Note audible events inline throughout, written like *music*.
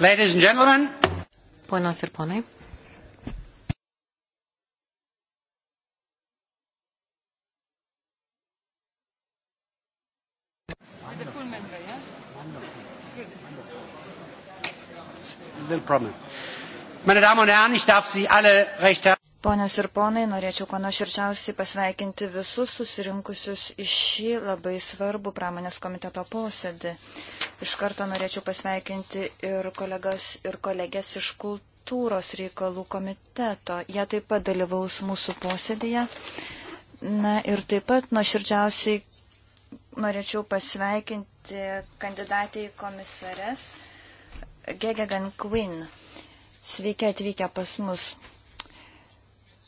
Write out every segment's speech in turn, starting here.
Ladies and gentlemen. Ponios ir ponai. Ponios ir ponai, norėčiau kuo nuoširčiausiai pasveikinti visus susirinkusius į šį labai svarbų pramonės komiteto posėdį. Iš karto norėčiau pasveikinti ir kolegas ir kolegės iš kultūros reikalų komiteto. Jie taip pat dalyvaus mūsų posėdėje. Na ir taip pat nuoširdžiausiai norėčiau pasveikinti kandidatę į komisares Gegegan Quinn. Sveiki atvykę pas mus.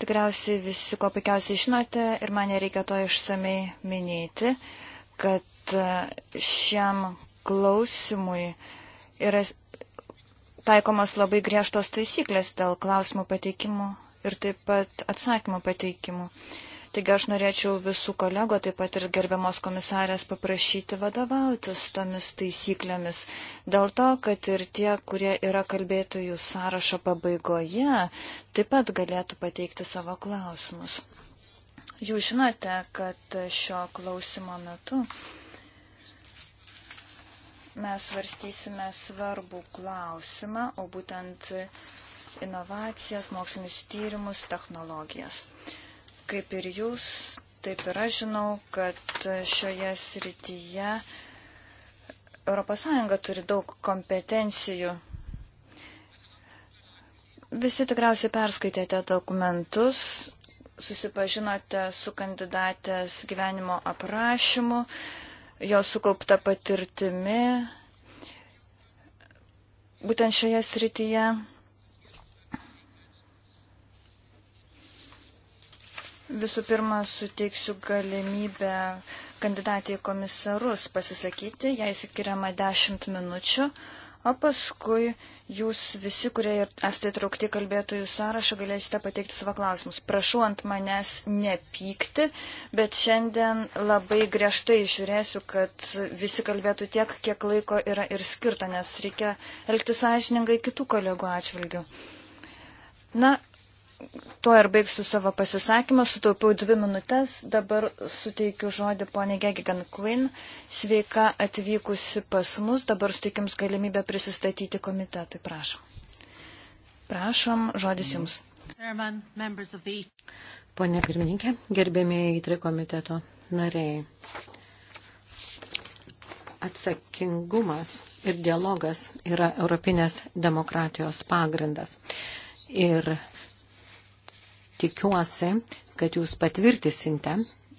Tikriausiai visi ko puikiausiai žinote ir man nereikia to išsamei minėti, kad šiam klausimui yra taikomas labai griežtos taisyklės dėl klausimų pateikimų ir taip pat atsakymų pateikimų. Taigi aš norėčiau visų kolego, taip pat ir gerbiamos komisarės paprašyti vadovautis tomis taisyklėmis. Dėl to, kad ir tie, kurie yra kalbėtojų sąrašo pabaigoje, taip pat galėtų pateikti savo klausimus. Jūs žinote, kad šio klausimo metu mes svarstysime svarbų klausimą, o būtent inovacijas, mokslinius tyrimus, technologijas. Kaip ir jūs, taip ir aš žinau, kad šioje srityje ES turi daug kompetencijų. Visi tikriausiai perskaitėte dokumentus, susipažinote su kandidatės gyvenimo aprašymu, jo sukaupta patirtimi, būtent šioje srityje. Visų pirma, suteiksiu galimybę kandidatė į komisarus pasisakyti, jai skiriama 10 minučių o paskui jūs visi, kurie esate traukti kalbėtojų sąrašą, galėsite pateikti savo klausimus. Prašau ant manęs nepykti, bet šiandien labai griežtai žiūrėsiu, kad visi kalbėtų tiek, kiek laiko yra ir skirta, nes reikia elgti sąžiningai kitų kolegų atžvilgių. Na, tuo ir baigsiu savo pasisakymą, sutaupiau dvi minutės, dabar suteikiu žodį ponė Gegigan Quinn, sveika atvykusi pas mus, dabar suteikiams galimybę prisistatyti komitetui, prašom. Prašom, žodis jums. Pone pirmininkė, gerbėmėjai įtri komiteto nariai. Atsakingumas ir dialogas yra europinės demokratijos pagrindas. Ir Tikiuosi, kad jūs patvirtisinte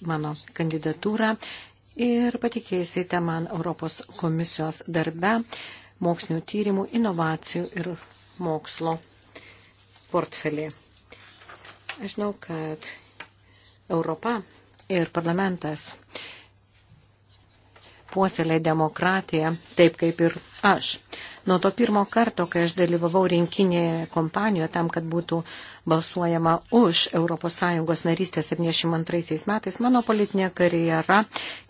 mano kandidatūrą ir patikėsite man Europos komisijos darbe mokslinių tyrimų, inovacijų ir mokslo portfelį. Aš žinau, kad Europa ir parlamentas puoselė demokratiją, taip kaip ir aš. Nuo to pirmo karto, kai aš dalyvavau rinkinėje kompanijoje tam, kad būtų uh, balsuojama už ES narystės 72 metais, mano politinė karjera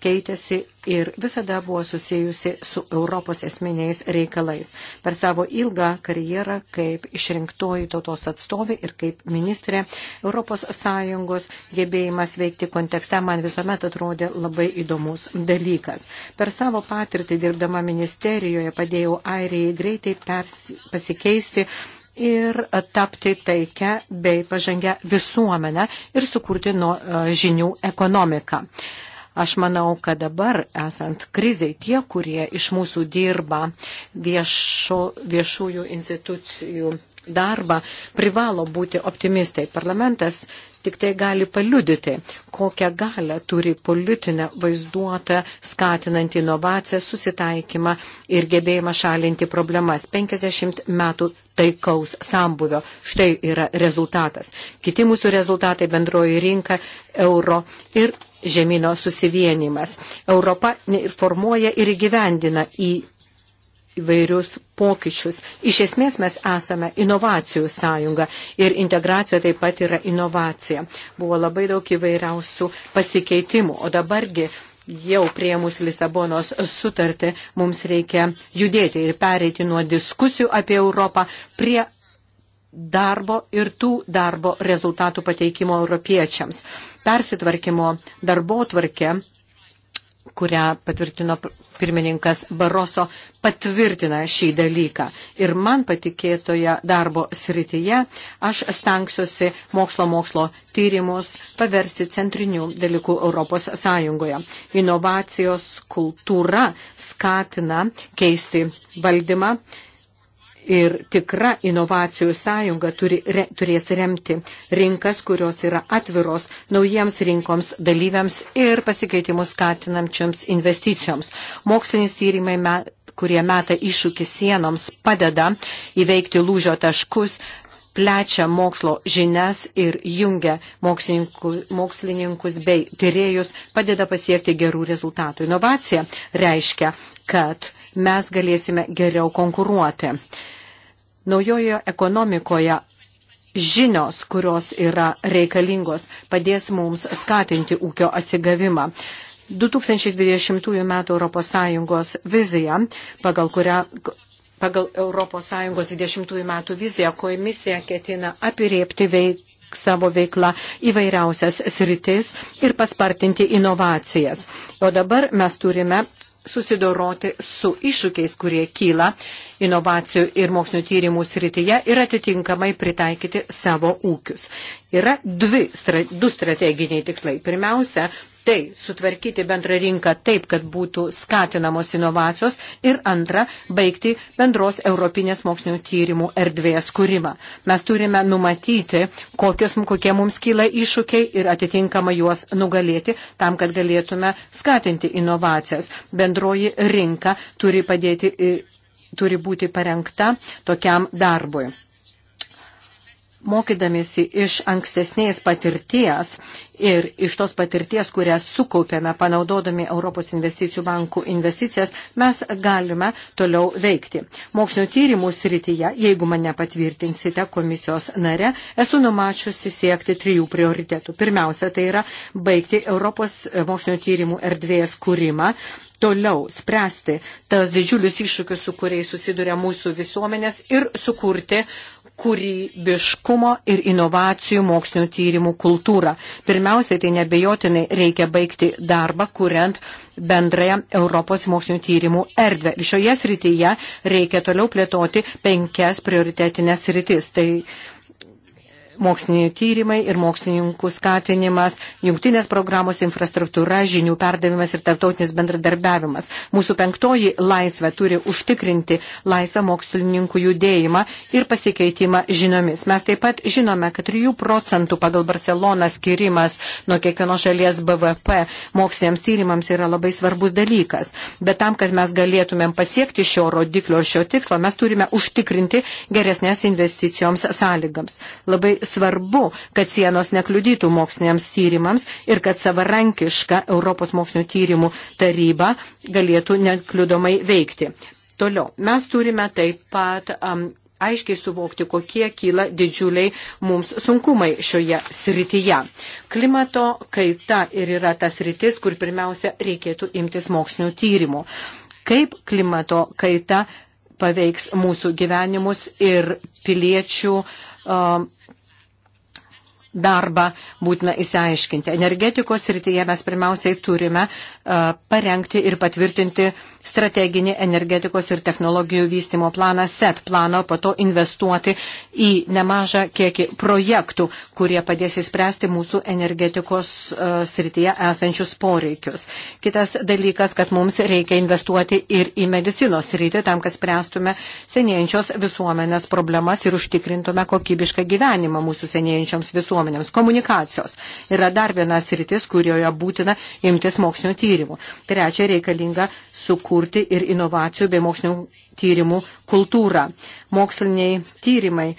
keitėsi ir visada buvo susijusi su Europos esminiais reikalais. Per savo ilgą karjerą kaip išrinktoji tautos atstovė ir kaip ministrė ES gebėjimas veikti kontekste man visuomet atrodė labai įdomus dalykas. Per savo patirtį dirbdama ministerijoje padėjau Airijai greitai persi, pasikeisti ir tapti taikę bei pažangę visuomenę ir sukurti nuo e, žinių ekonomiką. Aš manau, kad dabar esant kriziai tie, kurie iš mūsų dirba viešo, viešųjų institucijų darbą, privalo būti optimistai. Parlamentas tik tai gali paliudyti, kokią galę turi politinę vaizduotę, skatinant inovaciją, susitaikymą ir gebėjimą šalinti problemas. 50 metų taikaus sambuvio. Štai yra rezultatas. Kiti mūsų rezultatai bendroji rinka, euro ir žemino susivienimas. Europa formuoja ir įgyvendina į įvairius pokyčius. Iš esmės mes esame inovacijų sąjunga ir integracija taip pat yra inovacija. Buvo labai daug įvairiausių pasikeitimų, o dabargi jau prieimus Lisabonos sutartį mums reikia judėti ir pereiti nuo diskusijų apie Europą prie darbo ir tų darbo rezultatų pateikimo europiečiams. Persitvarkymo darbo tvarkė kurią patvirtino pirmininkas Baroso, patvirtina šį dalyką. Ir man patikėtoje darbo srityje aš stengsiuosi mokslo mokslo tyrimus paversti centriniu dalyku Europos Sąjungoje. Inovacijos kultūra skatina keisti valdymą Ir tikra inovacijų sąjunga turi, re, turės remti rinkas, kurios yra atviros naujiems rinkoms dalyviams ir pasikeitimus skatinančiams investicijoms. Mokslinis tyrimai, met, kurie meta iššūkį sienoms, padeda įveikti lūžio taškus, plečia mokslo žinias ir jungia mokslininkus, mokslininkus bei tyrėjus, padeda pasiekti gerų rezultatų. Inovacija reiškia, kad mes galėsime geriau konkuruoti. Naujojo ekonomikoje žinios, kurios yra reikalingos, padės mums skatinti ūkio atsigavimą. 2020 m. ES vizija, pagal kurią pagal ES 20 metų viziją komisija ketina apirėpti veik, savo veiklą įvairiausias sritis ir paspartinti inovacijas. O dabar mes turime susidoroti su iššūkiais, kurie kyla inovacijų ir mokslinio tyrimų srityje ir atitinkamai pritaikyti savo ūkius. Yra dvi, du strateginiai tikslai. Pirmiausia, tai sutvarkyti bendrą rinką taip, kad būtų skatinamos inovacijos ir antra, baigti bendros europinės mokslinio tyrimų erdvės kūrimą. Mes turime numatyti, kokios, kokie mums kyla iššūkiai ir atitinkamai juos nugalėti tam, kad galėtume skatinti inovacijas. Bendroji rinka turi padėti e, turi būti parengta tokiam darbui mokydamėsi iš ankstesnės patirties ir iš tos patirties, kurią sukaupėme panaudodami Europos investicijų bankų investicijas, mes galime toliau veikti. Mokslinio tyrimų srityje, jeigu mane patvirtinsite komisijos nare, esu numačiusi siekti trijų prioritetų. Pirmiausia, tai yra baigti Europos mokslinio tyrimų erdvės kūrimą toliau spręsti tas didžiulius iššūkius, su kuriais susiduria mūsų visuomenės ir sukurti kūrybiškumo ir inovacijų mokslinio tyrimų kultūrą. Pirmiausiai, tai nebejotinai reikia baigti darbą, kuriant bendrąją Europos mokslinio tyrimų erdvę. Ir šioje srityje reikia toliau plėtoti penkias prioritetinės sritis. Tai moksliniai tyrimai ir mokslininkų skatinimas, jungtinės programos infrastruktūra, žinių perdavimas ir tarptautinis bendradarbiavimas. Mūsų penktoji laisvė turi užtikrinti laisvą mokslininkų judėjimą ir pasikeitimą žiniomis. Mes taip pat žinome, kad 3 procentų pagal Barceloną skirimas nuo kiekvieno šalies BVP moksliniams tyrimams yra labai svarbus dalykas. Bet tam, kad mes galėtumėm pasiekti šio rodiklio ir šio tikslo, mes turime užtikrinti geresnės investicijoms sąlygams. Labai svarbu, kad sienos nekliudytų moksliniams tyrimams ir kad savarankiška Europos mokslinio tyrimų taryba galėtų nekliudomai veikti. Toliau, mes turime taip pat um, aiškiai suvokti, kokie kyla didžiuliai mums sunkumai šioje srityje. Klimato kaita ir yra tas rytis, kur pirmiausia reikėtų imtis mokslinio tyrimų. Kaip klimato kaita paveiks mūsų gyvenimus ir piliečių um, darbą būtina įsiaiškinti. Energetikos srityje mes pirmiausiai turime e, parengti ir patvirtinti strateginį energetikos ir technologijų vystimo planą SET plano, po to investuoti į nemažą kiekį projektų, kurie padės įspręsti mūsų energetikos e, srityje esančius poreikius. Kitas dalykas, kad mums reikia investuoti ir į medicinos sritį, tam, kad spręstume senėjančios visuomenės problemas ir užtikrintume kokybišką gyvenimą mūsų senėjančioms visuomenėms visuomenėms komunikacijos. Yra dar vienas rytis, kurioje būtina imtis mokslinio tyrimų. Trečia, reikalinga sukurti ir inovacijų bei mokslinio tyrimų kultūrą. Moksliniai tyrimai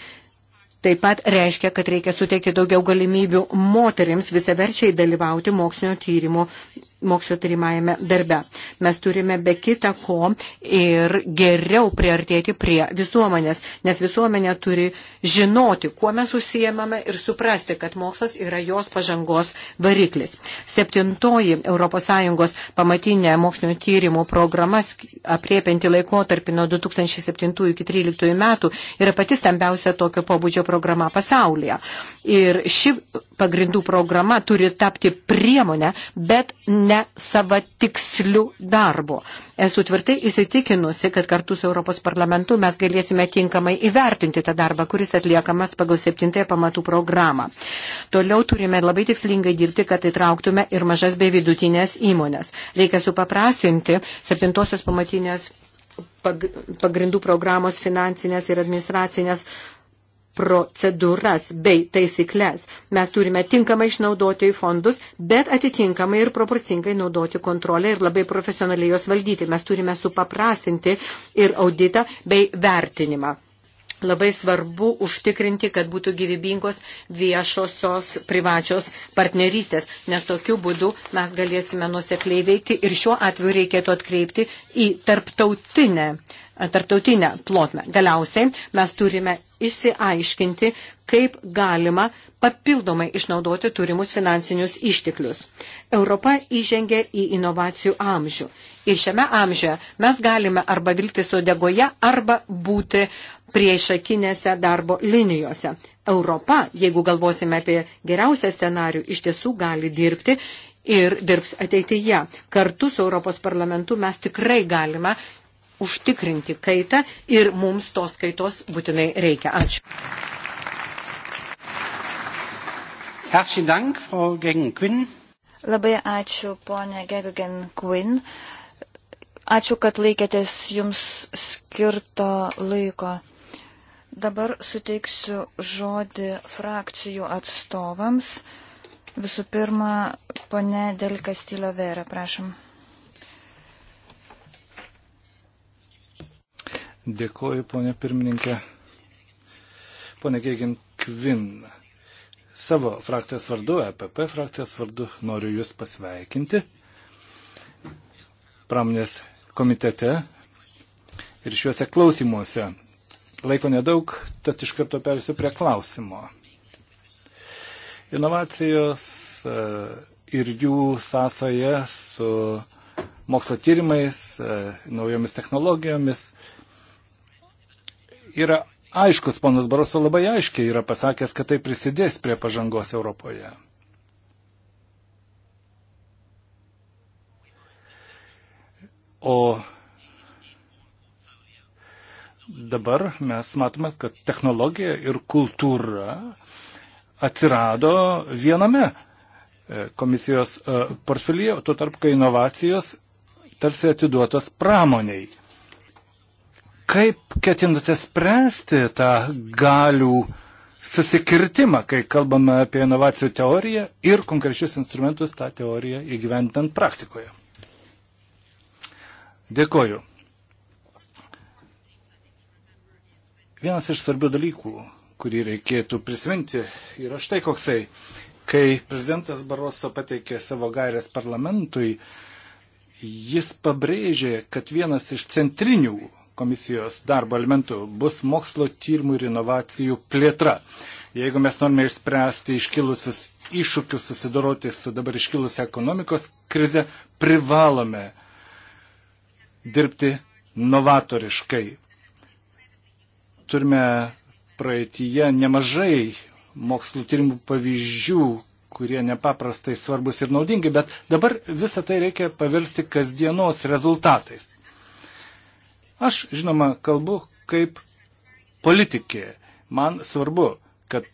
Taip pat reiškia, kad reikia suteikti daugiau galimybių moterims visaverčiai dalyvauti mokslinio tyrimo mokslo tyrimajame darbe. Mes turime be kita ko ir geriau priartėti prie visuomenės, nes visuomenė turi žinoti, kuo mes užsiemame ir suprasti, kad mokslas yra jos pažangos variklis. Septintoji ES pamatinė mokslinio tyrimų programa apriepinti laikotarpį nuo 2007 iki 2013 metų yra pati stambiausia tokio pobūdžio programa pasaulyje. Ir ši pagrindų programa turi tapti priemonę, bet ne ne savo tiksliu darbu. Esu tvirtai įsitikinusi, kad kartu su Europos parlamentu mes galėsime tinkamai įvertinti tą darbą, kuris atliekamas pagal septintąją pamatų programą. Toliau turime labai tikslingai dirbti, kad įtrauktume ir mažas bei vidutinės įmonės. Reikia supaprastinti septintosios pamatinės pagrindų programos finansinės ir administracinės procedūras bei taisyklės. Mes turime tinkamai išnaudoti į fondus, bet atitinkamai ir proporcingai naudoti kontrolę ir labai profesionaliai jos valdyti. Mes turime supaprastinti ir auditą bei vertinimą. Labai svarbu užtikrinti, kad būtų gyvybingos viešosios privačios partnerystės, nes tokiu būdu mes galėsime nusekliai veikti ir šiuo atveju reikėtų atkreipti į tarptautinę tarptautinę plotmę. Galiausiai mes turime išsiaiškinti, kaip galima papildomai išnaudoti turimus finansinius išteklius. Europa įžengė į inovacijų amžių. Ir šiame amžiuje mes galime arba vilkti sodegoje, arba būti priešakinėse darbo linijose. Europa, jeigu galvosime apie geriausią scenarių, iš tiesų gali dirbti ir dirbs ateityje. Kartu su Europos parlamentu mes tikrai galime užtikrinti kaitą ir mums tos kaitos būtinai reikia. Ačiū. Labai ačiū, ponė Gegugen Quinn. Ačiū, kad laikėtės jums skirto laiko. Dabar suteiksiu žodį frakcijų atstovams. Visų pirma, ponė Delka Stilio Vera, prašom. Dėkoju, ponė pirmininkė. Pone Gėgin Kvin, savo frakcijos vardu, EPP frakcijos vardu noriu Jūs pasveikinti pramonės komitete ir šiuose klausimuose. Laiko nedaug, tad iš karto persiu prie klausimo. Inovacijos e, ir jų sąsaja su mokslo tyrimais, e, naujomis technologijomis yra aiškus, ponas Baroso labai aiškiai yra pasakęs, kad tai prisidės prie pažangos Europoje. O dabar mes matome, kad technologija ir kultūra atsirado viename e, komisijos e, portfelyje, tuo tarp, kai inovacijos tarsi atiduotos pramoniai. Kaip ketinate spręsti tą galių susikirtimą, kai kalbame apie inovacijų teoriją ir konkrečius instrumentus tą teoriją įgyvendinant praktikoje? Dėkoju. Vienas iš svarbių dalykų, kurį reikėtų prisiminti, yra štai koksai. Kai prezidentas Baroso pateikė savo gairės parlamentui, jis pabrėžė, kad vienas iš centrinių komisijos darbo elementų bus mokslo tyrimų ir inovacijų plėtra. Jeigu mes norime išspręsti iškilusius iššūkius, susidoroti su dabar iškilusią ekonomikos krize, privalome dirbti novatoriškai. Turime praeitįje nemažai mokslo tyrimų pavyzdžių, kurie nepaprastai svarbus ir naudingi, bet dabar visą tai reikia pavirsti kasdienos rezultatais. Aš, žinoma, kalbu kaip politikė. Man svarbu, kad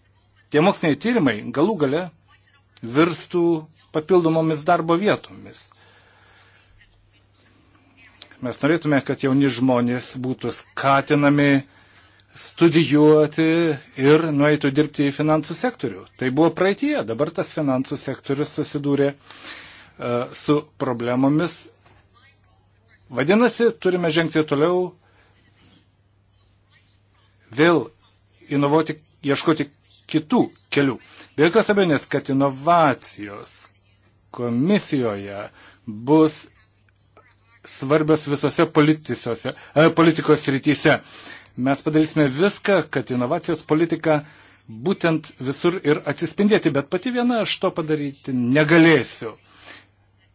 tie moksliniai tyrimai galų gale virstų papildomomis darbo vietomis. Mes norėtume, kad jauni žmonės būtų skatinami studijuoti ir nueitų dirbti į finansų sektorių. Tai buvo praeitie, dabar tas finansų sektorius susidūrė uh, su problemomis Vadinasi, turime žengti toliau, vėl inovuoti, ieškoti kitų kelių. Be jokios abejonės, kad inovacijos komisijoje bus svarbios visose e, politikos rytise. Mes padarysime viską, kad inovacijos politika būtent visur ir atsispindėti, bet pati viena aš to padaryti negalėsiu.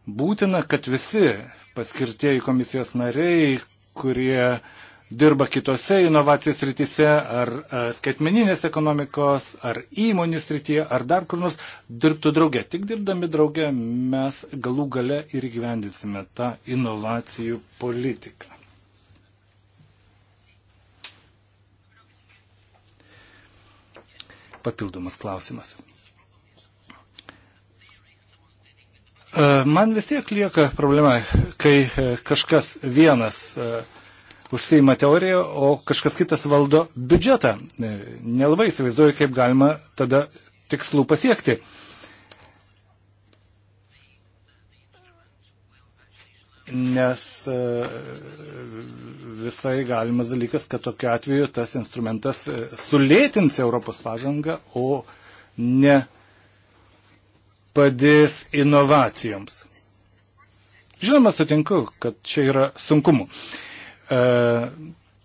Būtina, kad visi paskirtieji komisijos nariai, kurie dirba kitose inovacijų srityse, ar e, skaitmeninės ekonomikos, ar įmonių srityje, ar dar kur nors, dirbtų drauge. Tik dirbdami drauge mes galų gale ir gyvendinsime tą inovacijų politiką. Papildomas klausimas. E, man vis tiek lieka problema, kai e, kažkas vienas e, užsima teoriją, o kažkas kitas valdo biudžetą. Nelabai įsivaizduoju, kaip galima tada tikslų pasiekti. Nes visai galimas dalykas, kad tokiu atveju tas instrumentas sulėtins Europos pažangą, o ne padės inovacijoms. Žinoma, sutinku, kad čia yra sunkumų. E,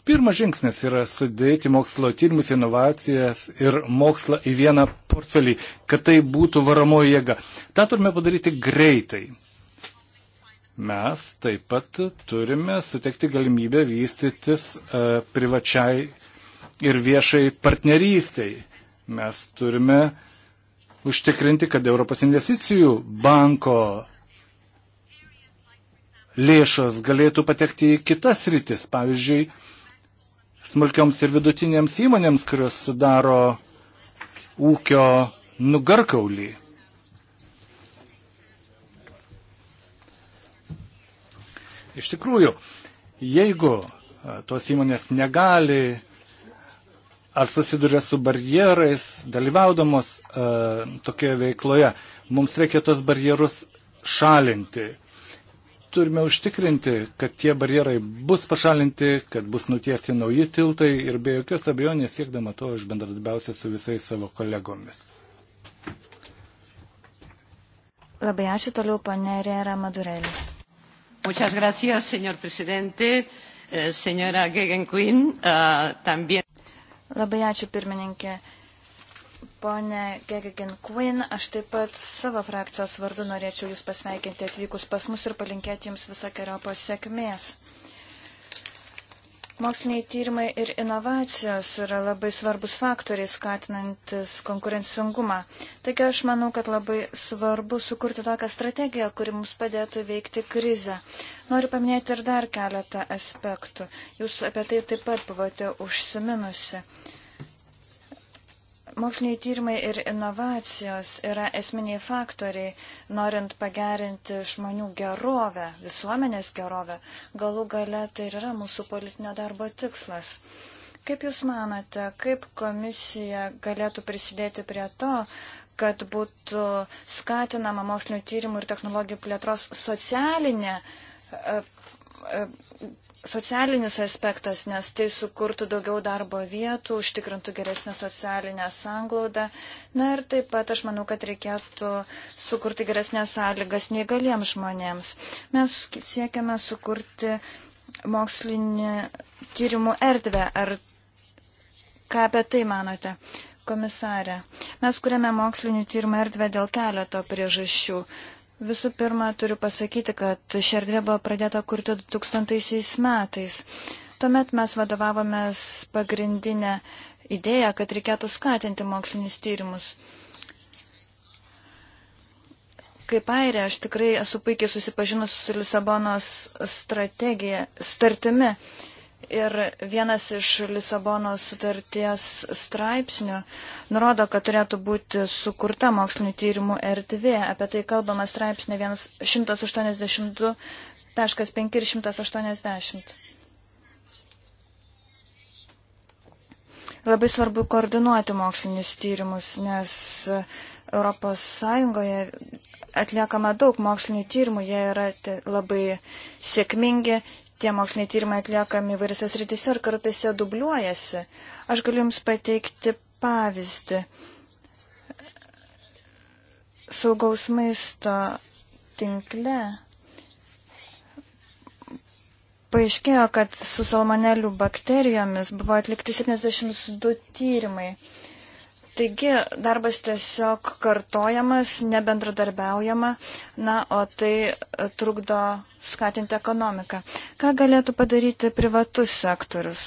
pirmas žingsnis yra sudėti mokslo tyrimus, inovacijas ir mokslą į vieną portfelį, kad tai būtų varamoji jėga. Ta turime padaryti greitai. Mes taip pat turime sutekti galimybę vystytis e, privačiai ir viešai partnerystiai. Mes turime e, užtikrinti, kad Europos investicijų banko lėšos galėtų patekti į kitas rytis, pavyzdžiui, smulkioms ir vidutinėms įmonėms, kurios sudaro ūkio nugarkaulį. Iš tikrųjų, jeigu tos įmonės negali ar susiduria su barjerais, dalyvaudamos e, tokioje veikloje. Mums reikia tos barjerus šalinti. Turime užtikrinti, kad tie barjerai bus pašalinti, kad bus nutiesti nauji tiltai ir be jokios abejonės siekdama to aš bendradarbiausiu su visais savo kolegomis. Labai ačiū toliau, ponė Rera Madurelė. Muchas gracias, señor presidente. Eh, señora Gegenquin, uh, también. Labai ačiū pirmininkė. Pone Gegikin Quinn, aš taip pat savo frakcijos vardu norėčiau Jūs pasveikinti atvykus pas mus ir palinkėti Jums visokiojo pasiekmės. Moksliniai tyrimai ir inovacijos yra labai svarbus faktoriai skatinantis konkurencingumą. Taigi aš manau, kad labai svarbu sukurti tokią strategiją, kuri mums padėtų veikti krizę. Noriu paminėti ir dar keletą aspektų. Jūs apie tai taip pat buvote užsiminusi. Uh, Moksliniai tyrimai ir inovacijos yra esminiai faktoriai, norint pagerinti žmonių gerovę, visuomenės gerovę. Galų gale tai yra mūsų politinio darbo tikslas. Kaip Jūs manote, kaip komisija galėtų prisidėti prie to, kad būtų skatinama mokslinio tyrimų ir technologijų plėtros socialinė e, e, socialinis aspektas, nes tai sukurtų daugiau darbo vietų, užtikrintų geresnę socialinę sanglaudą. Na ir taip pat aš manau, kad reikėtų sukurti geresnės sąlygas neįgaliems žmonėms. Mes siekiame sukurti mokslinį tyrimų erdvę. Ar ką apie tai manote? Komisarė, mes kuriame mokslinį tyrimą erdvę dėl keleto priežasčių. Visų pirma, turiu pasakyti, kad ši erdvė buvo pradėta kurti 2000 metais. Tuomet mes vadovavomės pagrindinę idėją, kad reikėtų skatinti mokslinis tyrimus. Kaip airė, aš tikrai esu puikiai susipažinus su Lisabonos strategija, startimi. Uh, Ir vienas iš Lisabonos sutarties straipsnių nurodo, kad turėtų būti sukurta mokslinių tyrimų erdvė. Apie tai kalbama straipsnė 182.5 ir 180. Labai svarbu koordinuoti mokslinius tyrimus, nes Europos Sąjungoje atliekama daug mokslinių tyrimų, jie yra labai sėkmingi, tie moksliniai tyrimai atliekami įvairiose srityse ir kartais jie dubliuojasi. Aš galiu Jums pateikti pavyzdį. Saugaus maisto tinkle paaiškėjo, kad su salmonelių bakterijomis buvo atlikti 72 tyrimai. Taigi darbas tiesiog kartojamas, nebendradarbiaujama, na, o tai e, trukdo skatinti ekonomiką. Ką galėtų padaryti privatus sektorius?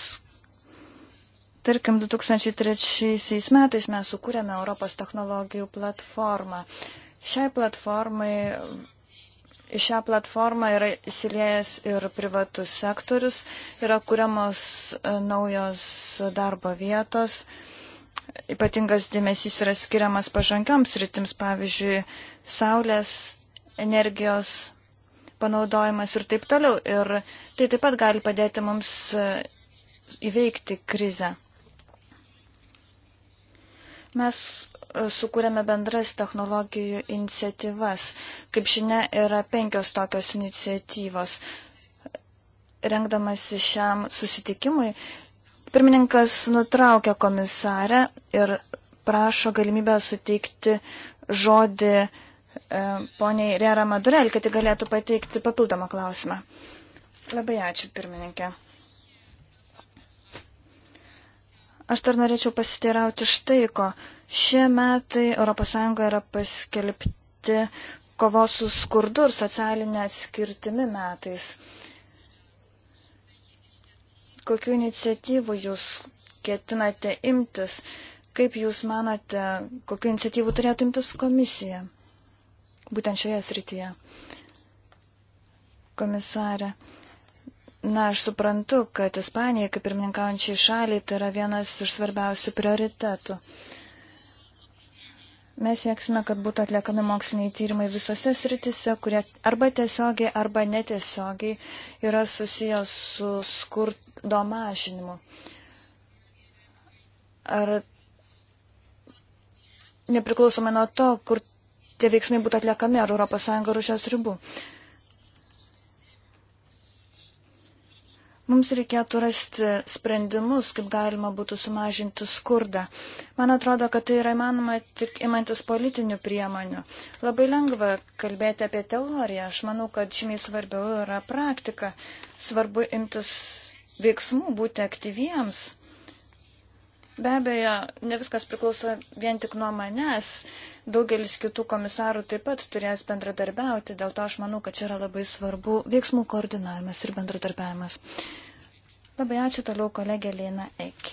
Tarkim, 2003 metais mes sukūrėme Europos technologijų platformą. Šiai platformai į šią platformą yra įsiliejęs ir privatus sektorius, yra kuriamos e, naujos darbo vietos, ypatingas dėmesys yra skiriamas pažangioms rytims, pavyzdžiui, saulės energijos panaudojimas ir taip toliau. Ir tai taip pat gali padėti mums e, įveikti krizę. Mes e, sukūrėme bendras technologijų iniciatyvas. Kaip žinia, yra penkios tokios iniciatyvos. Rengdamasi šiam susitikimui, Pirmininkas nutraukia komisarę ir prašo galimybę suteikti žodį e, poniai Rera Madurel, kad ji galėtų pateikti papildomą klausimą. Labai ačiū, pirmininkė. Aš dar norėčiau pasiteirauti štai ko. Šie metai ES yra paskelbti kovos su skurdu ir socialinė atskirtimi metais kokiu iniciatyvu jūs ketinate imtis, kaip jūs manote, kokiu iniciatyvu turėtų imtis komisija, būtent šioje srityje. Komisarė. Na, aš suprantu, kad Ispanija, kaip pirmininkaujančiai šaliai, tai yra vienas iš svarbiausių prioritetų. Mes sieksime, kad būtų atliekami moksliniai tyrimai visose sritise, kurie arba tiesiogiai, arba netiesiogiai yra susijęs su skur, skurdo mažinimu. Ar nepriklausomai nuo to, kur tie veiksmai būtų atliekami, ar ES ar už jos ribų. Mums reikėtų rasti sprendimus, kaip galima būtų sumažinti skurdą. Man atrodo, kad tai yra įmanoma tik imantis politinių priemonių. Labai lengva kalbėti apie teoriją. Aš manau, kad žymiai svarbiau yra praktika. Svarbu imtis veiksmų, būti aktyviems. Be abejo, ne viskas priklauso vien tik nuo manęs. Daugelis kitų komisarų taip pat turės bendradarbiauti, dėl to aš manau, kad čia yra labai svarbu veiksmų koordinavimas ir bendradarbiavimas. Labai ačiū toliau kolegė Lena Ek.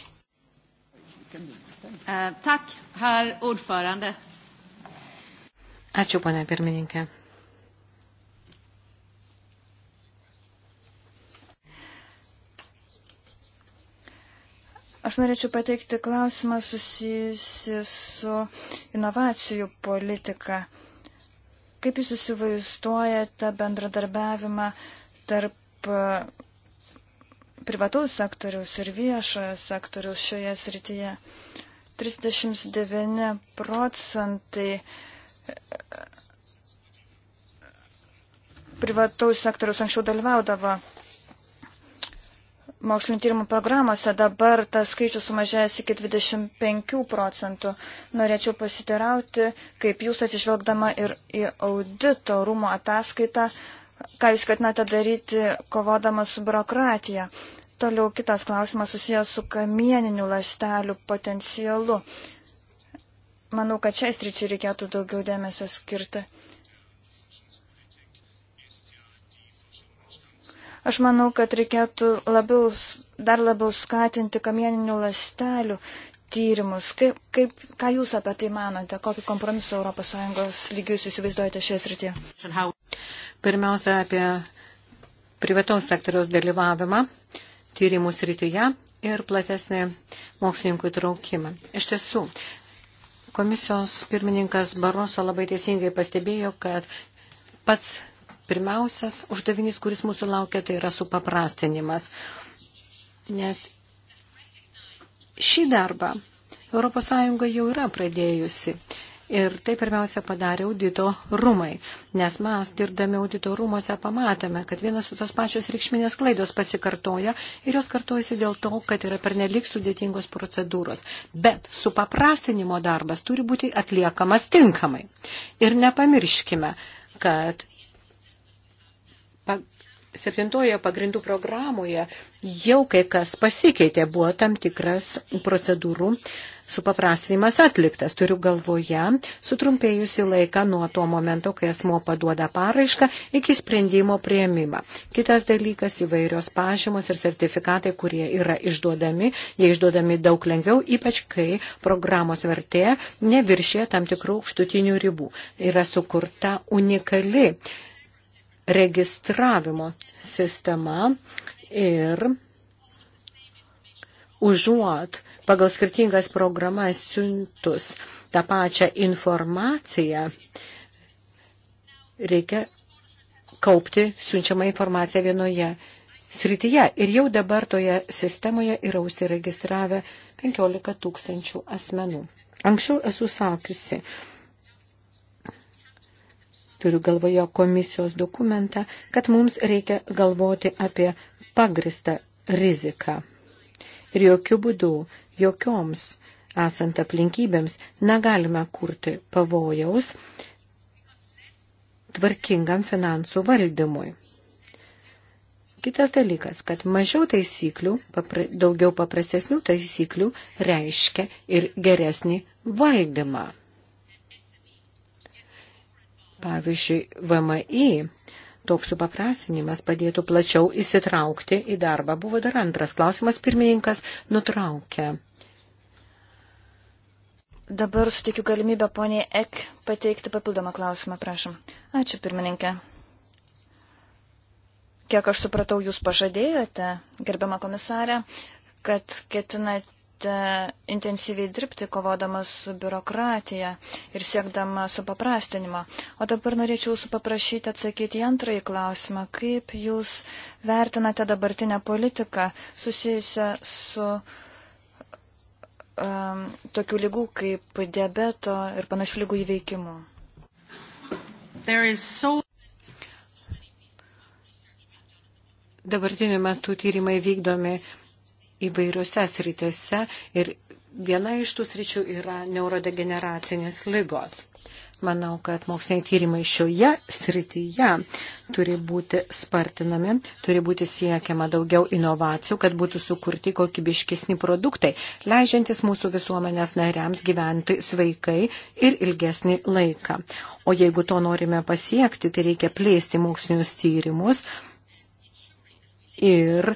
E, tak, herr ordförande. Ačiū, ponia pirmininkė. Aš norėčiau pateikti klausimą susijusi su inovacijų politika. Kaip jūs įsivaizduojate bendradarbiavimą tarp e, privataus sektoriaus ir viešojo sektoriaus šioje srityje? 39 procentai e, privataus sektoriaus anksčiau dalyvaudavo mokslinio tyrimų programuose. Dabar tas skaičius sumažėjęs iki 25 procentų. Norėčiau pasiterauti, kaip jūs atsižvelgdama ir į audito rūmo ataskaitą, ką jūs ketinate daryti kovodama su biurokratija. Toliau kitas klausimas susijęs su kamieninių lastelių potencialu. Manau, kad šiais ryčiai reikėtų daugiau dėmesio skirti. Aš manau, kad reikėtų labiau, dar labiau skatinti kamieninių lastelių tyrimus. Kaip, kaip, ką Jūs apie tai manote? Kokį kompromisą ES lygius įsivaizduojate šioje srityje? Pirmiausia, apie privataus sektoriaus dalyvavimą tyrimų srityje ir platesnį mokslininkų įtraukimą. Iš tiesų, komisijos pirmininkas Baroso labai teisingai pastebėjo, kad pats Pirmiausias uždavinys, kuris mūsų laukia, tai yra supaprastinimas. Nes šį darbą ES jau yra pradėjusi. Ir tai pirmiausia padarė audito rūmai, nes mes, dirbdami audito rūmose, pamatėme, kad vienas su tos pačios reikšminės klaidos pasikartoja ir jos kartojasi dėl to, kad yra pernelik sudėtingos procedūros. Bet supaprastinimo darbas turi būti atliekamas tinkamai. Ir nepamirškime, kad septintojo pagrindų programoje jau kai kas pasikeitė, buvo tam tikras procedūrų supaprastinimas atliktas. Turiu galvoje sutrumpėjusi laiką nuo to momento, kai asmo paduoda paraišką iki sprendimo prieimimą. Kitas dalykas - įvairios pažymos ir sertifikatai, kurie yra išduodami. Jie išduodami daug lengviau, ypač kai programos vertė neviršė tam tikrų aukštutinių ribų. Yra sukurta unikali registravimo sistema ir užuot pagal skirtingas programas siuntus tą pačią informaciją, reikia kaupti siunčiamą informaciją vienoje srityje. Ir jau dabar toje sistemoje yra užsiregistravę 15 tūkstančių asmenų. Anksčiau esu sakiusi, turiu galvoje komisijos dokumentą, kad mums reikia galvoti apie pagristą riziką. Ir jokių būdų, jokioms esant aplinkybėms, negalime kurti pavojaus tvarkingam finansų valdymui. Kitas dalykas, kad mažiau taisyklių, papra, daugiau paprastesnių taisyklių reiškia ir geresnį valdymą. Pavyzdžiui, VMI toks supaprastinimas padėtų plačiau įsitraukti į darbą. Buvo dar antras klausimas, pirmininkas nutraukė. Dabar sutikiu galimybę poniai Ek pateikti papildomą klausimą, prašom. Ačiū, pirmininkė. Kiek aš supratau, jūs pažadėjote, gerbiama komisarė, kad ketinate intensyviai dirbti, kovodamas su biurokratija ir siekdama supaprastinimo. O dabar norėčiau jūsų paprašyti atsakyti į antrąjį klausimą. Kaip jūs vertinate dabartinę politiką susijusią su um, tokių lygų kaip diabeto ir panašių lygų įveikimu? So... Dabartiniu metu tyrimai vykdomi įvairiose sritise ir viena iš tų sričių yra neurodegeneracinės lygos. Manau, kad moksliniai tyrimai šioje srityje turi būti spartinami, turi būti siekiama daugiau inovacijų, kad būtų sukurti kokybiškesni produktai, leidžiantis mūsų visuomenės nariams gyventi sveikai ir ilgesnį laiką. O jeigu to norime pasiekti, tai reikia plėsti mokslinius tyrimus ir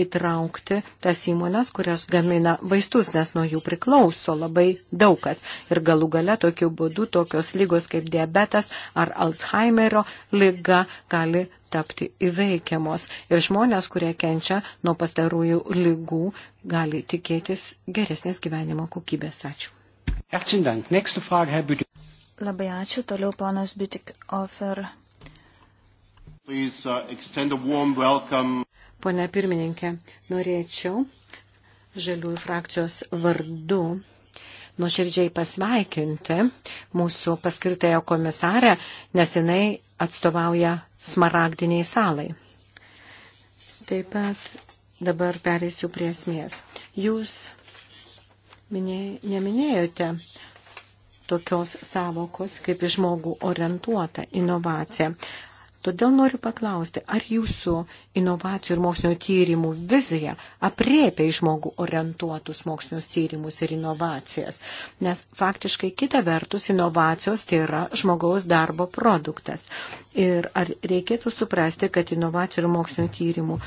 įtraukti tas įmonės, kurios gamina vaistus, nes nuo jų priklauso labai daugas. Ir galų gale tokiu būdu tokios lygos kaip diabetas ar Alzheimerio lyga gali tapti įveikiamos. Ir žmonės, kurie kenčia nuo pastarųjų lygų, gali tikėtis geresnės gyvenimo kokybės. Ačiū. Labai ačiū. Toliau ponas Bitik Ofer. Please, uh, Pone pirmininkė, norėčiau žaliųjų frakcijos vardu nuoširdžiai pasveikinti mūsų paskirtąją komisarę, nes jinai atstovauja smaragdiniai salai. Taip pat dabar perėsiu prie esmės. Jūs minėj, neminėjote tokios savokos kaip į žmogų orientuota inovacija. Todėl noriu paklausti, ar jūsų inovacijų ir mokslinio tyrimų vizija apriepia į žmogų orientuotus mokslinius tyrimus ir inovacijas? Nes faktiškai kita vertus inovacijos tai yra žmogaus darbo produktas. Ir ar reikėtų suprasti, kad inovacijų ir mokslinio tyrimų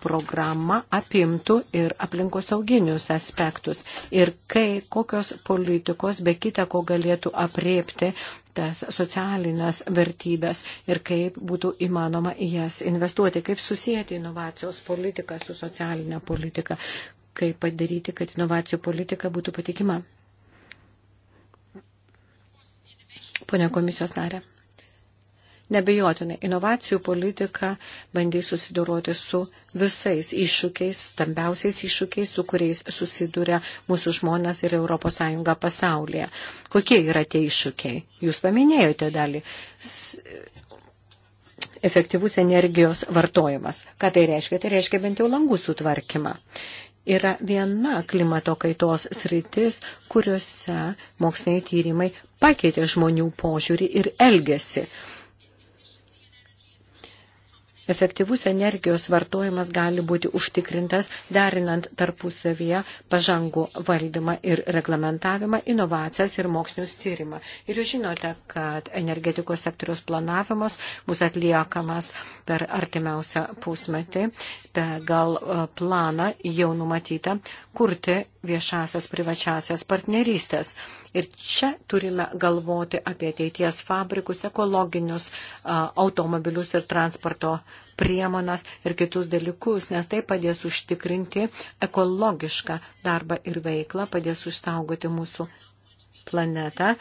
programa apimtų ir aplinkosauginius aspektus ir kai kokios politikos be kita ko galėtų apriepti tas socialinės vertybės ir kaip būtų įmanoma į jas investuoti, kaip susijęti inovacijos politiką su socialinė politika, kaip padaryti, kad inovacijų politika būtų patikima. Pone komisijos narė. Nebejotinai, inovacijų politika bandys susidoroti su visais iššūkiais, stambiausiais iššūkiais, su kuriais susiduria mūsų žmonės ir ES pasaulyje. Kokie yra tie iššūkiai? Jūs paminėjote dalį. Efektyvus energijos vartojimas. Ką tai reiškia? Tai reiškia bent jau langų sutvarkymą yra viena klimato kaitos sritis, kuriuose moksliniai tyrimai pakeitė žmonių požiūrį ir elgesį. Efektyvus energijos vartojimas gali būti užtikrintas derinant tarpusavyje pažangų valdymą ir reglamentavimą, inovacijas ir mokslinius tyrimą. Ir jūs žinote, kad energetikos sektoriaus planavimas bus atliekamas per artimiausią pusmetį pagal e, planą jau numatyta kurti viešasias privačiasias partnerystės. Ir čia turime galvoti apie ateities fabrikus, ekologinius automobilius ir transporto priemonas ir kitus dalykus, nes tai padės užtikrinti ekologišką darbą ir veiklą, padės užsaugoti mūsų planetą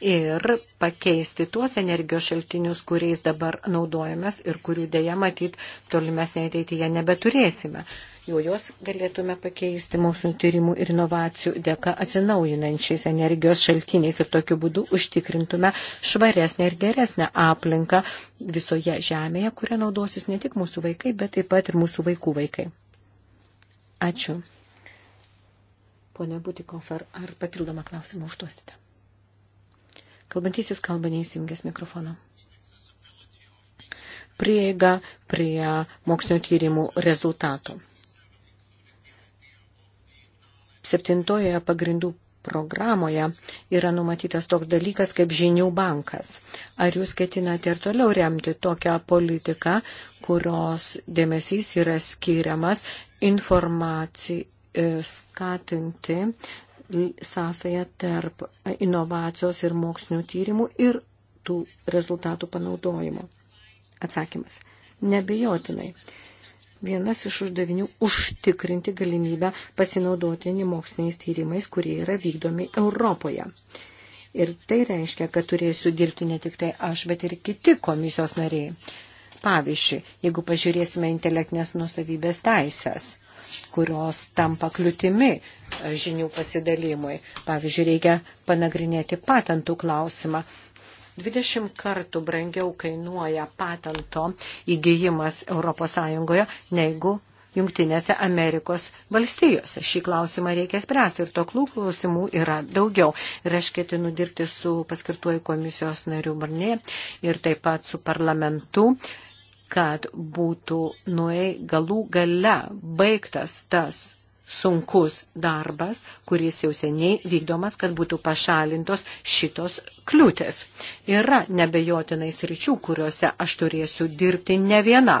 ir pakeisti tuos energijos šaltinius, kuriais dabar naudojamės ir kurių dėja matyt tolimesnė ateityje nebeturėsime. Jau juos galėtume pakeisti mūsų tyrimų ir inovacijų dėka atsinaujinančiais energijos šaltiniais ir tokiu būdu užtikrintume švaresnę ir geresnę aplinką visoje žemėje, kurią naudosis ne tik mūsų vaikai, bet taip pat ir mūsų vaikų vaikai. Ačiū. Pone Būtikofer, ar papildomą klausimą užduosite? Kalbantysis kalba neįsijungęs mikrofoną. Prieiga prie mokslinio tyrimų rezultatų. Septintoje pagrindų programoje yra numatytas toks dalykas kaip žinių bankas. Ar jūs ketinate ir toliau remti tokią politiką, kurios dėmesys yra skiriamas informacijai e, skatinti sąsają tarp inovacijos ir mokslinių tyrimų ir tų rezultatų panaudojimo? Atsakymas. Nebejotinai. Vienas iš uždavinių - užtikrinti galimybę pasinaudoti moksliniais tyrimais, kurie yra vykdomi Europoje. Ir tai reiškia, kad turėsiu dirbti ne tik tai aš, bet ir kiti komisijos nariai. Pavyzdžiui, jeigu pažiūrėsime intelektinės nusavybės teisės, kurios tampa kliūtimi e, žinių pasidalymui. Pavyzdžiui, reikia panagrinėti patentų klausimą. 20 kartų brangiau kainuoja patento įgyjimas ES negu Junktinėse Amerikos valstijose. Šį klausimą reikia spręsti ir tokių klausimų yra daugiau. Ir aš ketinu dirbti su paskirtuoju komisijos nariu Barnė ir taip pat su parlamentu kad būtų nuei galų gale baigtas tas sunkus darbas, kuris jau seniai vykdomas, kad būtų pašalintos šitos kliūtės. Yra nebejotinai sričių, kuriuose aš turėsiu dirbti ne viena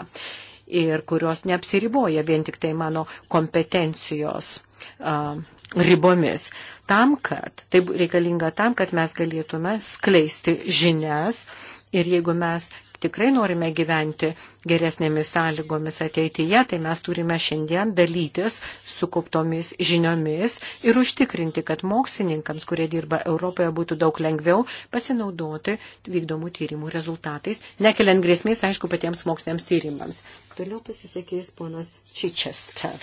ir kurios neapsiriboja vien tik tai mano kompetencijos uh, ribomis. Tam, kad, tai reikalinga tam, kad mes galėtume skleisti žinias ir jeigu mes tikrai norime gyventi geresnėmis sąlygomis ateityje, tai mes turime šiandien dalytis sukauptomis žiniomis ir užtikrinti, kad mokslininkams, kurie dirba Europoje, būtų daug lengviau pasinaudoti vykdomų tyrimų rezultatais, nekeliant grėsmės, aišku, patiems moksliniams tyrimams. Toliau pasisakys ponas Čičester.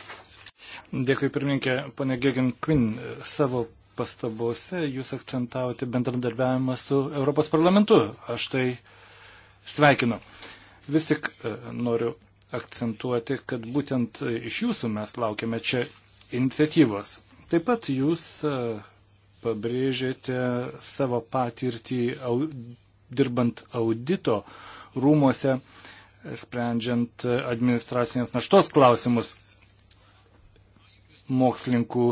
Dėkui, pirmininkė, ponė Gegin Quinn, savo pastabose jūs akcentavote bendradarbiavimą su Europos parlamentu. Aš tai sveikinu. Vis tik e, noriu akcentuoti, kad būtent iš jūsų mes laukiame čia iniciatyvos. Taip pat jūs e, pabrėžėte savo patirtį au, dirbant audito rūmose, sprendžiant administracinės naštos klausimus mokslininkų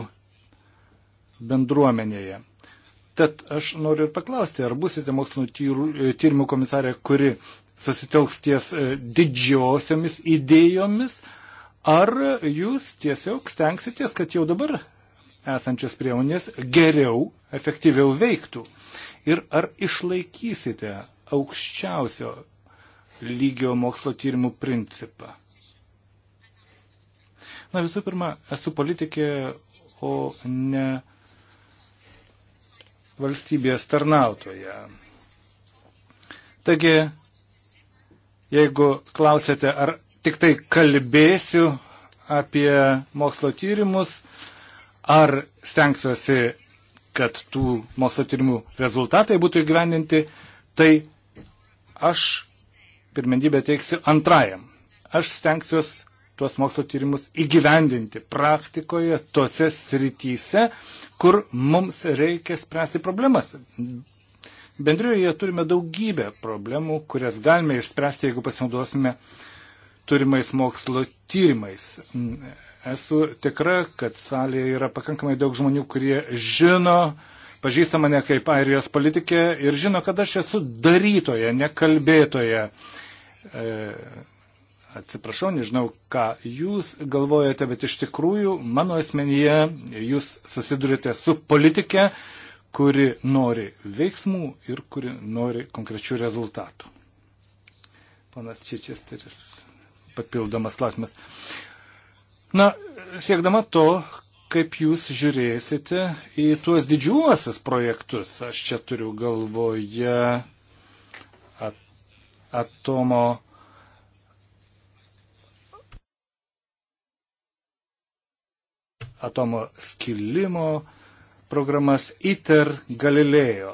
bendruomenėje. Tad aš noriu ir paklausti, ar busite mokslinio e, tyrimų komisarė, kuri susitelks ties e, didžiosiomis idėjomis, ar jūs tiesiog stengsitės, kad jau dabar esančios priemonės geriau, efektyviau veiktų. Ir ar išlaikysite aukščiausio lygio mokslo tyrimų principą? Na visų pirma, esu politikė, o ne valstybės tarnautoją. Taigi, jeigu klausėte, ar tik tai kalbėsiu apie mokslo tyrimus, ar stengsiuosi, kad tų mokslo tyrimų rezultatai būtų įgyvendinti, tai aš pirmenybę teiksiu antrajam. Aš stengsiuosi tuos mokslo tyrimus įgyvendinti praktikoje, tose srityse, kur mums reikia spręsti problemas. Bendrijoje turime daugybę problemų, kurias galime išspręsti, jeigu pasinaudosime turimais mokslo tyrimais. Esu tikra, kad salėje yra pakankamai daug žmonių, kurie žino, pažįsta mane kaip airijos politikė ir žino, kad aš esu darytoja, nekalbėtoja. E, Atsiprašau, nežinau, ką jūs galvojate, bet iš tikrųjų mano asmenyje jūs susidurite su politike, kuri nori veiksmų ir kuri nori konkrečių rezultatų. Panas Čičesteris, papildomas klausimas. Na, siekdama to, kaip jūs žiūrėsite į tuos didžiuosius projektus, aš čia turiu galvoje at, atomo atomo skilimo programas ITER Galilėjo.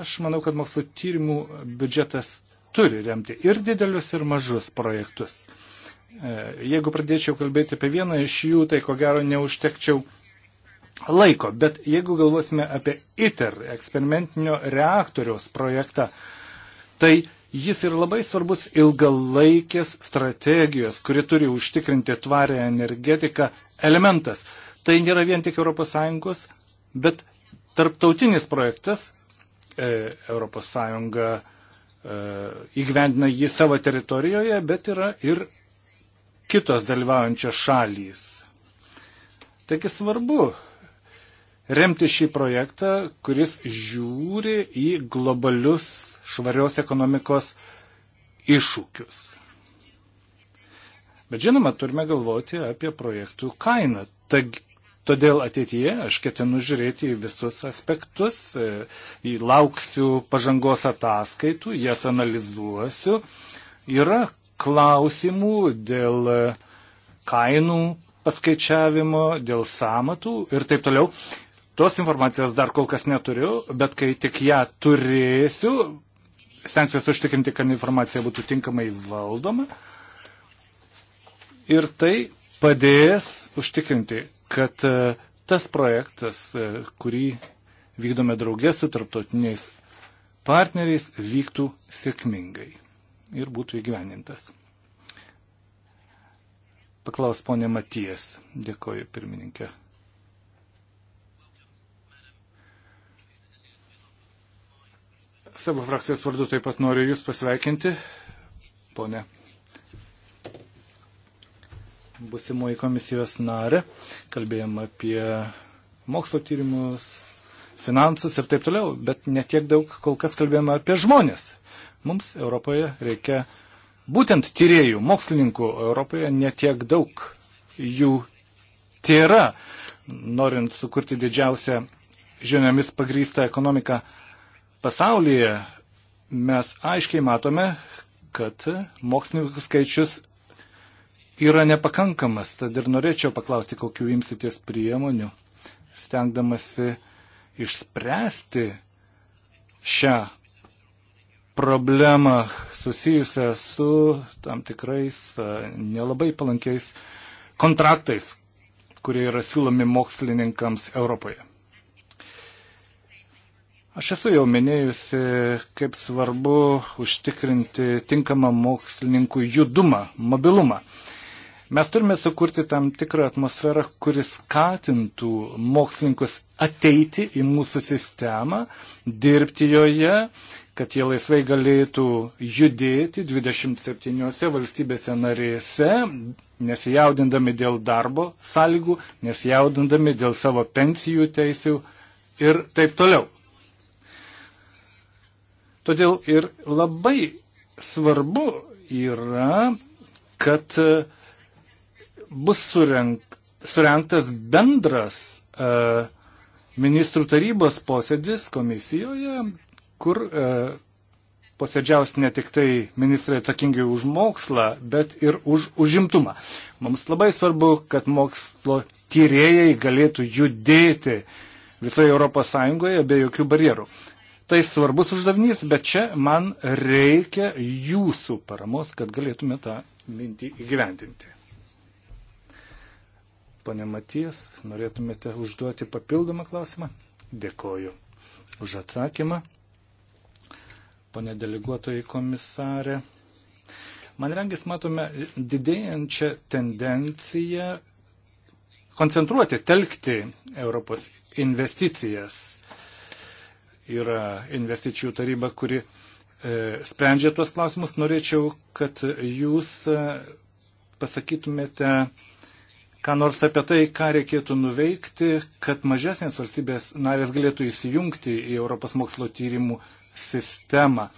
Aš manau, kad mokslo tyrimų biudžetas turi remti ir didelius, ir mažus projektus. E, jeigu pradėčiau kalbėti apie vieną iš jų, tai ko gero neužtekčiau laiko, bet jeigu galvosime apie ITER eksperimentinio reaktoriaus projektą, tai Jis yra labai svarbus ilgalaikės strategijos, kuri turi užtikrinti tvarę energetiką elementas. Tai nėra vien tik ES, bet tarptautinis projektas. E, ES e, įgyvendina jį savo teritorijoje, bet yra ir kitos dalyvaujančios šalys. Taigi svarbu remti šį projektą, kuris žiūri į globalius švarios ekonomikos iššūkius. Bet žinoma, turime galvoti apie projektų kainą. Tag, todėl ateityje aš ketinu žiūrėti į visus aspektus, į lauksiu pažangos ataskaitų, jas analizuosiu. Yra klausimų dėl kainų paskaičiavimo, dėl samatų ir taip toliau. Tos informacijos dar kol kas neturiu, bet kai tik ją turėsiu, stengsiuosi užtikrinti, kad informacija būtų tinkamai valdoma. Ir tai padės užtikrinti, kad e, tas projektas, e, kurį vykdome draugė su tarptautiniais partneriais, vyktų sėkmingai ir būtų įgyvenintas. Paklaus ponė Matijas. Dėkoju, pirmininkė. Savo frakcijos vardu taip pat noriu Jūs pasveikinti, ponė. Busimoji komisijos narė. Kalbėjom apie mokslo tyrimus, finansus ir taip toliau, bet netiek daug kol kas kalbėjome apie žmonės. Mums Europoje reikia būtent tyriejų, mokslininkų Europoje netiek daug jų tėra, norint sukurti didžiausią žiniomis pagrįstą ekonomiką pasaulyje mes aiškiai matome, kad mokslininkų skaičius yra nepakankamas. Tad ir norėčiau paklausti, kokiu imsitės priemonių, stengdamasi išspręsti šią problemą susijusią su tam tikrais nelabai palankiais kontraktais, kurie yra siūlomi mokslininkams Europoje. Aš esu jau minėjusi, kaip svarbu užtikrinti tinkamą mokslininkų judumą, mobilumą. Mes turime sukurti tam tikrą atmosferą, kuris skatintų mokslininkus ateiti į mūsų sistemą, dirbti joje, kad jie laisvai galėtų judėti 27 valstybėse narėse, nesijaudindami dėl darbo sąlygų, nesijaudindami dėl savo pensijų teisių ir taip toliau. Todėl ir labai svarbu yra, kad e, bus surenk, surenktas bendras uh, ministrų tarybos posėdis komisijoje, kur uh, posėdžiaus ne tik tai ministrai atsakingi už mokslą, bet ir už užimtumą. Mums labai svarbu, kad mokslo tyrėjai galėtų judėti visoje Europos Sąjungoje be jokių barjerų. Tai svarbus uždavinys, bet čia man reikia jūsų paramos, kad galėtume tą mintį įgyvendinti. Pane Matijas, norėtumėte užduoti papildomą klausimą? Dėkoju už atsakymą. Pane deleguotojai komisarė, man rengis matome didėjančią tendenciją koncentruoti, telkti Europos investicijas. Uh, yra investicijų taryba, kuri e, sprendžia tuos klausimus. Norėčiau, kad jūs e, pasakytumėte, ką nors apie tai, ką reikėtų nuveikti, kad mažesnės valstybės narės galėtų įsijungti į Europos mokslo tyrimų sistemą.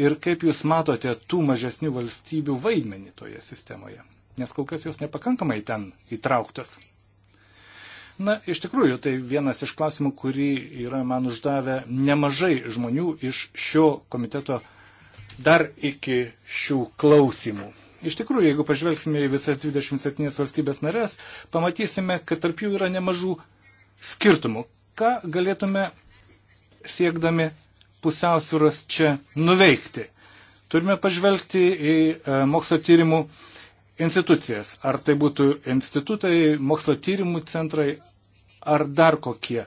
Ir kaip Jūs matote tų mažesnių valstybių vaidmenį toje sistemoje? Nes kol kas jos nepakankamai ten įtrauktos. Na, iš tikrųjų, tai vienas iš klausimų, kurį yra man uždavę nemažai žmonių iš šio komiteto dar iki šių klausimų. Iš tikrųjų, jeigu pažvelgsime į visas 27 valstybės narės, pamatysime, kad tarp jų yra nemažų skirtumų. Ką galėtume siekdami pusiausvyros čia nuveikti? Turime pažvelgti į e, mokslo tyrimų uh, institucijas. Ar tai būtų institutai, mokslo tyrimų centrai ar dar kokie.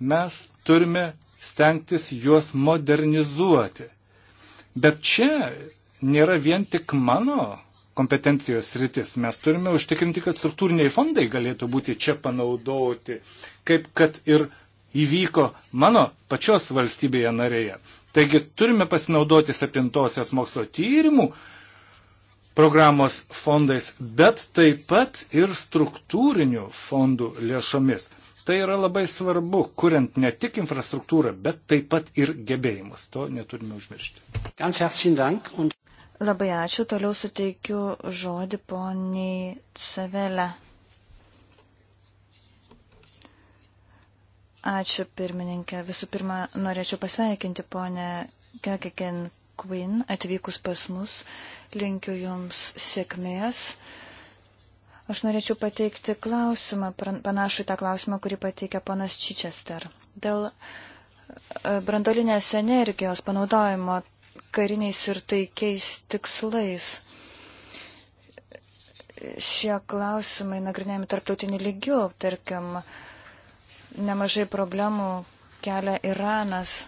Mes turime stengtis juos modernizuoti. Bet čia nėra vien tik mano kompetencijos sritis. Mes turime užtikrinti, kad struktūriniai fondai galėtų būti čia panaudoti, kaip kad ir įvyko mano pačios valstybėje narėje. Taigi turime pasinaudoti septintosios mokslo tyrimų uh, programos fondais, bet taip pat ir struktūrinių fondų lėšomis. Tai yra labai svarbu, kuriant ne tik infrastruktūrą, bet taip pat ir gebėjimus. To neturime užmiršti. Labai ačiū. Toliau suteikiu žodį poniai Savelę. Ačiū pirmininkė. Visų pirma, norėčiau pasveikinti ponę Kekikin, Quinn atvykus pas mus. Linkiu Jums sėkmės. Aš norėčiau pateikti klausimą, panašų į tą klausimą, kurį pateikė panas Čičester. Dėl e, brandolinės energijos panaudojimo kariniais ir taikiais tikslais. Šie klausimai nagrinėjami tarptautiniu lygiu, tarkim, nemažai problemų kelia Iranas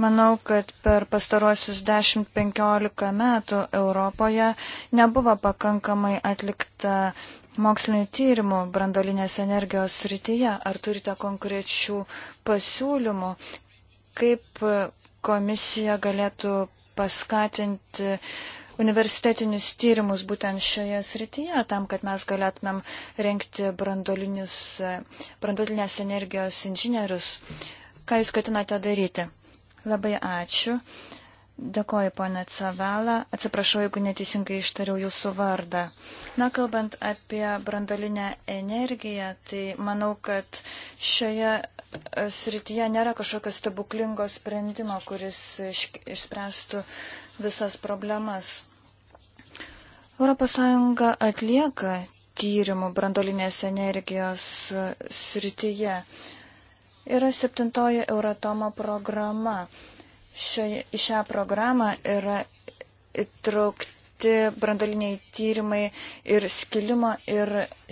Manau, kad per pastaruosius 10-15 metų Europoje nebuvo pakankamai atlikta mokslinių tyrimų brandolinės energijos srityje. Ar turite konkrečių pasiūlymų, kaip komisija galėtų paskatinti universitetinius tyrimus būtent šioje srityje, tam, kad mes galėtumėm renkti brandolinės energijos inžinierius? Ką jūs ketinate daryti? Labai ačiū. Dėkoju, ponė Cavala. Atsiprašau, jeigu neteisingai ištariau jūsų vardą. Na, kalbant apie brandolinę energiją, tai manau, kad šioje e, srityje nėra kažkokio stebuklingo sprendimo, kuris išspręstų visas problemas. ES atlieka tyrimų brandolinės energijos e, srityje yra septintoji Euratomo programa. Šioje, į šią programą yra įtraukti brandoliniai tyrimai ir skilimo ir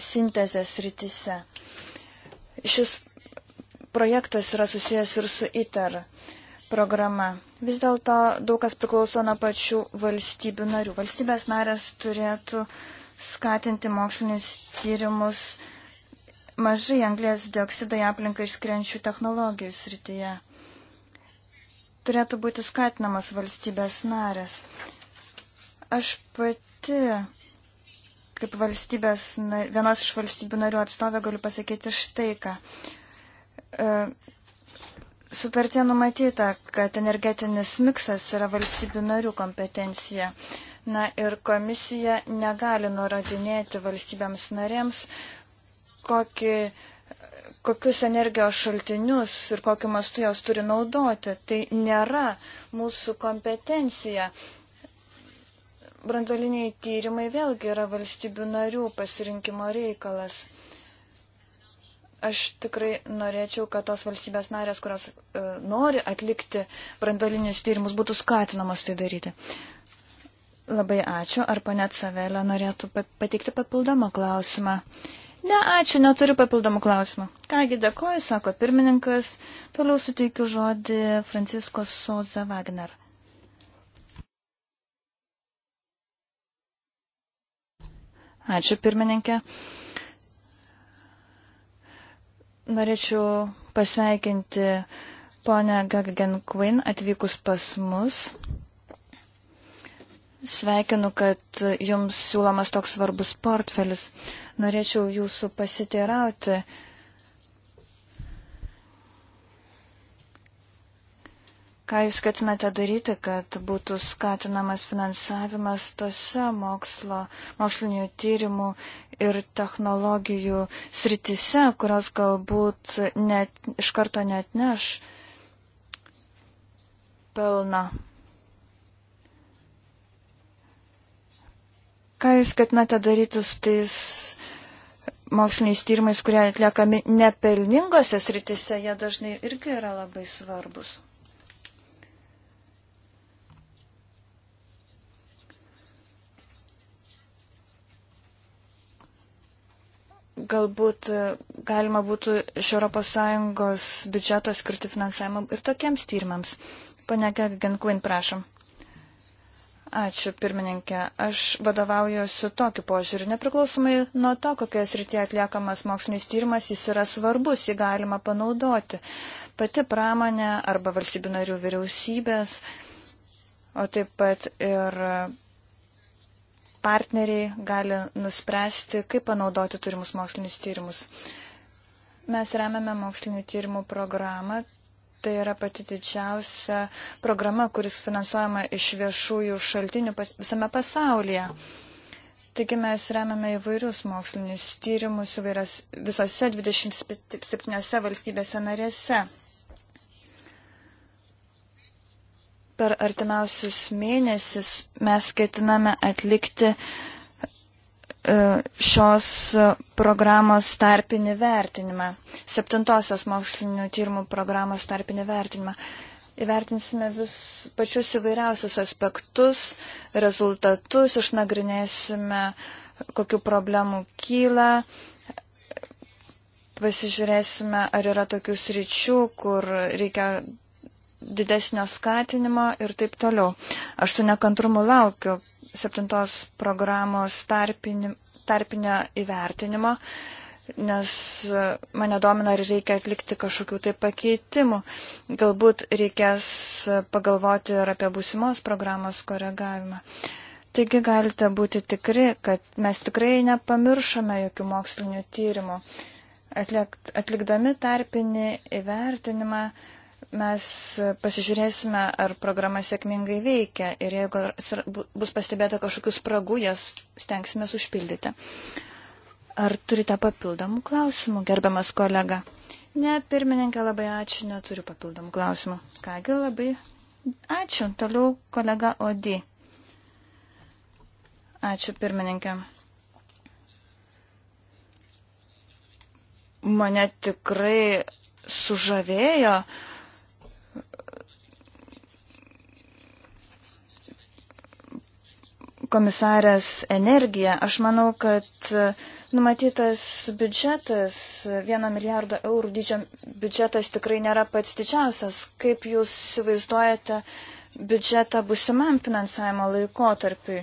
sintezės rytise. Šis projektas yra susijęs ir su ITER programa. Vis dėlto daug kas priklauso nuo pačių valstybių narių. Valstybės narės turėtų skatinti mokslinius tyrimus uh, mažai anglės dioksido į aplinką išskrenčių technologijų srityje. Turėtų būti skatinamos valstybės narės. Aš pati, kaip valstybės, vienos iš valstybių narių atstovė, galiu pasakyti štai ką. E, Sutartė numatyta, kad energetinis miksas yra valstybių narių kompetencija. Na ir komisija negali nurodinėti valstybėms narėms, kokį, kokius energijos šaltinius ir kokiu mastu jos turi naudoti. Tai nėra mūsų kompetencija. Brandoliniai tyrimai vėlgi yra valstybių narių pasirinkimo reikalas aš tikrai norėčiau, kad tos valstybės narės, kurios e, nori atlikti brandolinius tyrimus, būtų skatinamos tai daryti. Labai ačiū. Ar ponė Cavelė norėtų pateikti papildomą klausimą? E, Ne, ačiū, neturiu papildomų klausimų. Kągi, dėkoju, sako pirmininkas. Toliau suteikiu žodį Francisko Soza Wagner. Ačiū, pirmininkė. Norėčiau pasveikinti ponę Gaggen Quinn atvykus pas mus Sveikinu, kad jums siūlomas toks svarbus portfelis. Norėčiau jūsų pasiteirauti. Ką jūs ketinate daryti, kad būtų skatinamas finansavimas tose mokslo, mokslinių tyrimų ir technologijų sritise, kurios galbūt net, iš karto net neš pelną Ką jūs ketinate daryti su tais moksliniais tyrimais, kurie atliekami nepelningose sritise, jie dažnai irgi yra labai svarbus. Galbūt e, galima būtų iš ES biudžeto skirti finansavimą ir tokiems tyrimams. Pane Genkuin, prašom. Ačiū, pirmininkė. Aš vadovaujuosi tokiu požiūriu. Nepriklausomai nuo to, kokioje srityje atliekamas mokslinis tyrimas, jis yra svarbus, jį galima panaudoti. Pati pramonė arba valstybių narių vyriausybės, o taip pat ir partneriai gali nuspręsti, kaip panaudoti turimus mokslinius tyrimus. Mes remiame mokslinių tyrimų programą, tai yra pati didžiausia programa, kuris finansuojama iš viešųjų šaltinių pas, visame pasaulyje. Taigi mes remiame įvairius mokslinius tyrimus įvairias, visose 27 valstybėse narėse. Per artimiausius mėnesius mes ketiname atlikti uh, E, šios programos tarpinį vertinimą, septintosios mokslinių tyrimų programos tarpinį vertinimą. Įvertinsime vis pačius įvairiausius aspektus, rezultatus, išnagrinėsime, kokiu problemu kyla, pasižiūrėsime, ar yra tokių sričių, kur reikia didesnio skatinimo ir taip toliau. Aš su nekantrumu laukiu septintos programos tarpinį, tarpinio įvertinimo, nes mane domina, ar reikia atlikti kažkokių tai pakeitimų. Galbūt reikės pagalvoti ir apie būsimos programos koregavimą. Taigi galite būti tikri, kad mes tikrai nepamiršome jokių mokslinių tyrimų. Atlikt, atlikdami tarpinį įvertinimą, mes pasižiūrėsime, ar programa sėkmingai veikia ir jeigu bus pastebėta kažkokius spragų, jas stengsime užpildyti. Ar turite papildomų klausimų, gerbiamas kolega? Ne, pirmininkė, labai ačiū, neturiu papildomų klausimų. Kągi, labai ačiū. Toliau kolega Odi. Ačiū, pirmininkė. Mane tikrai sužavėjo uh, komisarės energiją, aš manau, kad e, numatytas biudžetas, e, vieno milijardo eurų dydžio biudžetas tikrai nėra pats didžiausias. Kaip jūs įsivaizduojate biudžetą busimam finansavimo laikotarpiui?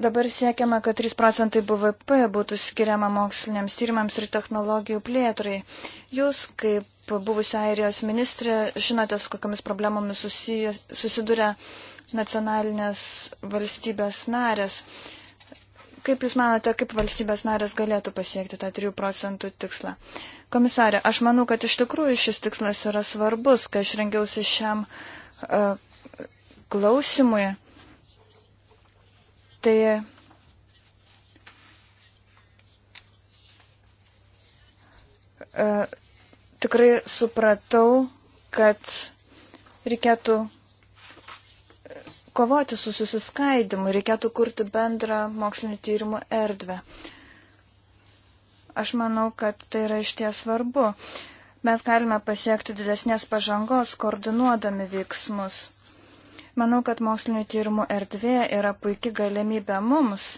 Dabar siekiama, kad 3 procentai BVP būtų skiriama moksliniams tyrimams ir technologijų plėtrai. Jūs, kaip buvusi Airijos ministrė, žinote, su kokiamis problemomis susiduria nacionalinės valstybės narės. Kaip Jūs manote, kaip valstybės narės galėtų pasiekti tą 3 procentų tikslą? Komisarė, aš manau, kad iš tikrųjų šis tikslas yra svarbus, kai aš rengiausi šiam uh, klausimui. Tai uh, tikrai supratau, kad reikėtų kovoti su susiskaidimu, reikėtų kurti bendrą mokslinio tyrimų erdvę. Aš manau, kad tai yra iš ties svarbu. Mes galime pasiekti didesnės pažangos, koordinuodami veiksmus. Manau, kad mokslinio tyrimų erdvė yra puikia galimybė mums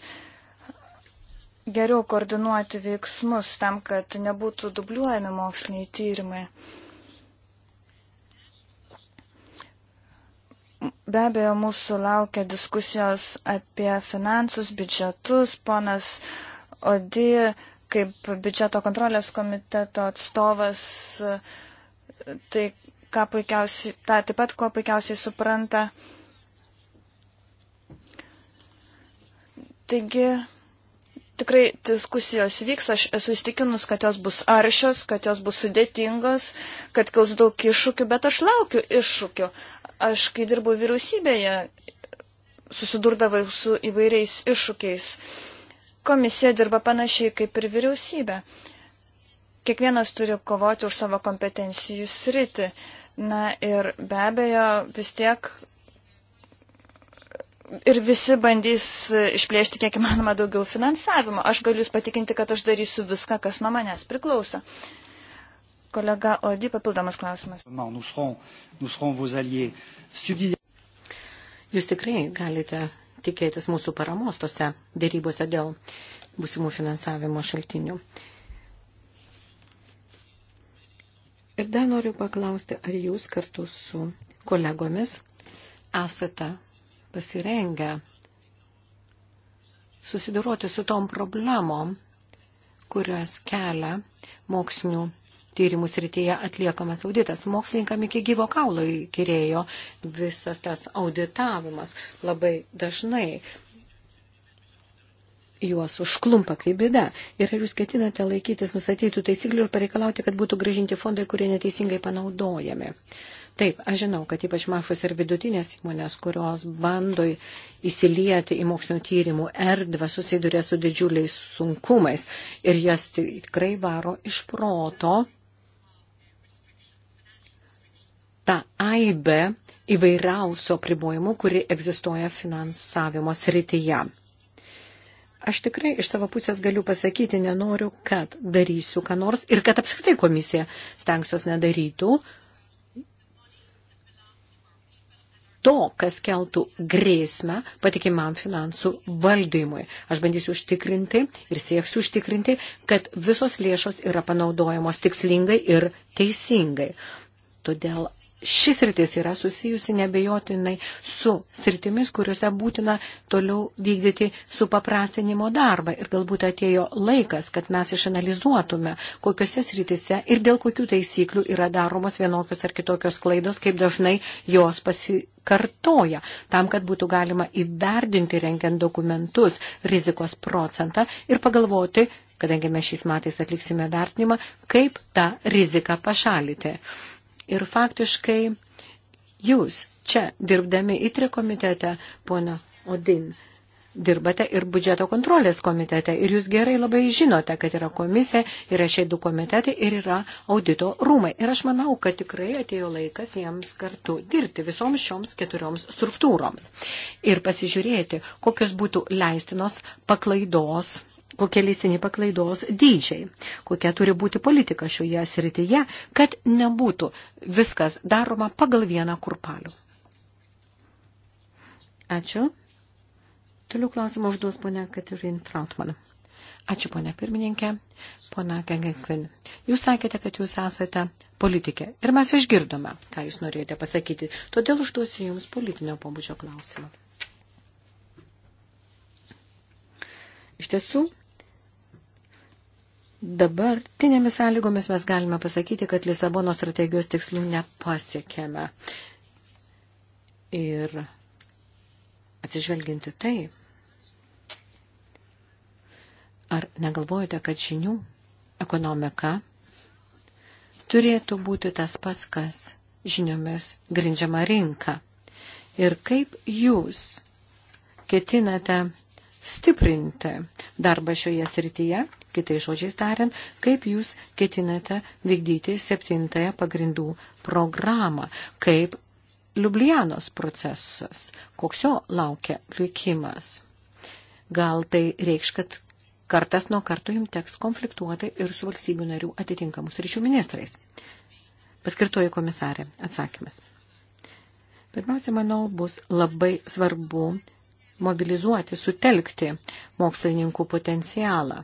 geriau koordinuoti veiksmus tam, kad nebūtų dubliuojami moksliniai tyrimai. Be abejo, mūsų laukia diskusijos apie finansus, biudžetus. Ponas Odi, kaip biudžeto kontrolės komiteto atstovas, tai ką puikiausiai, tą taip pat kuo puikiausiai supranta. Taigi, tikrai diskusijos vyks, aš esu įstikinus, kad jos bus aršios, kad jos bus sudėtingos, kad kils daug iššūkių, bet aš laukiu iššūkių. Aš, kai dirbau vyriausybėje, susidurdavau su įvairiais iššūkiais. Komisija dirba panašiai kaip ir vyriausybė. Kiekvienas turi kovoti už savo kompetencijų sritį. Na ir be abejo, vis tiek ir visi bandys išplėšti kiek įmanoma daugiau finansavimo. Aš galiu jūs patikinti, kad aš darysiu viską, kas nuo manęs priklauso. Uh, Kolega Odi, papildomas klausimas. Jūs tikrai galite tikėtis mūsų paramos tose dėrybose dėl būsimų finansavimo šaltinių. Ir dar noriu paklausti, ar jūs kartu su kolegomis esate pasirengę susidoroti su tom problemom, kurias kelia mokslinių tyrimų srityje atliekamas auditas. Mokslininkam iki gyvo kaulo įkyrėjo visas tas auditavimas. Labai dažnai juos užklumpa kaip bėda. Ir ar jūs ketinate laikytis nustatytų taisyklių ir pareikalauti, kad būtų gražinti fondai, kurie neteisingai panaudojami? Taip, aš žinau, kad ypač mažos ir vidutinės įmonės, kurios bando įsilieti į mokslinio tyrimų erdvę, susiduria su didžiuliais sunkumais ir jas tikrai varo iš proto tą aibę įvairiausio pribojimų, kuri egzistuoja finansavimo srityje. Aš tikrai iš savo pusės galiu pasakyti, nenoriu, kad darysiu ką nors ir kad apskritai komisija stengsiuos nedarytų to, kas keltų grėsmę patikimam finansų valdymui. Aš bandysiu užtikrinti ir sieksiu užtikrinti, kad visos lėšos yra panaudojamos tikslingai ir teisingai. Todėl šis sritis yra susijusi nebejotinai su sritimis, kuriuose būtina toliau vykdyti su paprastinimo darbą. Ir galbūt atėjo laikas, kad mes išanalizuotume, kokiuose sritise ir dėl kokių taisyklių yra daromos vienokios ar kitokios klaidos, kaip dažnai jos pasikartoja, tam, kad būtų galima įverdinti rengiant dokumentus rizikos procentą ir pagalvoti, kadangi mes šiais metais atliksime vertinimą, kaip tą riziką pašalyti. Ir faktiškai jūs čia dirbdami į tri komitete, pono Odin, dirbate ir budžeto kontrolės komitete. Ir jūs gerai labai žinote, kad yra komisija, yra šiai du komitetai ir yra audito rūmai. Ir aš manau, kad tikrai atėjo laikas jiems kartu dirbti visoms šioms keturioms struktūroms. Ir pasižiūrėti, kokios būtų leistinos paklaidos kokie leistini paklaidos dydžiai, kokia turi būti politika šioje srityje, kad nebūtų viskas daroma pagal vieną kurpalių. Ačiū. Toliau klausimą užduos ponia Katirin Trautman. Ačiū, ponia pirmininkė. Pona Gengekvin, jūs sakėte, kad jūs esate politikė. Ir mes išgirdome, ką jūs norėjote pasakyti. Todėl užduosiu jums politinio pobūdžio klausimą. Iš tiesų, Dabartinėmis sąlygomis mes galime pasakyti, kad Lisabono strategijos tikslų nepasiekėme. Ir atsižvelginti tai, ar negalvojate, kad žinių ekonomika turėtų būti tas pats, kas žiniomis grindžiama rinka. Ir kaip jūs ketinate stiprinti darbą šioje srityje Kitai žodžiais tariant, kaip jūs ketinate vykdyti septintąją pagrindų programą, kaip Liublianos procesas, koks jo laukia likimas. Gal tai reikš, kad kartas nuo karto jums teks konfliktuoti ir su valstybių narių atitinkamus ryšių ministrais. Paskirtoji komisarė. Atsakymas. Pirmiausia, manau, bus labai svarbu mobilizuoti, sutelkti mokslininkų potencialą.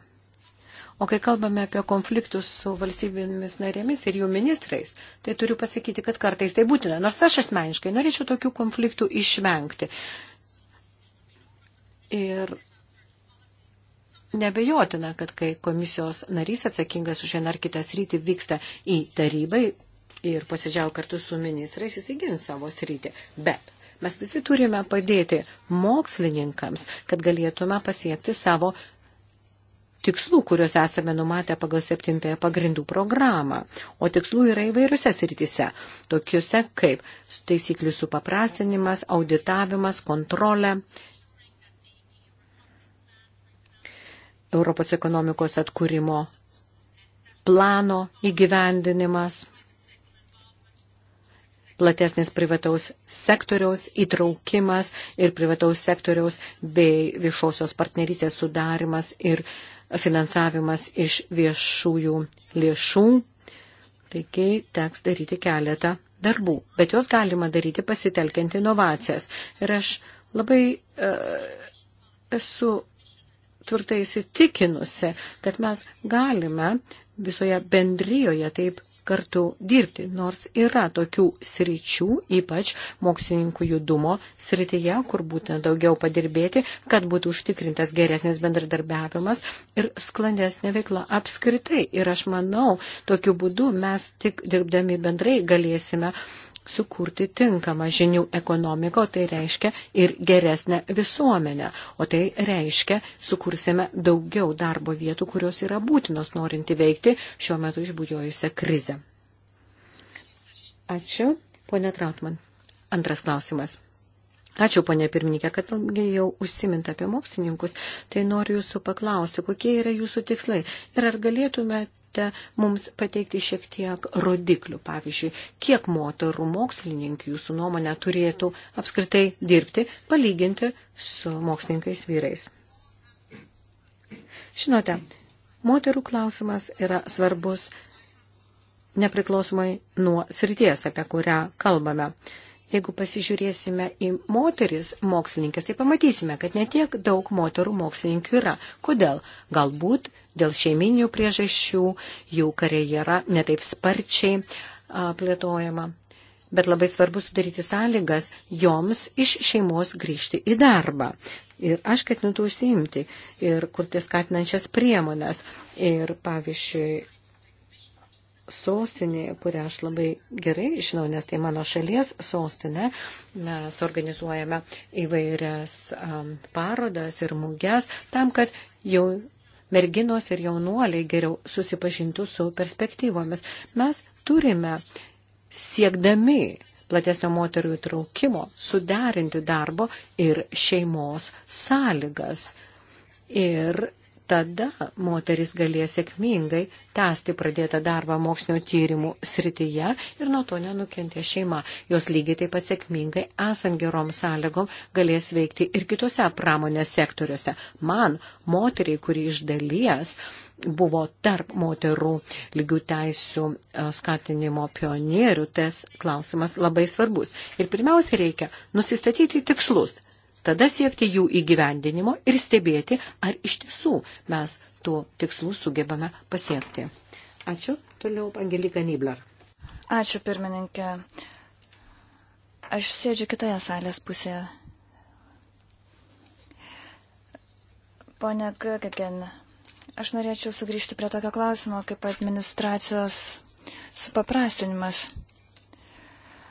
O kai kalbame apie konfliktus su valstybėmis narėmis ir jų ministrais, tai turiu pasakyti, kad kartais tai būtina. Nors aš asmeniškai norėčiau tokių konfliktų išvengti. Ir nebejotina, kad kai komisijos narys atsakingas už vieną ar kitą sritį vyksta į tarybai ir posėdžiau kartu su ministrais, jis įgins savo sritį. Bet mes visi turime padėti mokslininkams, kad galėtume pasiekti savo tikslų, kuriuos esame numatę pagal septintąją pagrindų programą. O tikslų yra įvairiose srityse, tokiuose kaip taisyklių supaprastinimas, auditavimas, kontrolė. Europos ekonomikos atkūrimo plano įgyvendinimas, platesnis privataus sektoriaus įtraukimas ir privataus sektoriaus bei viešosios partnerystės sudarimas ir uh, finansavimas iš viešųjų lėšų, taigi teks daryti keletą darbų, bet juos galima daryti pasitelkiant inovacijas. Ir aš labai uh, esu tvirtai įsitikinusi, kad mes galime visoje bendryjoje taip kartu dirbti, nors yra tokių sričių, ypač mokslininkų judumo srityje, kur būtina daugiau padirbėti, kad būtų užtikrintas geresnis bendradarbiavimas ir sklandesnė veikla apskritai. Ir aš manau, tokiu būdu mes tik dirbdami bendrai galėsime uh, sukurti tinkamą žinių ekonomiką, o tai reiškia ir geresnę visuomenę, o tai reiškia sukursime daugiau darbo vietų, kurios yra būtinos norinti veikti šiuo metu išbujojusią krizę. Ačiū, ponė Trautman. Antras klausimas. Ačiū, ponė pirmininkė, kad jau užsimint apie mokslininkus, tai noriu jūsų paklausti, kokie yra jūsų tikslai ir ar galėtumėt galite mums pateikti šiek tiek rodiklių, pavyzdžiui, kiek moterų mokslininkų jūsų nuomonė turėtų apskritai dirbti, palyginti su mokslininkais vyrais. Žinote, moterų klausimas yra svarbus nepriklausomai nuo srities, apie kurią kalbame. Jeigu pasižiūrėsime į moteris mokslininkės, tai pamatysime, kad netiek daug moterų mokslininkų yra. Kodėl? Galbūt dėl šeiminių priežasčių jų karjera netaip sparčiai a, plėtojama. Bet labai svarbu sudaryti sąlygas joms iš šeimos grįžti į darbą. Ir aš ketinu užsiimti ir kurti skatinančias priemonės. Ir pavyzdžiui, sostinėje, kurią aš labai gerai žinau, nes tai mano šalies sostinė, mes organizuojame įvairias um, parodas ir muges tam, kad jau merginos ir jaunuoliai geriau susipažintų su perspektyvomis. Mes turime siekdami platesnio moterų įtraukimo suderinti darbo ir šeimos sąlygas. Ir tada moteris galės sėkmingai tęsti pradėtą darbą mokslinio tyrimų srityje ir nuo to nenukentė šeima. Jos lygiai taip pat sėkmingai, esant gerom sąlygom, galės veikti ir kitose pramonės sektoriuose. Man, moteriai, kuri iš dalies buvo tarp moterų lygių teisų e, skatinimo pionierių, tas klausimas labai svarbus. Ir pirmiausia, reikia nusistatyti tikslus tada siekti jų įgyvendinimo ir stebėti, ar iš tiesų mes tų tikslų sugebame pasiekti. Ačiū. Toliau Angelika Nibler. Ačiū, pirmininkė. Aš sėdžiu kitoje salės pusėje. Pone Kökegen, aš norėčiau sugrįžti prie tokio klausimo kaip administracijos supaprastinimas.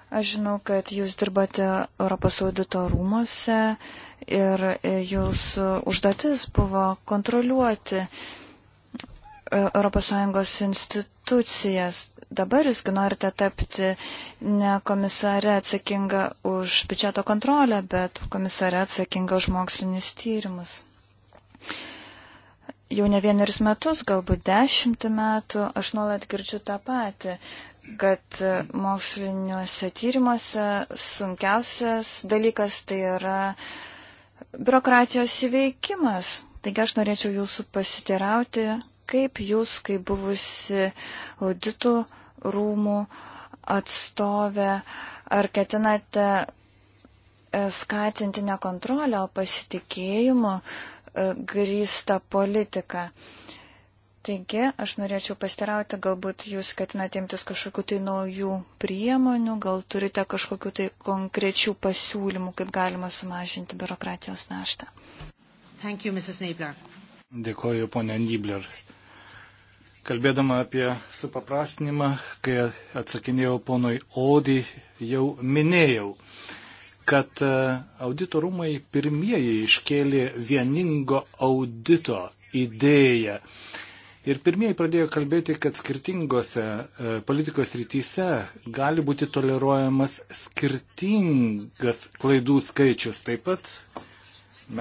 Aš žinau, kad jūs dirbate Europos audito rūmose ir jūsų užduotis buvo kontroliuoti ES institucijas. Dabar jūsgi norite tapti ne komisare atsakinga už biudžeto kontrolę, bet komisare atsakinga už mokslinis tyrimus. Jau ne vienerius metus, galbūt dešimtį metų, aš nuolat girdžiu tą patį kad e, moksliniuose tyrimuose sunkiausias dalykas tai yra biurokratijos įveikimas. Taigi aš norėčiau jūsų pasiteirauti, kaip jūs, kaip buvusi auditų rūmų atstovė, ar ketinate e, skatinti ne kontrolę, o pasitikėjimo e, grįstą politiką. Uh, Taigi, aš norėčiau pastirauti, galbūt jūs ketinate imtis kažkokiu tai naujų priemonių, gal turite kažkokiu tai konkrečių pasiūlymų, kaip galima sumažinti biurokratijos naštą. Thank you, Mrs. Nibler. Dėkoju, ponė Nibler. Kalbėdama apie supaprastinimą, kai atsakinėjau ponui Odį, jau minėjau, kad e, auditorumai pirmieji iškėlė vieningo audito idėją. Ir pirmieji pradėjo kalbėti, kad skirtingose e, politikos rytise gali būti toleruojamas skirtingas klaidų skaičius. Taip pat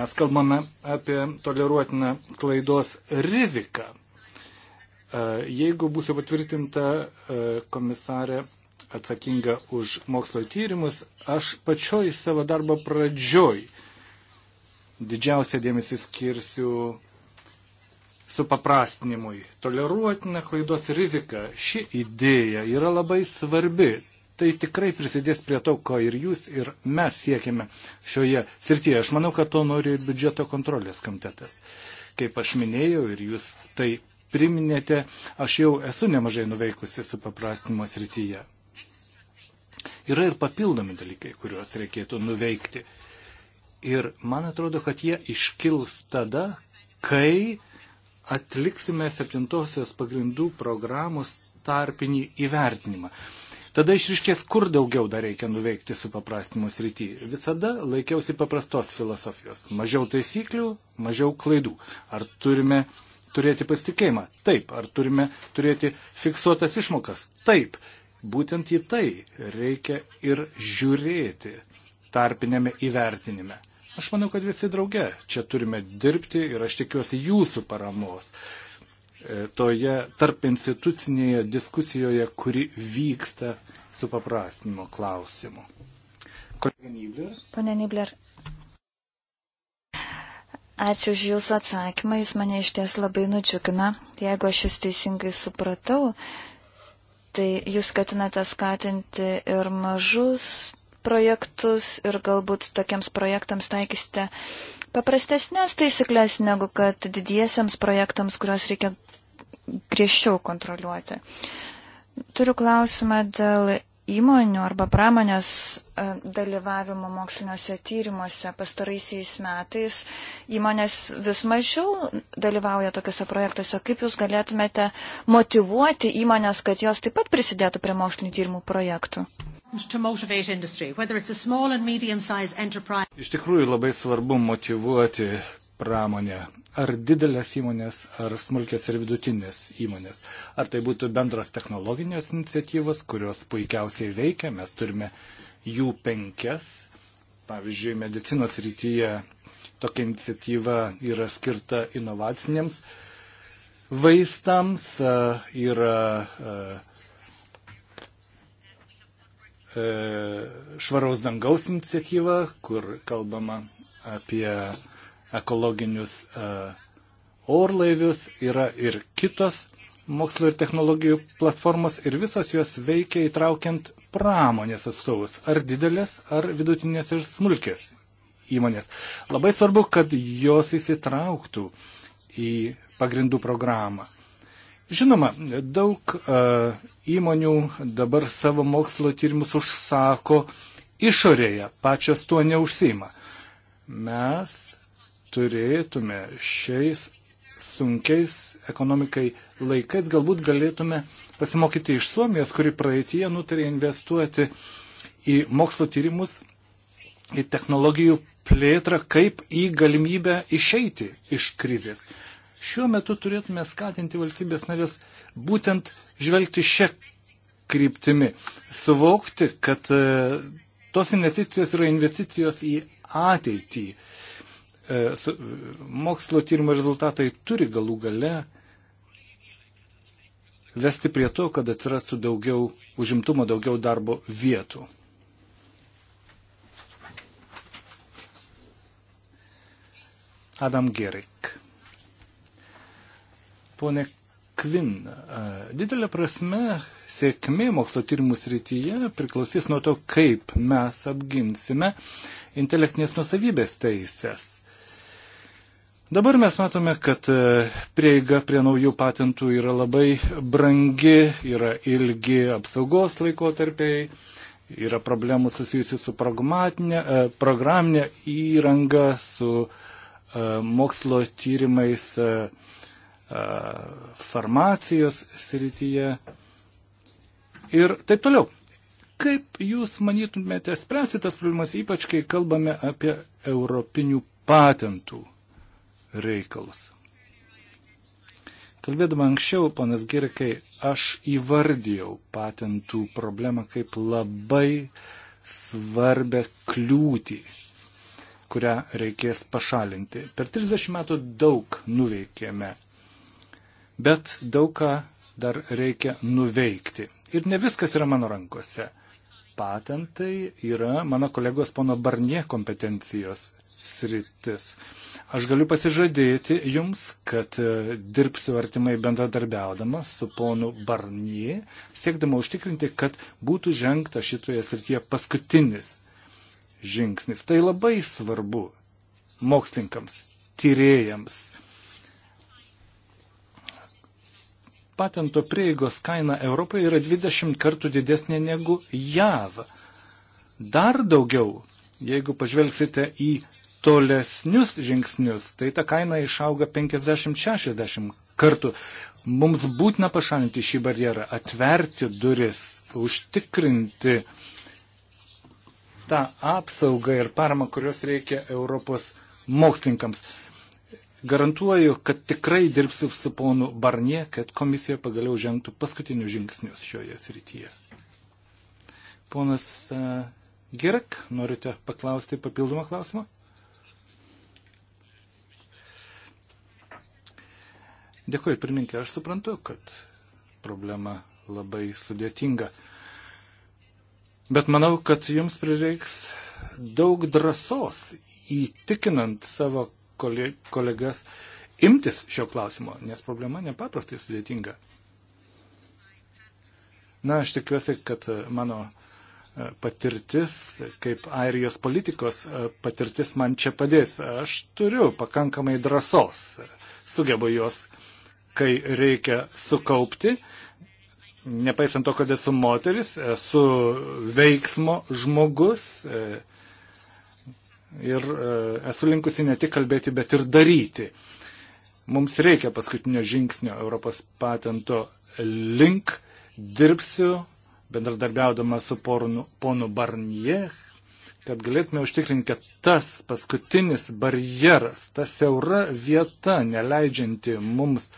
mes kalbame apie toleruotiną klaidos riziką. E, jeigu būsiu patvirtinta e, komisarė atsakinga už mokslo tyrimus, aš pačioj savo darbo pradžioj didžiausią dėmesį skirsiu supaprastinimui. Toleruotina klaidos rizika. Ši idėja yra labai svarbi. Tai tikrai prisidės prie to, ko ir jūs, ir mes siekime šioje srityje. Aš manau, kad to nori ir biudžeto kontrolės komitetas. Kaip aš minėjau ir jūs tai priminėte, aš jau esu nemažai nuveikusi su paprastinimo srityje. Yra ir papildomi dalykai, kuriuos reikėtų nuveikti. Ir man atrodo, kad jie iškils tada, kai uh, atliksime septintosios pagrindų programos tarpinį įvertinimą. Tada išriškės, kur daugiau dar reikia nuveikti su paprastimo srity. Visada laikiausi paprastos filosofijos. Mažiau taisyklių, mažiau klaidų. Ar turime turėti pasitikėjimą? Taip. Ar turime turėti fiksuotas išmokas? Taip. Būtent į tai reikia ir žiūrėti tarpinėme įvertinime. Aš manau, kad visi drauge čia turime dirbti ir aš tikiuosi jūsų paramos e, toje tarp institucinėje diskusijoje, kuri vyksta su paprastinimo klausimu. Pane Nibler. Ačiū už Jūsų atsakymą, jis mane iš ties labai nudžiugina. Jeigu aš Jūs teisingai supratau, tai Jūs skatinate skatinti ir mažus projektus ir galbūt tokiems projektams taikysite paprastesnės taisyklės negu kad didiesiams projektams, kuriuos reikia griežčiau kontroliuoti. Turiu klausimą dėl įmonių arba pramonės e, dalyvavimo moksliniuose tyrimuose pastaraisiais metais. Įmonės vis mažiau dalyvauja tokiuose projektuose. Kaip Jūs galėtumėte motivuoti įmonės, kad jos taip pat prisidėtų prie mokslinių tyrimų projektų? Iš tikrųjų labai svarbu motivuoti pramonę, ar didelės įmonės, ar smulkės ir vidutinės įmonės. Ar tai būtų bendros technologinės iniciatyvos, kurios puikiausiai veikia, mes turime jų penkias. Pavyzdžiui, medicinos rytyje tokia iniciatyva yra skirta inovaciniams vaistams, yra E, švaraus dangaus iniciatyvą, kur kalbama apie ekologinius e, orlaivius, yra ir kitos mokslo ir technologijų platformos ir visos jos veikia įtraukiant pramonės atstovus, ar didelės, ar vidutinės ir smulkės įmonės. Labai svarbu, kad jos įsitrauktų į pagrindų programą. Žinoma, daug a, e, įmonių dabar savo mokslo tyrimus užsako išorėje, pačios tuo neužsima. Mes turėtume šiais sunkiais ekonomikai laikais galbūt galėtume pasimokyti iš Suomijos, kuri praeitie nutarė investuoti į mokslo tyrimus, į technologijų plėtrą kaip į galimybę išeiti iš krizės. Šiuo metu turėtume skatinti valstybės narės būtent žvelgti šią kryptimi, suvokti, kad e, tos investicijos yra investicijos į ateitį. E, mokslo tyrimo rezultatai turi galų gale vesti prie to, kad atsirastų daugiau užimtumo, daugiau darbo vietų. Adam Gerik. Pone Kvin, didelė prasme sėkmė mokslo tyrimų srityje priklausys nuo to, kaip mes apginsime intelektinės nusavybės teises. Dabar mes matome, kad e, prieiga prie naujų patentų yra labai brangi, yra ilgi apsaugos laikotarpiai, yra problemų susijusių su e, programinė įranga, su e, mokslo tyrimais E, farmacijos srityje ir taip toliau. Kaip jūs manytumėte spręsti tas problemas, ypač kai kalbame apie europinių patentų reikalus? Kalbėdama anksčiau, panas Girkai, aš įvardijau patentų problemą kaip labai svarbę kliūtį, kurią reikės pašalinti. Per 30 metų daug nuveikėme bet daug ką dar reikia nuveikti. Ir ne viskas yra mano rankose. Patentai yra mano kolegos pono Barnie kompetencijos sritis. Aš galiu pasižadėti jums, kad e, dirbsiu artimai bendradarbiaudama su ponu Barnie, siekdama užtikrinti, kad būtų žengta šitoje srityje paskutinis žingsnis. Tai labai svarbu mokslininkams, tyrėjams patento prieigos kaina Europoje yra 20 kartų didesnė negu JAV. Dar daugiau, jeigu pažvelgsite į tolesnius žingsnius, tai ta kaina išauga 50-60 kartų. Mums būtina pašalinti šį barjerą, atverti duris, užtikrinti tą apsaugą ir paramą, kurios reikia Europos mokslininkams. Garantuoju, kad tikrai dirbsiu su ponu Barnie, kad komisija pagaliau žengtų paskutinius žingsnius šioje srityje. Ponas Girk, norite paklausti papildomą klausimą? Dėkuoju, pirmininkė, aš suprantu, kad problema labai sudėtinga. Bet manau, kad jums prireiks daug drąsos įtikinant savo kolegas imtis šio klausimo, nes problema nepaprastai sudėtinga. Na, aš tikiuosi, kad e, mano e, patirtis, kaip airijos politikos e, patirtis man čia padės. Aš turiu pakankamai drąsos, sugebu jos, kai reikia sukaupti. Nepaisant to, kad esu moteris, esu veiksmo žmogus, e, ir e, esu linkusi ne tik kalbėti, bet ir daryti. Mums reikia paskutinio žingsnio Europos patento link. Dirbsiu bendradarbiaudama su pornu, ponu Barnie, kad galėtume užtikrinti, kad tas paskutinis barjeras, ta siaura vieta, neleidžianti mums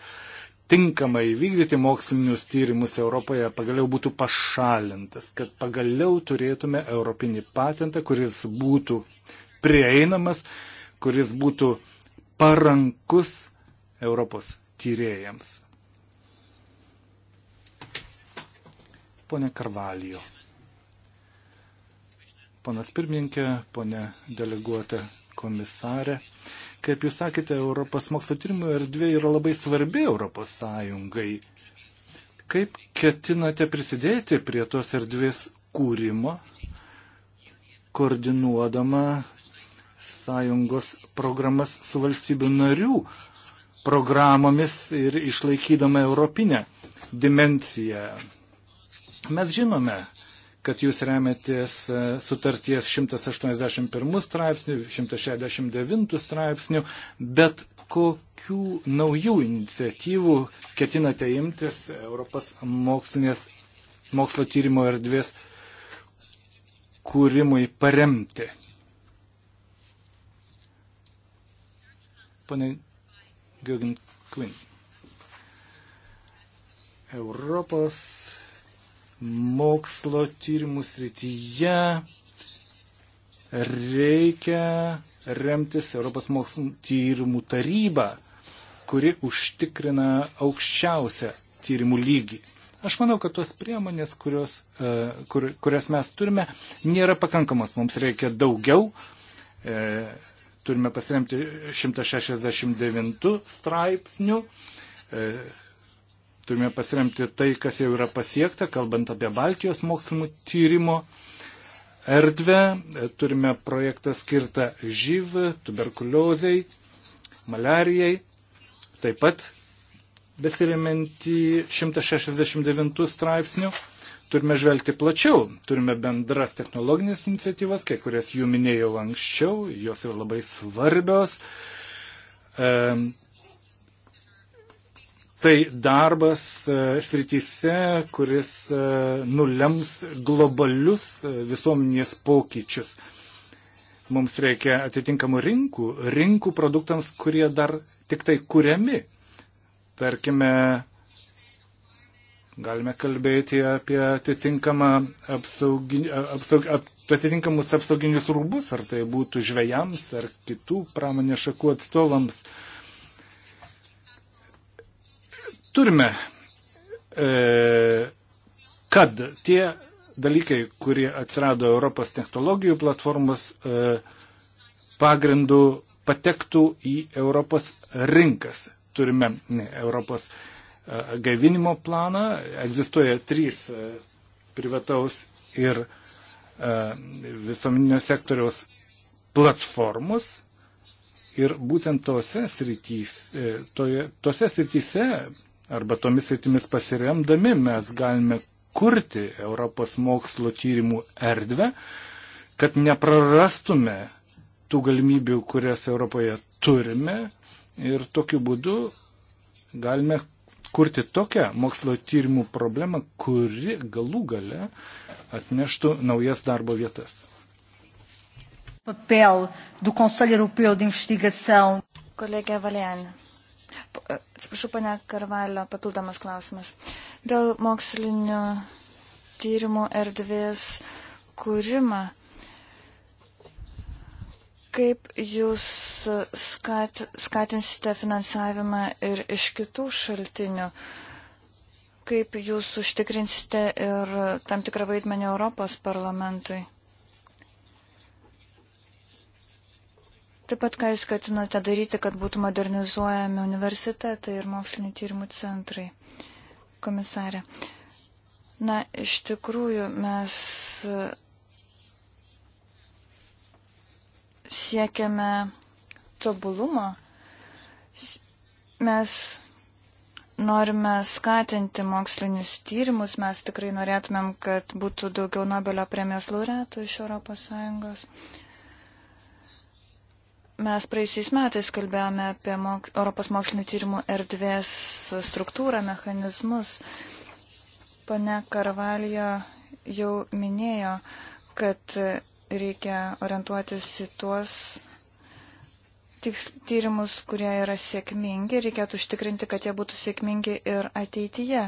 tinkamai vykdyti mokslinius tyrimus Europoje, pagaliau būtų pašalintas, kad pagaliau turėtume europinį patentą, kuris būtų prieinamas, kuris būtų parankus Europos tyrėjams. Pone Karvalijo. Ponas pirmininkė, ponė deleguota komisarė. Kaip jūs sakėte, Europos mokslo tyrimų erdvė yra labai svarbi Europos Sąjungai. Kaip ketinate prisidėti prie tos erdvės kūrimo, koordinuodama sąjungos programas su valstybių narių programomis ir išlaikydama europinę dimenciją. Mes žinome, kad jūs remiatės e, sutarties 181 straipsnių, 169 straipsnių, bet kokių naujų iniciatyvų ketinate imtis Europos mokslinės, mokslo tyrimo erdvės kūrimui paremti? Pane Gugin Quinn. Europos mokslo tyrimų srityje reikia remtis Europos mokslo tyrimų taryba, kuri užtikrina aukščiausią tyrimų lygį. Aš manau, kad tos priemonės, kurios, e, kur, kurias mes turime, nėra pakankamos. Mums reikia daugiau. E, turime pasiremti 169 straipsniu, e, turime pasiremti tai, kas jau yra pasiekta, kalbant apie Baltijos mokslinių tyrimo erdvę, e, turime projektą skirtą živ, tuberkuliozei, malerijai, taip pat besiremianti 169 straipsnių. Turime žvelgti plačiau, turime bendras technologinės iniciatyvas, kai kurias jų minėjau anksčiau, jos yra labai svarbios. E, tai darbas e, srityse, kuris e, nulems globalius e, visuomenės pokyčius. Mums reikia atitinkamų rinkų, rinkų produktams, kurie dar tik tai kuriami. Tarkime, Galime kalbėti apie atitinkamą apsauginį, apsaug, ap, atitinkamus apsauginius rūbus, ar tai būtų žvėjams ar kitų pramonės šakų atstovams. Turime, e, kad tie dalykai, kurie atsirado Europos technologijų platformos e, pagrindų, patektų į Europos rinkas. Turime ne, Europos rinkas E, gaivinimo planą. Egzistuoja trys e, privataus ir e, visuomeninio sektoriaus platformos. Ir būtent tose srityse, toje, tose srityse arba tomis sritimis pasiremdami mes galime kurti Europos mokslo tyrimų erdvę, kad neprarastume tų galimybių, kurias Europoje turime ir tokiu būdu galime kurti tokią mokslo tyrimų problemą, kuri galų gale atneštų naujas darbo vietas. Papel do Conselho Europeu de Investigação. Kolegė Valianė. E, atsiprašau, pane Karvalio, papildomas klausimas. Dėl mokslinio tyrimų erdvės kūrimą Kaip jūs skat, skatinsite finansavimą ir iš kitų šaltinių? Kaip jūs užtikrinsite ir tam tikrą vaidmenį Europos parlamentui? Taip pat, ką jūs skatinote daryti, kad būtų modernizuojami universitetai ir mokslinio tyrimų centrai, komisarė. Na, iš tikrųjų, mes siekiame tobulumo, mes norime skatinti mokslinius tyrimus, mes tikrai norėtumėm, kad būtų daugiau Nobelio premijos laureatų iš ES. Mes praeisiais metais kalbėjome apie mok Europos mokslinio tyrimų erdvės struktūrą, mechanizmus. Pane Karvalijo jau minėjo, kad reikia orientuotis į tuos tyrimus, kurie yra sėkmingi, reikėtų užtikrinti, kad jie būtų sėkmingi ir ateityje.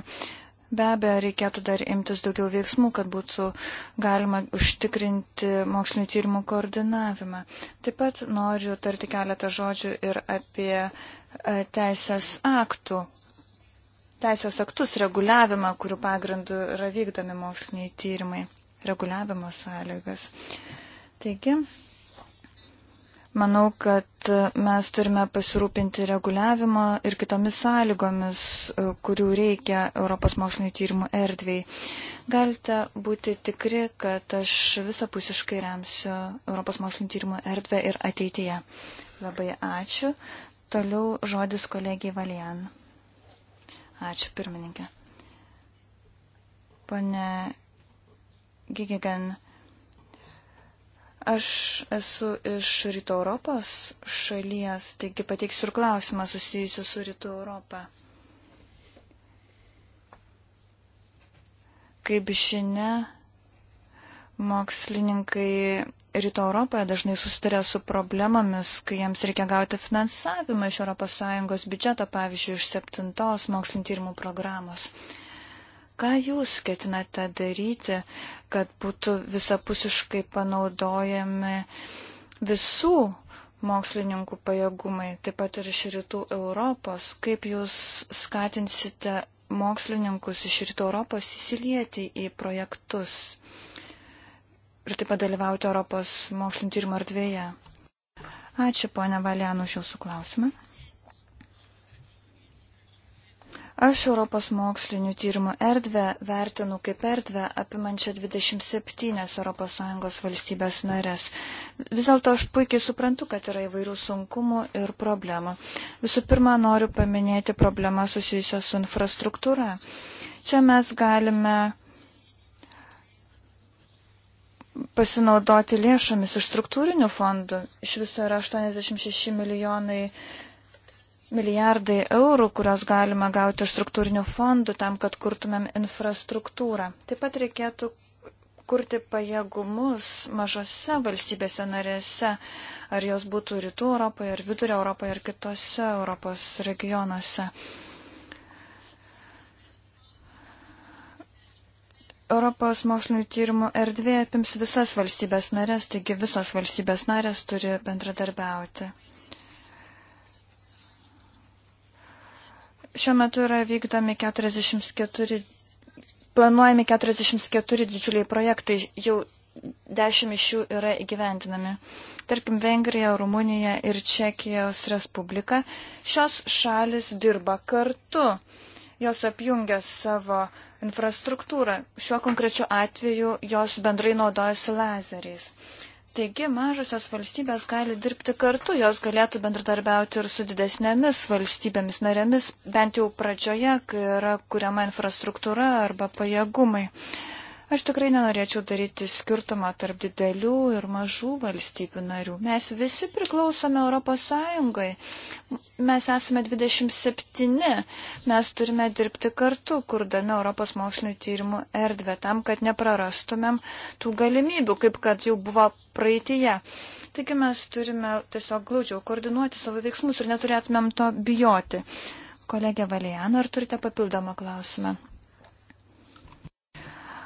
Be abejo, reikėtų dar imtis daugiau veiksmų, kad būtų galima užtikrinti mokslinio tyrimų koordinavimą. Taip pat noriu tarti keletą žodžių ir apie e, teisės aktų, teisės aktus reguliavimą, kurių pagrindų yra vykdomi moksliniai tyrimai reguliavimo sąlygas. Taigi, manau, kad mes turime pasirūpinti reguliavimo ir kitomis sąlygomis, kurių reikia Europos mokslinio tyrimų erdvėjai. Galite būti tikri, kad aš visapusiškai remsiu Europos mokslinio tyrimų erdvę ir ateityje. Labai ačiū. Toliau žodis kolegijai Valijan. Ačiū, pirmininkė. Pane Gigigen. Aš esu iš Rytų Europos šalies, taigi pateiksiu ir klausimą susijusiu su Rytų Europą. Kaip žinia, mokslininkai Rytų Europoje dažnai susiduria su problemomis, kai jiems reikia gauti finansavimą iš ES biudžeto, pavyzdžiui, iš septintos mokslinio tyrimų programos. Ką jūs ketinate daryti, kad būtų visapusiškai panaudojami visų mokslininkų pajėgumai, taip pat ir iš rytų Europos? Kaip jūs skatinsite mokslininkus iš rytų Europos įsilieti į projektus ir taip pat dalyvauti Europos mokslinio tyrimo erdvėje? Ačiū, ponia Valianu, už jūsų klausimą. Aš Europos mokslinių tyrimų erdvę vertinu kaip erdvę apimančią 27 ES valstybės narės. Vis dėlto aš puikiai suprantu, kad yra įvairių sunkumų ir problemų. Visų pirma, noriu paminėti problemą susijusią su infrastruktūra. Čia mes galime pasinaudoti lėšomis iš struktūrinių fondų. Iš viso yra 86 milijonai milijardai eurų, kurios galima gauti iš struktūrinių fondų tam, kad kurtumėm infrastruktūrą. Taip pat reikėtų kurti pajėgumus mažose valstybėse narėse, ar jos būtų rytų Europoje, ar vidurio Europoje, ar kitose Europos regionuose. Europos mokslinio tyrimų erdvė apims visas valstybės narės, taigi visos valstybės narės turi bendradarbiauti. Šiuo metu yra vykdomi 44, planuojami 44 didžiuliai projektai, jau 10 iš jų yra įgyventinami. Tarkim, Vengrija, Rumunija ir Čekijos Respublika. Šios šalis dirba kartu. Jos apjungia savo infrastruktūrą. Šiuo konkrečiu atveju jos bendrai naudojasi lazeriais. Taigi mažosios valstybės gali dirbti kartu, jos galėtų bendradarbiauti ir su didesnėmis valstybėmis narėmis, bent jau pradžioje, kai yra kuriama infrastruktūra arba pajėgumai. Uh, Aš tikrai nenorėčiau daryti skirtumą tarp didelių ir mažų valstybių narių. Mes visi priklausome Europos Sąjungai. Mes esame 27. Mes turime dirbti kartu, kurdami Europos mokslinio tyrimų erdvę, tam, kad neprarastumėm tų galimybių, kaip kad jau buvo praeitie. Taigi mes turime tiesiog glaudžiau koordinuoti savo veiksmus ir neturėtumėm to bijoti. Kolegė Valėjana, ar turite papildomą klausimą?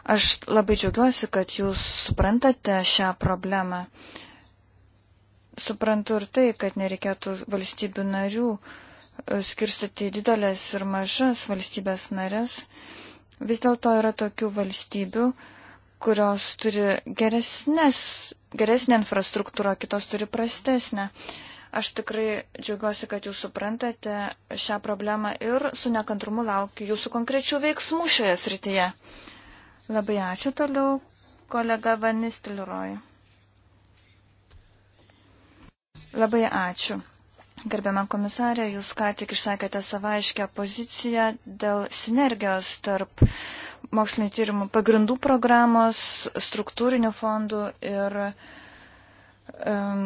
Aš labai džiaugiuosi, kad jūs suprantate šią problemą. Suprantu ir tai, kad nereikėtų valstybių narių e, skirstyti didelės ir mažas valstybės narės. Vis dėlto yra tokių valstybių, kurios turi geresnės, geresnę infrastruktūrą, kitos turi prastesnę. Aš tikrai džiaugiuosi, kad jūs suprantate šią problemą ir su nekantrumu laukiu jūsų konkrečių veiksmų šioje srityje. Labai ačiū toliau, kolega Vanis Tiliroj. Labai ačiū. Gerbiamą komisarę, jūs ką tik išsakėte savaiškę poziciją dėl sinergijos tarp mokslinio tyrimų pagrindų programos, struktūrinių fondų ir um,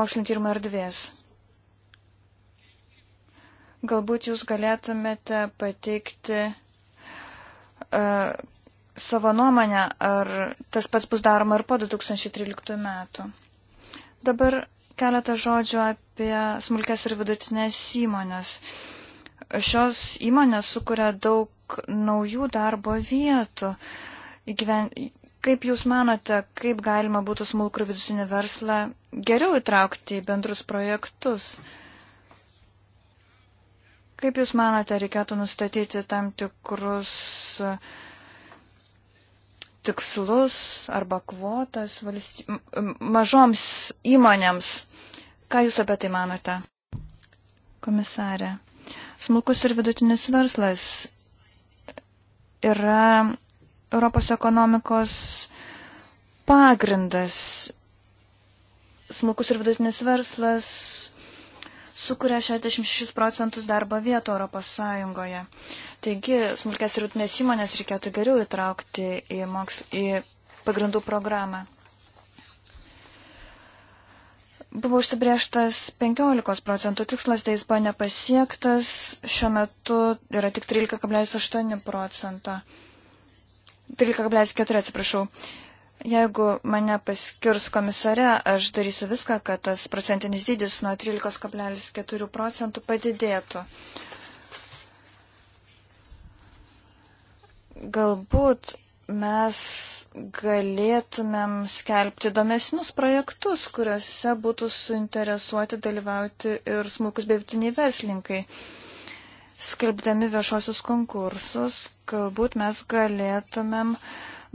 mokslinio tyrimų erdvės. Galbūt jūs galėtumėte pateikti uh, savo nuomonę, ar tas pats bus daroma ir po 2013 metų. Dabar keletą žodžių apie smulkės ir vidutinės įmonės. Šios įmonės sukuria daug naujų darbo vietų. Įgyven... Kaip Jūs manote, kaip galima būtų smulkų ir vidutinį verslą geriau įtraukti į bendrus projektus? Kaip Jūs manote, reikėtų nustatyti tam tikrus uh, tikslus arba kvotas valsty... mažoms įmonėms. Ką Jūs apie tai manote, komisarė? Smulkus ir vidutinis verslas yra Europos ekonomikos pagrindas. Smulkus ir vidutinis verslas sukuria 66 procentus darbo vietų Europos Sąjungoje. Uh, Taigi, smulkės ir rutinės įmonės reikėtų geriau įtraukti į, moks, į pagrindų programą. Buvo užsibrieštas 15 procentų tikslas, tai jis buvo nepasiektas, šiuo metu yra tik 13,8 procento. 13,4 atsiprašau. Jeigu mane paskirs komisare, aš darysiu viską, kad tas procentinis dydis nuo 13,4 procentų padidėtų. Galbūt mes galėtumėm skelbti įdomesnius projektus, kuriuose būtų suinteresuoti dalyvauti ir smulkus bei vidutiniai verslininkai. Skelbdami viešosius konkursus, galbūt mes galėtumėm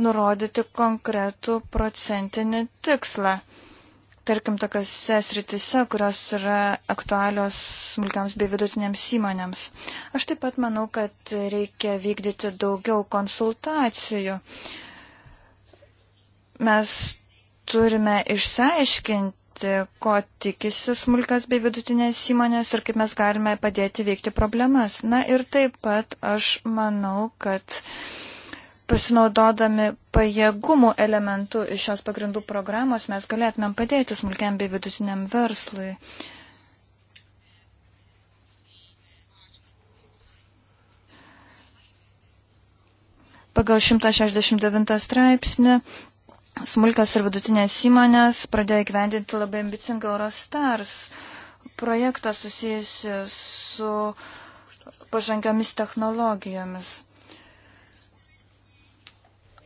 nurodyti konkretų procentinį tikslą tarkim, tokiose sritise, kurios yra aktualios smulkiams bei vidutinėms įmonėms. Aš taip pat manau, kad reikia vykdyti daugiau konsultacijų. Mes turime išsiaiškinti, ko tikisi smulkios bei vidutinės įmonės ir kaip mes galime padėti veikti problemas. Na ir taip pat aš manau, kad uh, Pasinaudodami pajėgumų elementų iš šios pagrindų programos mes galėtumėm padėti smulkiam bei vidutiniam verslui. Pagal 169 straipsnį smulkios ir vidutinės įmonės pradėjo įgyvendinti labai ambicingą Eurostars projektą susijusi su pažangiomis technologijomis.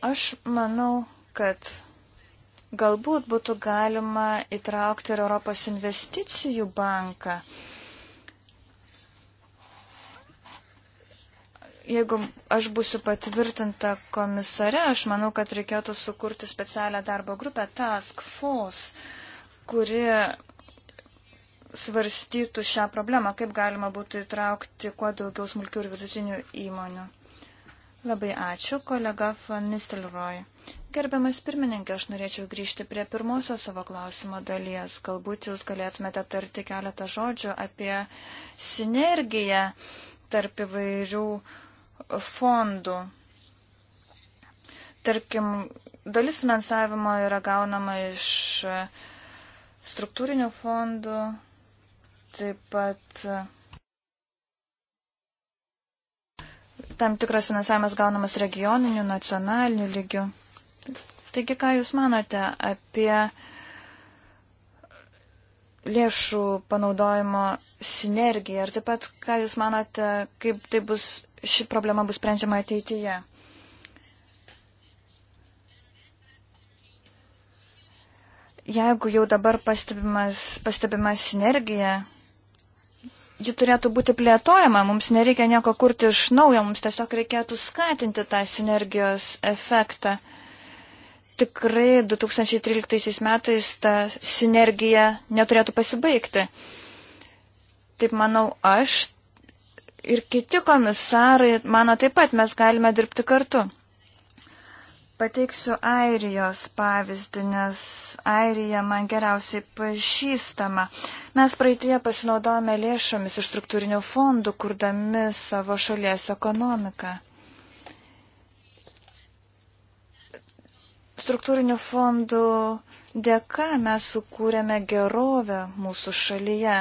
Aš manau, kad galbūt būtų galima įtraukti ir Europos investicijų banką. Jeigu aš būsiu patvirtinta komisare, aš manau, kad reikėtų sukurti specialią darbo grupę Task Force, kuri svarstytų šią problemą, kaip galima būtų įtraukti kuo daugiau smulkių ir vidutinių įmonių. Labai ačiū, kolega Van Nistelrooy. Gerbiamas pirmininkė, aš norėčiau grįžti prie pirmosios savo klausimo dalies. Galbūt jūs galėtumėte tarti keletą žodžių apie sinergiją tarp įvairių fondų. Tarkim, dalis finansavimo yra gaunama iš struktūrinių fondų, taip pat tam tikras finansavimas gaunamas regioniniu, nacionaliniu lygiu. Taigi, ką Jūs manote apie lėšų panaudojimo sinergiją ir taip pat, ką Jūs manote, kaip tai bus, ši problema bus sprendžiama ateityje? Jeigu jau dabar pastebimas, pastebimas sinergija, ji turėtų būti plėtojama, mums nereikia nieko kurti iš naujo, mums tiesiog reikėtų skatinti tą sinergijos efektą. Tikrai 2013 metais ta sinergija neturėtų pasibaigti. Taip manau aš ir kiti komisarai, mano taip pat mes galime dirbti kartu. Pateiksiu Airijos pavyzdį, nes Airija man geriausiai pažįstama. Mes praeitie pasinaudojame lėšomis iš struktūrinių fondų, kurdami savo šalies ekonomiką. Struktūrinių fondų dėka mes sukūrėme gerovę mūsų šalyje.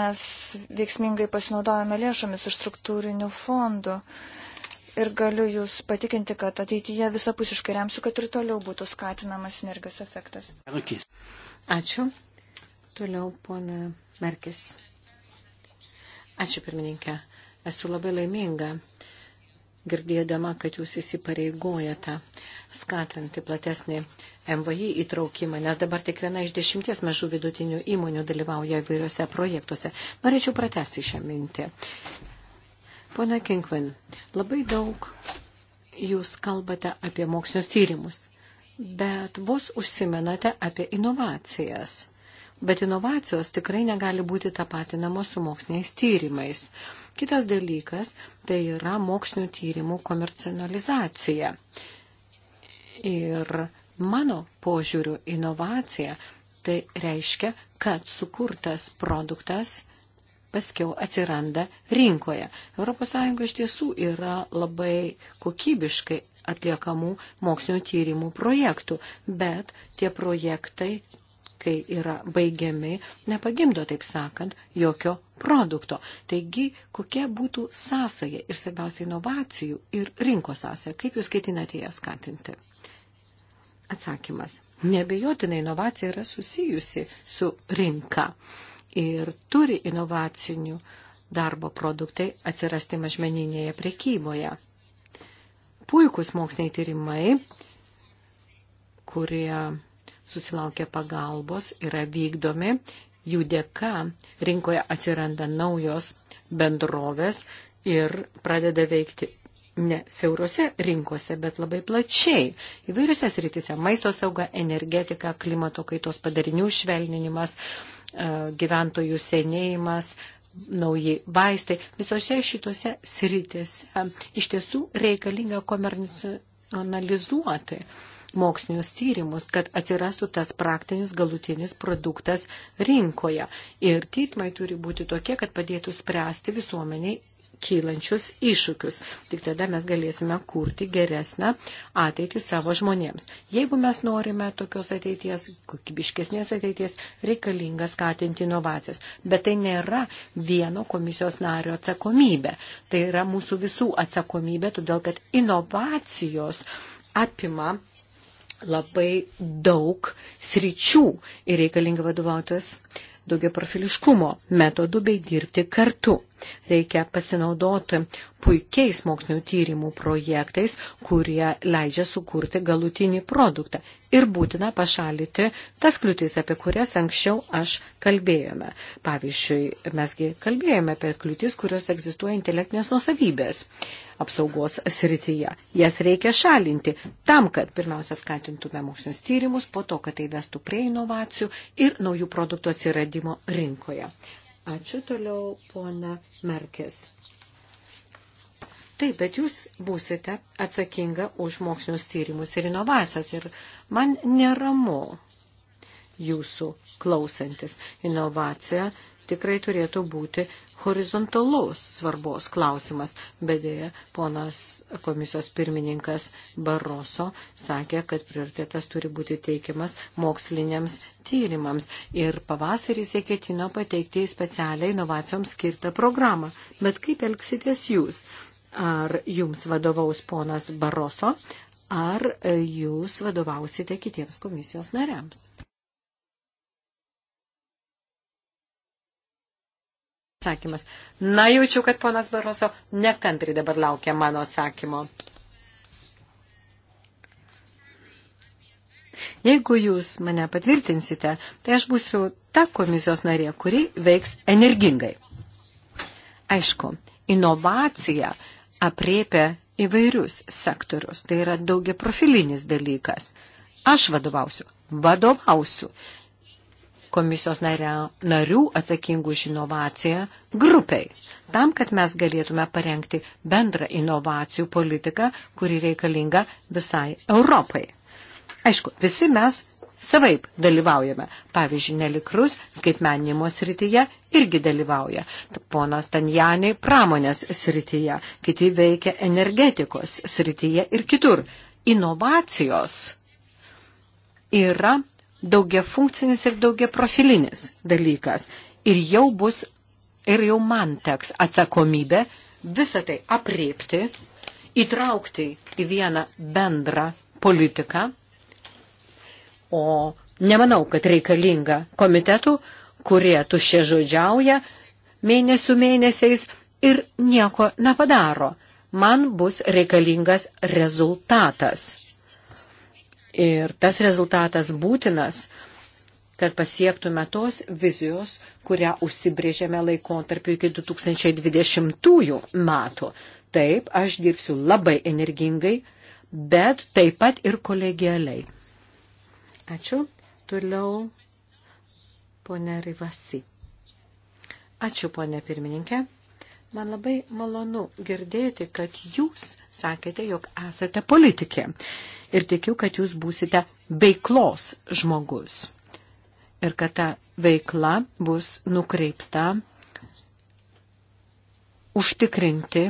Mes veiksmingai pasinaudojame lėšomis iš struktūrinių fondų. Uh, ir galiu Jūs patikinti, kad ateityje visapusiškai remsiu, kad ir toliau būtų skatinamas energijos efektas. Ačiū. Toliau, pona Merkis. Ačiū, pirmininkė. Esu labai laiminga, girdėdama, kad Jūs įsipareigojate skatinti platesnį MVI įtraukimą, nes dabar tik viena iš dešimties mažų vidutinių įmonių dalyvauja įvairiuose projektuose. Norėčiau pratesti šią mintį. Pone Kinkvin, labai daug jūs kalbate apie mokslinius tyrimus, bet vos užsimenate apie inovacijas. Bet inovacijos tikrai negali būti tapatinamos su moksliniais tyrimais. Kitas dalykas tai yra mokslinių tyrimų komercionalizacija. Ir mano požiūrių inovacija tai reiškia, kad sukurtas produktas paskiau atsiranda rinkoje. ES iš tiesų yra labai kokybiškai atliekamų mokslinio tyrimų projektų, bet tie projektai, kai yra baigiami, nepagimdo, taip sakant, jokio produkto. Taigi, kokia būtų sąsaja ir svarbiausia inovacijų ir rinkos sąsaja, kaip jūs ketinate ją skatinti? Atsakymas. Nebejotinai inovacija yra susijusi su rinka. Uh, ir turi inovacinių darbo produktai atsirasti mažmeninėje prekyboje. Puikus moksliniai tyrimai, kurie susilaukia pagalbos, yra vykdomi, jų dėka rinkoje atsiranda naujos bendrovės ir pradeda veikti ne siaurose rinkose, bet labai plačiai įvairiuose sritise - maisto sauga, energetika, klimato kaitos padarinių švelninimas, e, gyventojų senėjimas, nauji vaistai. Visose šitose sritise iš tiesų reikalinga komercionalizuoti mokslinius tyrimus, kad atsirastų tas praktinis galutinis produktas rinkoje. Ir tyrimai turi būti tokie, kad padėtų spręsti visuomeniai kylančius iššūkius. Tik tada mes galėsime kurti geresnę ateitį savo žmonėms. Jeigu mes norime tokios ateities, kokybiškesnės ateities, reikalinga skatinti inovacijas. Bet tai nėra vieno komisijos nario atsakomybė. Tai yra mūsų visų atsakomybė, todėl kad inovacijos apima labai daug sričių ir reikalinga vadovautis daugia profiliškumo metodu bei dirbti kartu. Reikia pasinaudoti puikiais mokslinio tyrimų projektais, kurie leidžia sukurti galutinį produktą. Ir būtina pašalyti tas kliūtis, apie kurias anksčiau aš kalbėjome. Pavyzdžiui, mesgi kalbėjome apie kliūtis, kurios egzistuoja intelektinės nusavybės apsaugos srityje. Jas reikia šalinti tam, kad pirmiausia skatintume mokslinius tyrimus, po to, kad tai vestų prie inovacijų ir naujų produktų atsiradimo rinkoje. Ačiū toliau, pona Merkis. Taip, bet jūs būsite atsakinga už mokslinius tyrimus ir inovacijas. Ir man neramu jūsų klausantis. Inovacija tikrai turėtų būti horizontalus svarbos klausimas, bet dėja ponas komisijos pirmininkas Baroso sakė, kad prioritetas turi būti teikiamas moksliniams tyrimams ir pavasarį jie ketino pateikti į specialią inovacijoms skirtą programą. Bet kaip elgsitės jūs? Ar jums vadovaus ponas Baroso, ar jūs vadovausite kitiems komisijos nariams? atsakymas. Na, jaučiu, kad ponas Baroso nekantri dabar laukia mano atsakymo. Jeigu jūs mane patvirtinsite, tai aš būsiu ta komisijos narė, kuri veiks energingai. Aišku, inovacija apriepia įvairius sektorius. Tai yra daugia profilinis dalykas. Aš vadovausiu. Vadovausiu komisijos narių atsakingų už inovaciją grupiai, tam, kad mes galėtume parengti bendrą inovacijų politiką, kuri reikalinga visai Europai. Aišku, visi mes savaip dalyvaujame. Pavyzdžiui, nelikrus skaitmenimo srityje irgi dalyvauja. Ponas Tanjanai pramonės srityje, kiti veikia energetikos srityje ir kitur. Inovacijos yra daugia funkcinis ir daugia profilinis dalykas. Ir jau bus, ir jau man teks atsakomybė visą tai apriepti, įtraukti į vieną bendrą politiką. O nemanau, kad reikalinga komitetų, kurie tušė žodžiauja mėnesių mėnesiais ir nieko nepadaro. Man bus reikalingas rezultatas Ir tas rezultatas būtinas, kad pasiektume tos vizijos, kurią užsibrėžėme laikotarpiu iki 2020 metų. Taip, aš dirbsiu labai energingai, bet taip pat ir kolegialiai. Ačiū. Toliau, ponė Rivasi. Ačiū, ponė pirmininkė. Man labai malonu girdėti, kad jūs sakėte, jog esate politikė. Ir tikiu, kad jūs būsite veiklos žmogus. Ir kad ta veikla bus nukreipta užtikrinti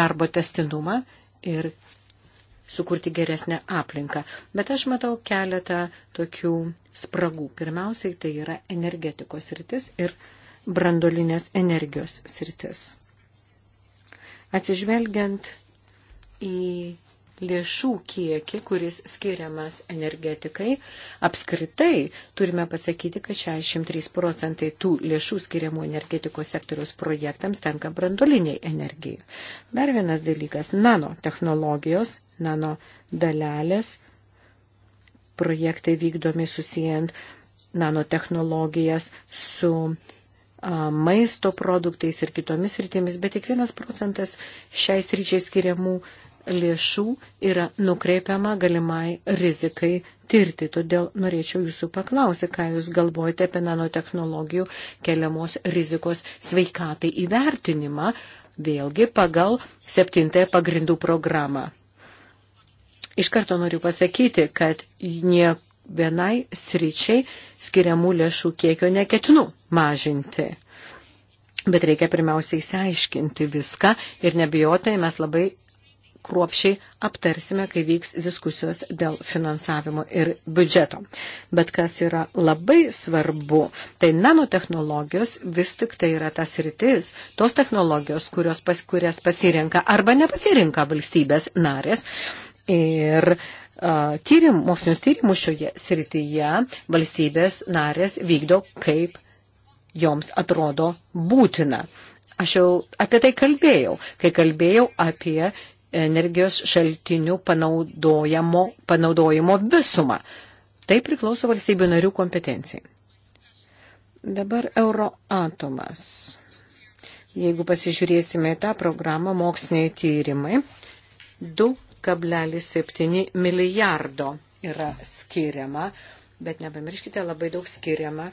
darbo testinumą ir sukurti geresnę aplinką. Bet aš matau keletą tokių spragų. Pirmiausiai tai yra energetikos sritis ir brandolinės energijos sritis. Atsižvelgiant į lėšų kiekį, kuris skiriamas energetikai, apskritai turime pasakyti, kad 63 procentai tų lėšų skiriamų energetikos sektoriaus projektams tenka brandoliniai energijai. Dar vienas dalykas - nanotehnologijos, nano dalelės, projektai vykdomi susijęs nanotehnologijas su maisto produktais ir kitomis rytimis, bet tik vienas procentas šiais ryčiai skiriamų lėšų yra nukreipiama galimai rizikai tirti. Todėl norėčiau jūsų paklausyti, ką jūs galvojate apie nanotehnologijų keliamos rizikos sveikatai įvertinimą, vėlgi pagal septintąją pagrindų programą. Iš karto noriu pasakyti, kad nie, vienai sričiai skiriamų lėšų kiekio neketinu mažinti. Bet reikia pirmiausiai įsiaiškinti viską ir nebijotinai mes labai kruopšiai aptarsime, kai vyks diskusijos dėl finansavimo ir biudžeto. Bet kas yra labai svarbu, tai nanotehnologijos vis tik tai yra tas rytis, tos technologijos, kurios pas, kurias pasirenka arba nepasirenka valstybės narės. Ir uh, tyrim, mokslinius tyrimus šioje srityje valstybės narės vykdo, kaip joms atrodo būtina. Aš jau apie tai kalbėjau, kai kalbėjau apie energijos šaltinių panaudojimo, panaudojimo visumą. Tai priklauso valstybių narių kompetencijai. Dabar euroatomas. Jeigu pasižiūrėsime į tą programą moksliniai tyrimai, du 1,7 milijardo yra skiriama, bet nepamirškite, labai daug skiriama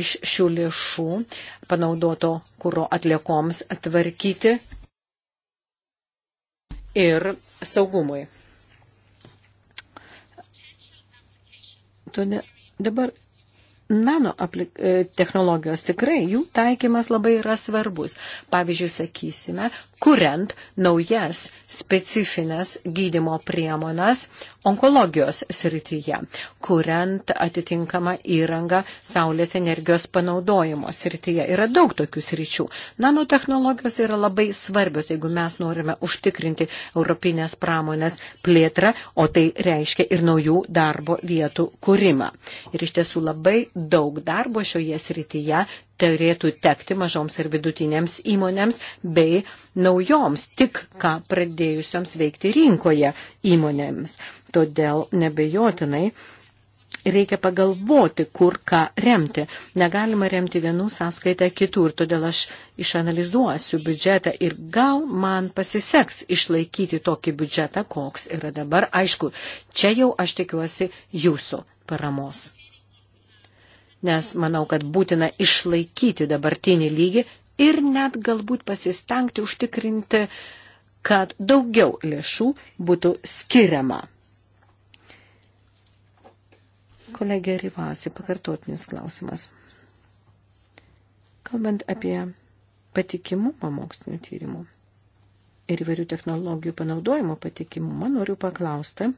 iš šių lėšų panaudoto kūro atliekoms tvarkyti ir saugumui. Todėl dabar nano e, technologijos tikrai jų taikymas labai yra svarbus. Pavyzdžiui, sakysime, kuriant naujas specifines gydimo priemonas onkologijos srityje, kuriant atitinkamą įrangą saulės energijos panaudojimo srityje. Yra daug tokių sričių. Nanotehnologijos yra labai svarbios, jeigu mes norime užtikrinti europinės pramonės plėtrą, o tai reiškia ir naujų darbo vietų kūrimą. Ir iš tiesų labai daug darbo šioje srityje turėtų tekti mažoms ir vidutinėms įmonėms bei naujoms, tik ką pradėjusioms veikti rinkoje įmonėms. Todėl nebejotinai reikia pagalvoti, kur ką remti. Negalima remti vienų sąskaitą kitų ir todėl aš išanalizuosiu biudžetą ir gal man pasiseks išlaikyti tokį biudžetą, koks yra dabar. Aišku, čia jau aš tikiuosi jūsų paramos nes manau, kad būtina išlaikyti dabartinį lygį ir net galbūt pasistengti užtikrinti, kad daugiau lėšų būtų skiriama. Kolegė Rivasi, pakartotinis klausimas. Kalbant apie patikimumą mokslinių tyrimų ir įvairių technologijų panaudojimo patikimumą, noriu paklausti,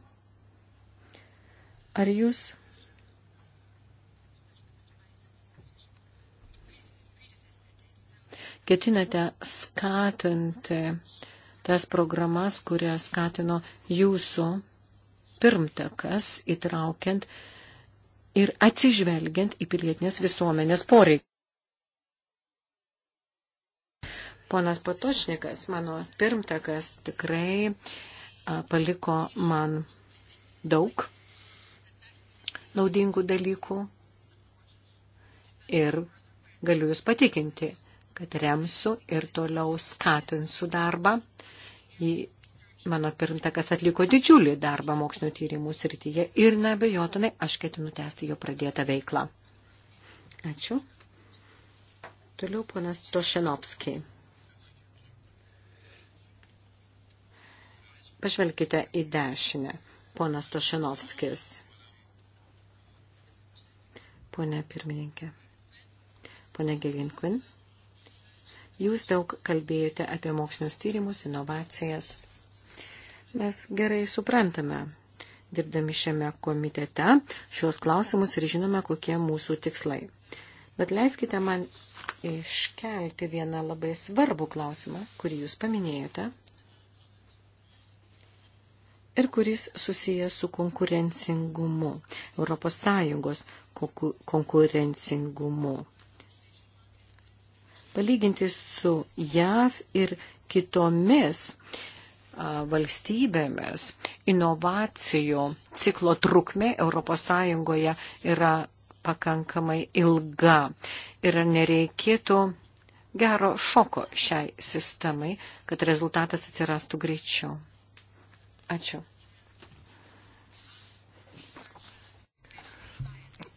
ar jūs ketinate skatinti tas programas, kurias skatino jūsų pirmtakas, įtraukiant ir atsižvelgiant į pilietinės visuomenės poreikį. Ponas Patočnikas, mano pirmtakas, tikrai paliko man daug naudingų dalykų ir galiu Jūs patikinti, kad remsiu ir toliau skatinsiu darbą. Į mano pirmtakas atliko didžiulį darbą mokslinio tyrimų srityje ir nebejotinai aš ketinu tęsti jo pradėtą veiklą. Ačiū. Toliau ponas Tošenovskiai. Pažvelkite į dešinę, ponas Tošenovskis. Pone pirmininkė. Pone Geginkvin. Jūs daug kalbėjote apie mokslinius tyrimus, inovacijas. Mes gerai suprantame, dirbdami šiame komitete, šios klausimus ir žinome, kokie mūsų tikslai. Bet leiskite man iškelti vieną labai svarbų klausimą, kurį jūs paminėjote ir kuris susijęs su konkurencingumu, ES konkurencingumu palyginti su JAV ir kitomis valstybėmis inovacijų ciklo trukmė ES yra pakankamai ilga ir nereikėtų gero šoko šiai sistemai, kad rezultatas atsirastų greičiau. Ačiū.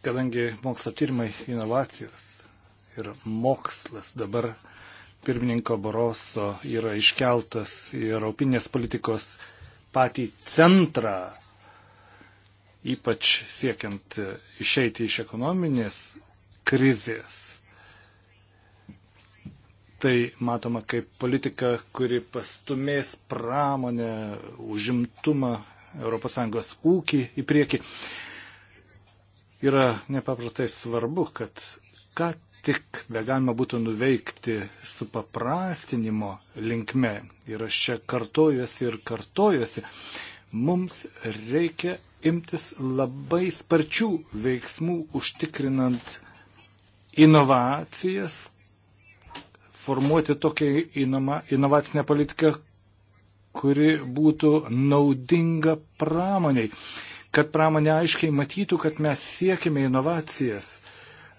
Kadangi mokslo tyrimai inovacijos ir mokslas dabar pirmininko Boroso yra iškeltas į Europinės politikos patį centrą, ypač siekiant išeiti iš ekonominės krizės. Tai matoma kaip politika, kuri pastumės pramonę, užimtumą, ES ūkį į priekį. Yra nepaprastai svarbu, kad ką tik begalima būtų nuveikti su paprastinimo linkme. Ir aš čia kartojuosi ir kartojuosi. Mums reikia imtis labai sparčių veiksmų užtikrinant inovacijas, formuoti tokią inoma, inovacinę politiką, kuri būtų naudinga pramoniai, kad pramonė aiškiai matytų, kad mes siekime inovacijas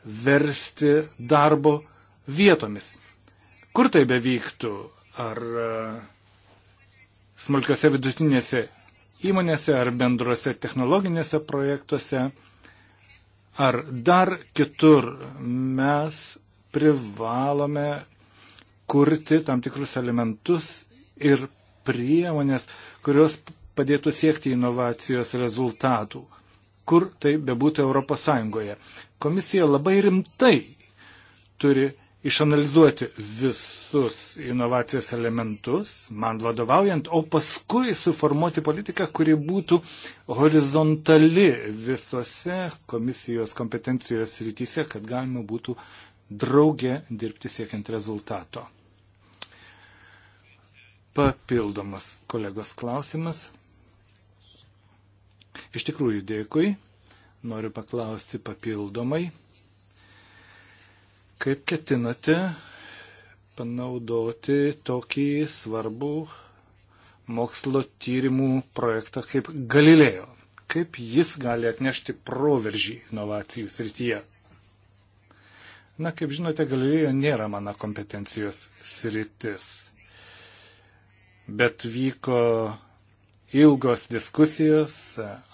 versti darbo vietomis. Kur tai bevyktų? Ar e, smulkiose vidutinėse įmonėse, ar bendrose technologinėse projektuose, ar dar kitur mes privalome kurti tam tikrus elementus ir priemonės, kurios padėtų siekti inovacijos rezultatų kur tai bebūtų Europos Sąjungoje. Komisija labai rimtai turi išanalizuoti visus inovacijos elementus, man vadovaujant, o paskui suformuoti politiką, kuri būtų horizontali visose komisijos kompetencijos rytise, kad galima būtų draugė dirbti siekiant rezultato. Papildomas kolegos klausimas. Iš tikrųjų, dėkui. Noriu paklausti papildomai, kaip ketinate panaudoti tokį svarbų mokslo tyrimų projektą kaip Galilėjo. Kaip jis gali atnešti proveržį inovacijų srityje? Na, kaip žinote, Galilėjo nėra mano kompetencijos sritis. Bet vyko ilgos diskusijos,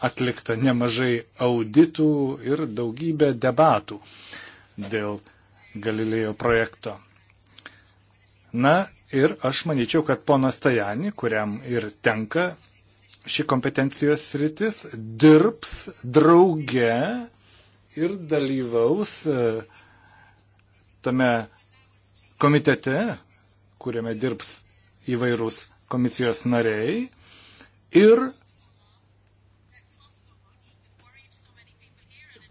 atlikta nemažai auditų ir daugybė debatų dėl Galilėjo projekto. Na ir aš manyčiau, kad ponas Tajani, kuriam ir tenka ši kompetencijos rytis, dirbs drauge ir dalyvaus e, tame komitete, kuriame dirbs įvairūs komisijos nariai ir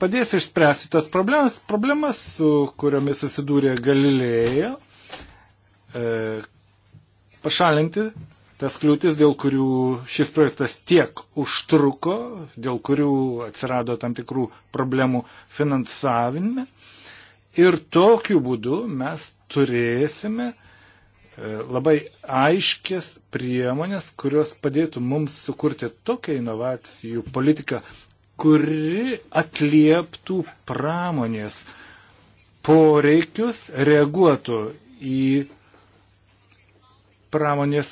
padės išspręsti tas problemas, problemas su kuriomis susidūrė Galilėja, e, pašalinti tas kliūtis, dėl kurių šis projektas tiek užtruko, dėl kurių atsirado tam tikrų problemų finansavime. Ir tokiu būdu mes turėsime E, labai aiškės priemonės, kurios padėtų mums sukurti tokią inovacijų politiką, kuri atlieptų pramonės poreikius, reaguotų į pramonės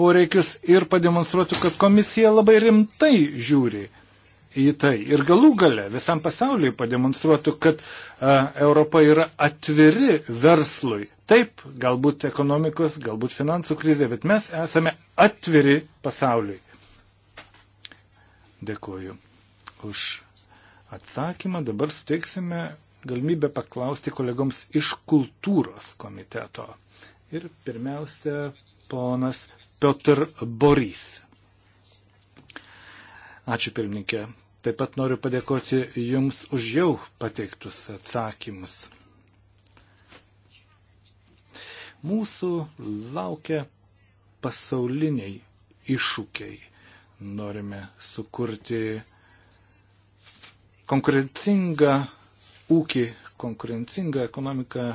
poreikius ir pademonstruotų, kad komisija labai rimtai žiūri į tai. Ir galų gale visam pasauliui pademonstruotų, kad a, e, Europa yra atviri verslui, Taip, galbūt ekonomikos, galbūt finansų krizė, bet mes esame atviri pasauliui. Dėkuoju už atsakymą. Dabar suteiksime galimybę paklausti kolegoms iš kultūros komiteto. Ir pirmiausia, ponas Piotr Borys. Ačiū pirmininkė. Taip pat noriu padėkoti Jums už jau pateiktus atsakymus. Mūsų laukia pasauliniai iššūkiai. Norime sukurti konkurencingą ūkį, konkurencingą ekonomiką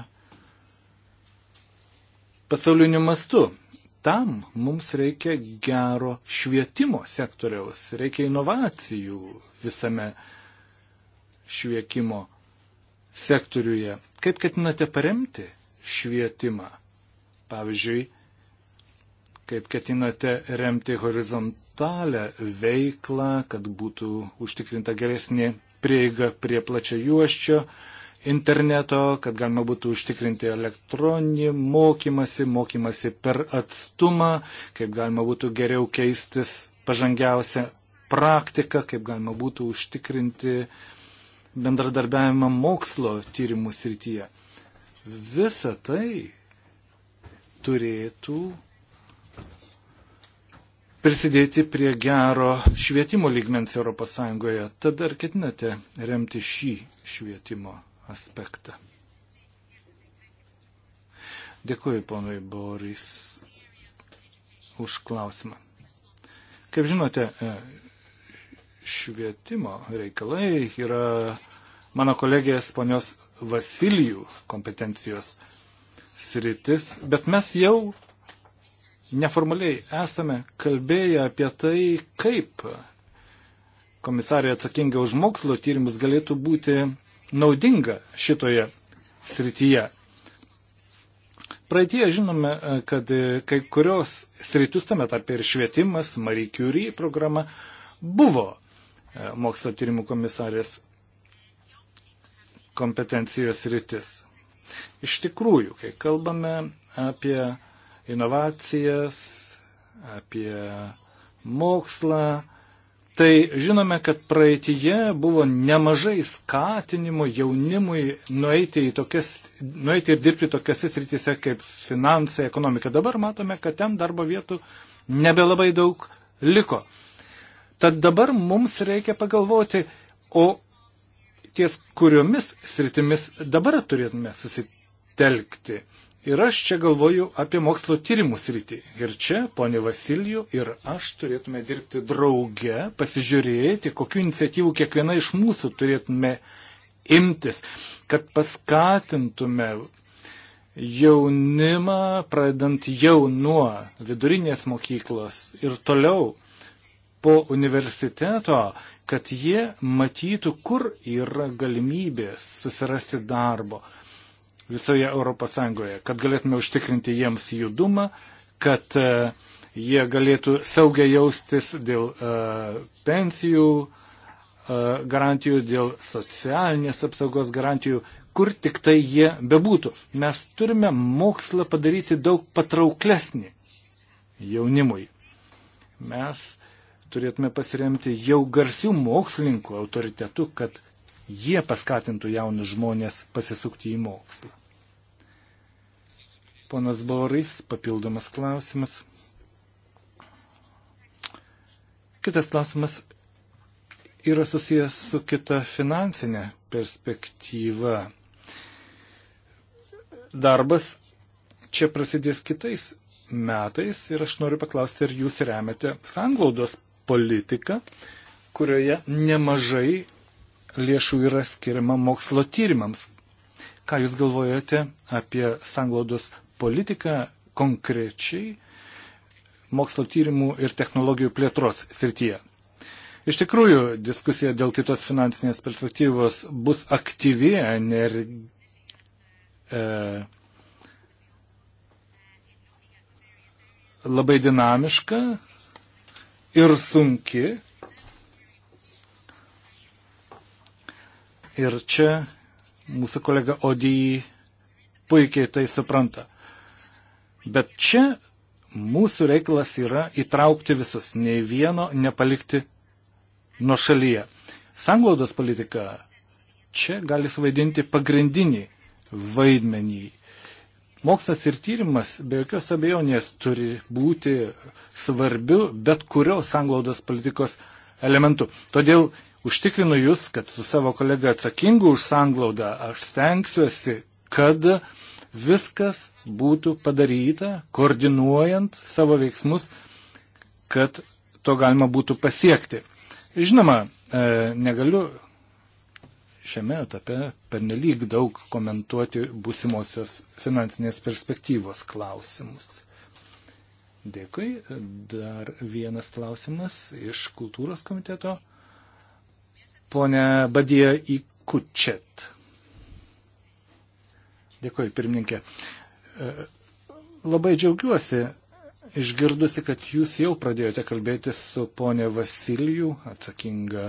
pasauliniu mastu. Tam mums reikia gero švietimo sektoriaus, reikia inovacijų visame švietimo sektoriuje. Kaip ketinate paremti švietimą? Pavyzdžiui, kaip ketinate remti horizontalę veiklą, kad būtų užtikrinta geresnė prieiga prie plačio juoščio interneto, kad galima būtų užtikrinti elektroninį mokymasi, mokymasi per atstumą, kaip galima būtų geriau keistis pažangiausią praktiką, kaip galima būtų užtikrinti bendradarbiavimą mokslo tyrimų srityje. Visa tai turėtų prisidėti prie gero švietimo lygmens ES. Tad ar ketinate remti šį švietimo aspektą? Dėkuoju ponui Boris už klausimą. Kaip žinote, e, švietimo reikalai yra mano kolegės ponios Vasilijų kompetencijos sritis, bet mes jau neformaliai esame kalbėję apie tai, kaip komisarė atsakinga už mokslo tyrimus galėtų būti naudinga šitoje srityje. Praeitie žinome, e, kad e, kai kurios sritus tame tarp ir švietimas, Marie Curie programa buvo e, mokslo tyrimų komisarės kompetencijos rytis. Iš tikrųjų, kai kalbame apie inovacijas, apie mokslą, tai žinome, kad praeitie buvo nemažai skatinimo jaunimui nueiti, tokias, nueiti ir dirbti tokiose srityse kaip finansai, ekonomika. Dabar matome, kad ten darbo vietų nebelabai daug liko. Tad dabar mums reikia pagalvoti, o ties kuriomis sritimis dabar turėtume susitelkti. Ir aš čia galvoju apie mokslo tyrimų sritį. Ir čia, ponė Vasilijų, ir aš turėtume dirbti drauge, pasižiūrėti, kokiu iniciatyvu kiekviena iš mūsų turėtume imtis, kad paskatintume jaunimą, pradant jau nuo vidurinės mokyklos ir toliau po universiteto kad jie matytų, kur yra galimybės susirasti darbo visoje ES, kad galėtume užtikrinti jiems judumą, kad e, jie galėtų saugiai jaustis dėl e, pensijų e, garantijų, dėl socialinės apsaugos garantijų, kur tik tai jie bebūtų. Mes turime mokslą padaryti daug patrauklesnį jaunimui. Mes turėtume pasiremti jau garsių mokslininkų autoritetu, kad jie paskatintų jaunus žmonės pasisukti į mokslą. Ponas Boris, papildomas klausimas. Kitas klausimas yra susijęs su kita finansinė perspektyva. Darbas čia prasidės kitais metais ir aš noriu paklausti, ar jūs remiate sanglaudos politiką, kurioje nemažai lėšų yra skiriama mokslo tyrimams. Ką Jūs galvojate apie sanglaudos politiką konkrečiai mokslo tyrimų ir technologijų plėtros srityje? Iš tikrųjų, diskusija dėl kitos finansinės perspektyvos bus aktyvi energi... E, labai dinamiška, ir sunki. Ir čia mūsų kolega Odijai puikiai tai supranta. Bet čia mūsų reikalas yra įtraukti visus, nei vieno nepalikti nuo šalyje. Sanglaudos politika čia gali suvaidinti pagrindinį vaidmenį. Mokslas ir tyrimas be jokios abejonės turi būti svarbiu bet kurios sanglaudos politikos elementu. Todėl užtikrinu Jūs, kad su savo kolega atsakingu už sanglaudą aš stengsiuosi, kad viskas būtų padaryta, koordinuojant savo veiksmus, kad to galima būtų pasiekti. Žinoma, e, negaliu šiame etape pernelyg daug komentuoti būsimosios finansinės perspektyvos klausimus. Dėkui. Dar vienas klausimas iš kultūros komiteto. Pone Badija į Kučet. Dėkui, pirmininkė. E, labai džiaugiuosi išgirdusi, kad jūs jau pradėjote kalbėti su ponė Vasilijų, atsakinga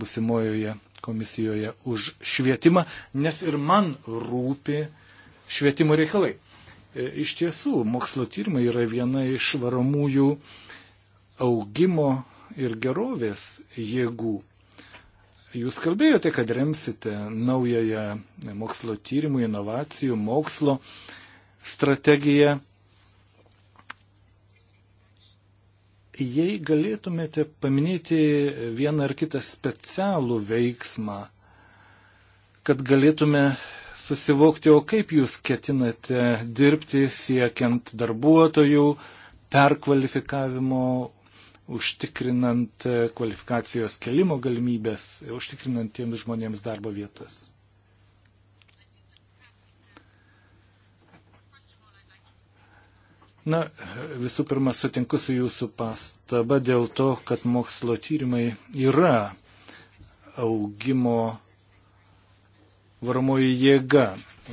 busimojoje komisijoje už švietimą, nes ir man rūpi švietimo reikalai. E, iš tiesų, mokslo tyrimai yra viena iš varomųjų augimo ir gerovės jėgų. Jūs kalbėjote, kad remsite naująją mokslo tyrimų, inovacijų, mokslo strategiją. Jei galėtumėte paminėti vieną ar kitą specialų veiksmą, kad galėtume susivokti, o kaip jūs ketinate dirbti siekiant darbuotojų, perkvalifikavimo, užtikrinant kvalifikacijos kelimo galimybės, užtikrinant tiems žmonėms darbo vietas. Na, visų pirma, sutinku su jūsų pastaba dėl to, kad mokslo tyrimai yra augimo varomoji jėga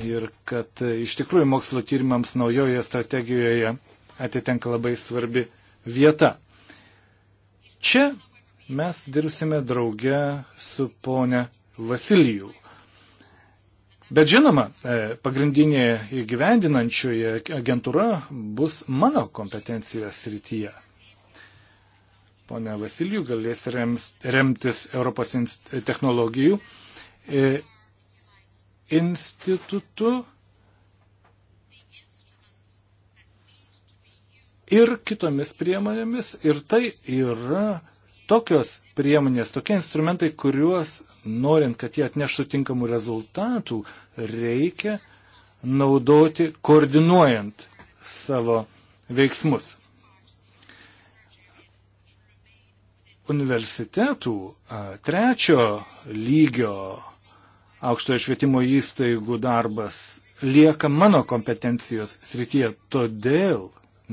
ir kad e, iš tikrųjų mokslo tyrimams naujoje strategijoje atitenka labai svarbi vieta. Čia mes dirbsime drauge su ponia Vasilijų. Bet žinoma, e, pagrindinė įgyvendinančioje agentūra bus mano kompetencijos rytyje. Pone Vasilijų galės rems, remtis Europos technologijų e, institutu ir kitomis priemonėmis. Ir tai yra tokios priemonės, tokie instrumentai, kuriuos norint, kad jie atneštų tinkamų rezultatų, reikia naudoti koordinuojant savo veiksmus. Universitetų trečio lygio aukštojo švietimo įstaigų darbas lieka mano kompetencijos srityje, todėl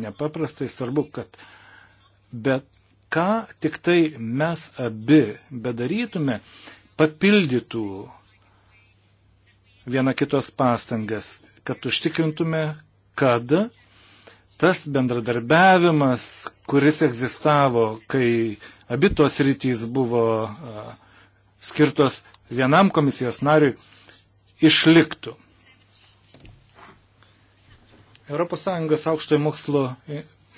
nepaprastai svarbu, kad bet ką tik tai mes abi bedarytume, papildytų viena kitos pastangas, kad užtikrintume, kad tas bendradarbiavimas, kuris egzistavo, kai abi tos rytys buvo skirtos vienam komisijos nariui, išliktų. ES aukštojo mokslo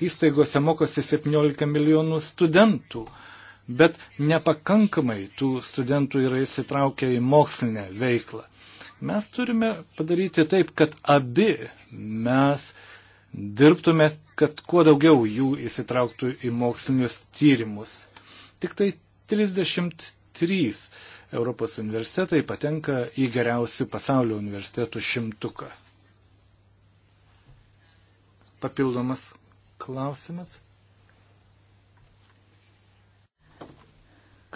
įstaigose mokosi 17 milijonų studentų bet nepakankamai tų studentų yra įsitraukę į mokslinę veiklą. Mes turime padaryti taip, kad abi mes dirbtume, kad kuo daugiau jų įsitrauktų į mokslinius tyrimus. Tik tai 33 Europos universitetai patenka į geriausių pasaulio universitetų šimtuką. Papildomas klausimas.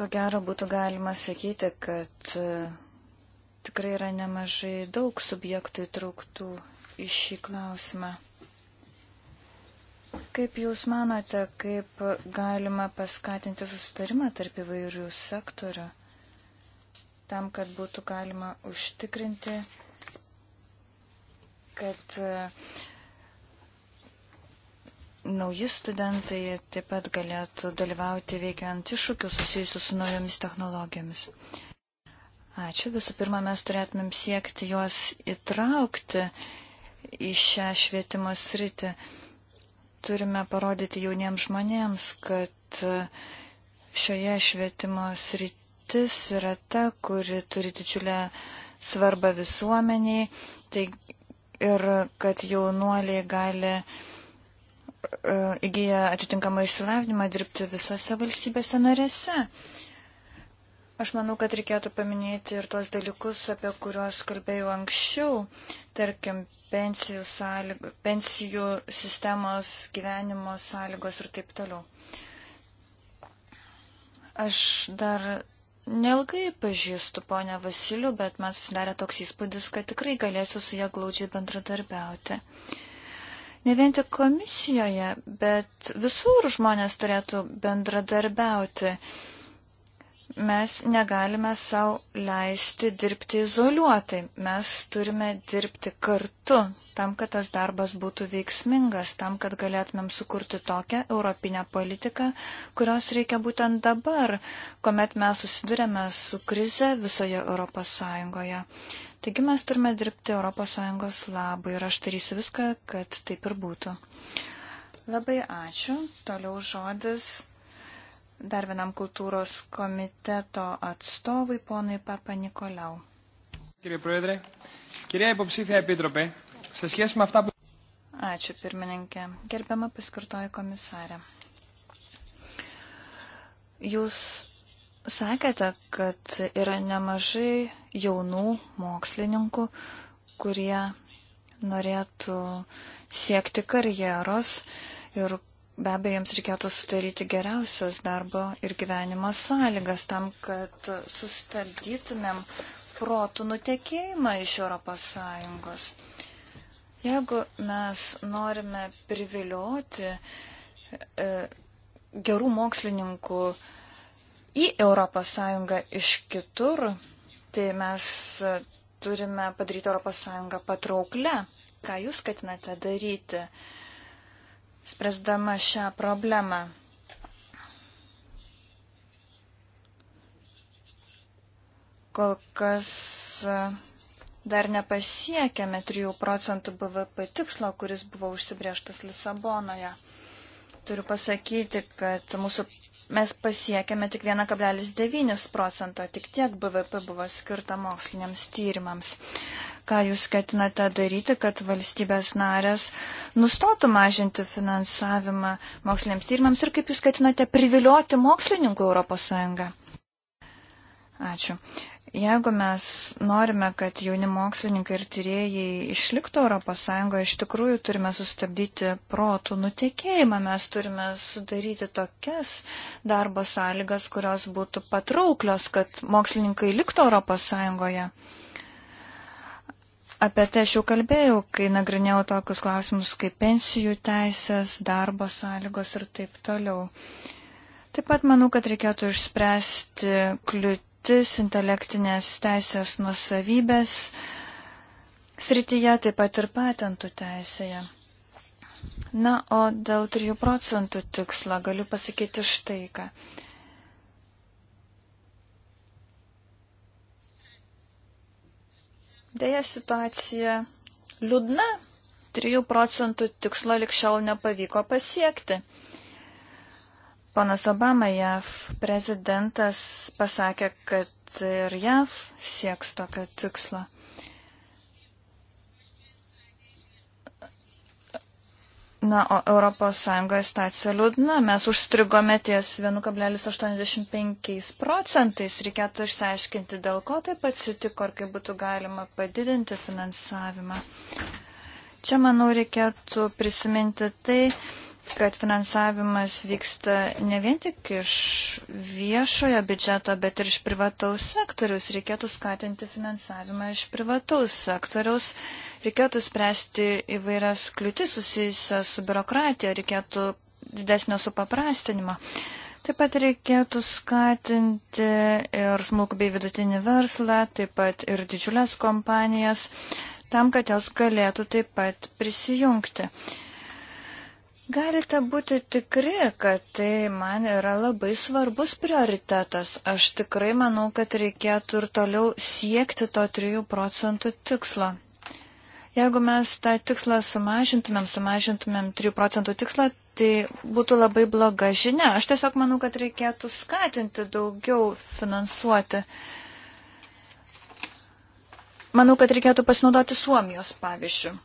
Ko gero būtų galima sakyti, kad e, tikrai yra nemažai daug subjektų įtrauktų į šį klausimą. Kaip Jūs manote, kaip galima paskatinti susitarimą tarp įvairių sektorių, tam, kad būtų galima užtikrinti, kad e, nauji studentai taip pat galėtų dalyvauti veikiant iššūkių susijusių su naujomis technologijomis. Ačiū. Visų pirma, mes turėtumėm siekti juos įtraukti į šią švietimo sritį. Turime parodyti jauniems žmonėms, kad šioje švietimo sritis yra ta, kuri turi didžiulę svarbą visuomeniai tai ir kad jaunuoliai gali uh, E, įgyja atitinkamą išsilavinimą dirbti visose valstybėse narėse. Aš manau, kad reikėtų paminėti ir tuos dalykus, apie kuriuos kalbėjau anksčiau, tarkim, pensijų, sąlygo, pensijų sistemos, gyvenimo sąlygos ir taip toliau. Aš dar nelgai pažįstu ponę Vasilių, bet man susidarė toks įspūdis, kad tikrai galėsiu su ją glaudžiai bendradarbiauti. Uh, Ne vien tik komisijoje, bet visur žmonės turėtų bendradarbiauti. Uh, mes negalime savo leisti dirbti izoliuotai. Mes turime dirbti kartu, tam, kad tas darbas būtų veiksmingas, tam, kad galėtumėm sukurti tokią europinę politiką, kurios reikia būtent dabar, kuomet mes susidurėme su krize visoje Europos Sąjungoje. Taigi mes turime dirbti Europos Sąjungos labai ir aš darysiu viską, kad taip ir būtų. Labai ačiū. Toliau žodis dar vienam kultūros komiteto atstovui, ponui Papa Nikolau. Ačiū pirmininkė. Gerbiama paskirtoji komisarė. Jūs sakėte, kad yra nemažai jaunų mokslininkų, kurie norėtų siekti karjeros ir Be abejo, jiems reikėtų sudaryti geriausias darbo ir gyvenimo sąlygas tam, kad sustabdytumėm protų nutekėjimą iš ES. Jeigu mes norime privilioti e, gerų mokslininkų į ES iš kitur, tai mes turime padaryti ES patrauklę. Ką jūs ketinate daryti? Uh, spręsdama šią problemą. Kol kas e, dar nepasiekėme 3 procentų BVP tikslo, kuris buvo užsibrieštas Lisabonoje. Turiu pasakyti, kad mūsų, mes pasiekėme tik 1,9 procento, tik tiek BVP buvo skirta moksliniams tyrimams ką jūs ketinate daryti, kad valstybės narės nustotų mažinti finansavimą moksliniams tyrimams ir kaip jūs ketinate privilioti mokslininkų ES? Ačiū. Jeigu mes norime, kad jauni mokslininkai ir tyrėjai išliktų ES, iš tikrųjų turime sustabdyti protų nutekėjimą, mes turime sudaryti tokias darbo sąlygas, kurios būtų patrauklios, kad mokslininkai liktų ES. Apie tai aš jau kalbėjau, kai nagrinėjau tokius klausimus kaip pensijų teisės, darbo sąlygos ir taip toliau. Taip pat manau, kad reikėtų išspręsti kliūtis intelektinės teisės nusavybės srityje, taip pat ir patentų teisėje. Na, o dėl 3 procentų tikslo galiu pasakyti štai ką. Deja, situacija liūdna. 3 procentų tikslo likščiau nepavyko pasiekti. Ponas Obama, JAV prezidentas, pasakė, kad ir JAV sieks tokio tikslo. Na, o Europos Sąjungoje stacija liūdna. Mes užstrigome ties 1,85 procentais. Reikėtų išsiaiškinti, dėl ko taip atsitiko ir kaip būtų galima padidinti finansavimą. Čia, manau, reikėtų prisiminti tai, kad finansavimas vyksta ne vien tik iš viešojo biudžeto, bet ir iš privataus sektoriaus. Reikėtų skatinti finansavimą iš privataus sektoriaus, reikėtų spręsti įvairias kliūtis susijusias su biurokratija, reikėtų didesnio supaprastinimo. Taip pat reikėtų skatinti ir smulkų bei vidutinį verslą, taip pat ir didžiulės kompanijas, tam, kad jos galėtų taip pat prisijungti. Uh, Galite būti tikri, kad tai man yra labai svarbus prioritetas. Aš tikrai manau, kad reikėtų ir toliau siekti to 3 procentų tikslo. Jeigu mes tą tikslą sumažintumėm, sumažintumėm 3 procentų tikslą, tai būtų labai bloga žinia. Aš tiesiog manau, kad reikėtų skatinti daugiau finansuoti. Manau, kad reikėtų pasinaudoti Suomijos pavyzdžių.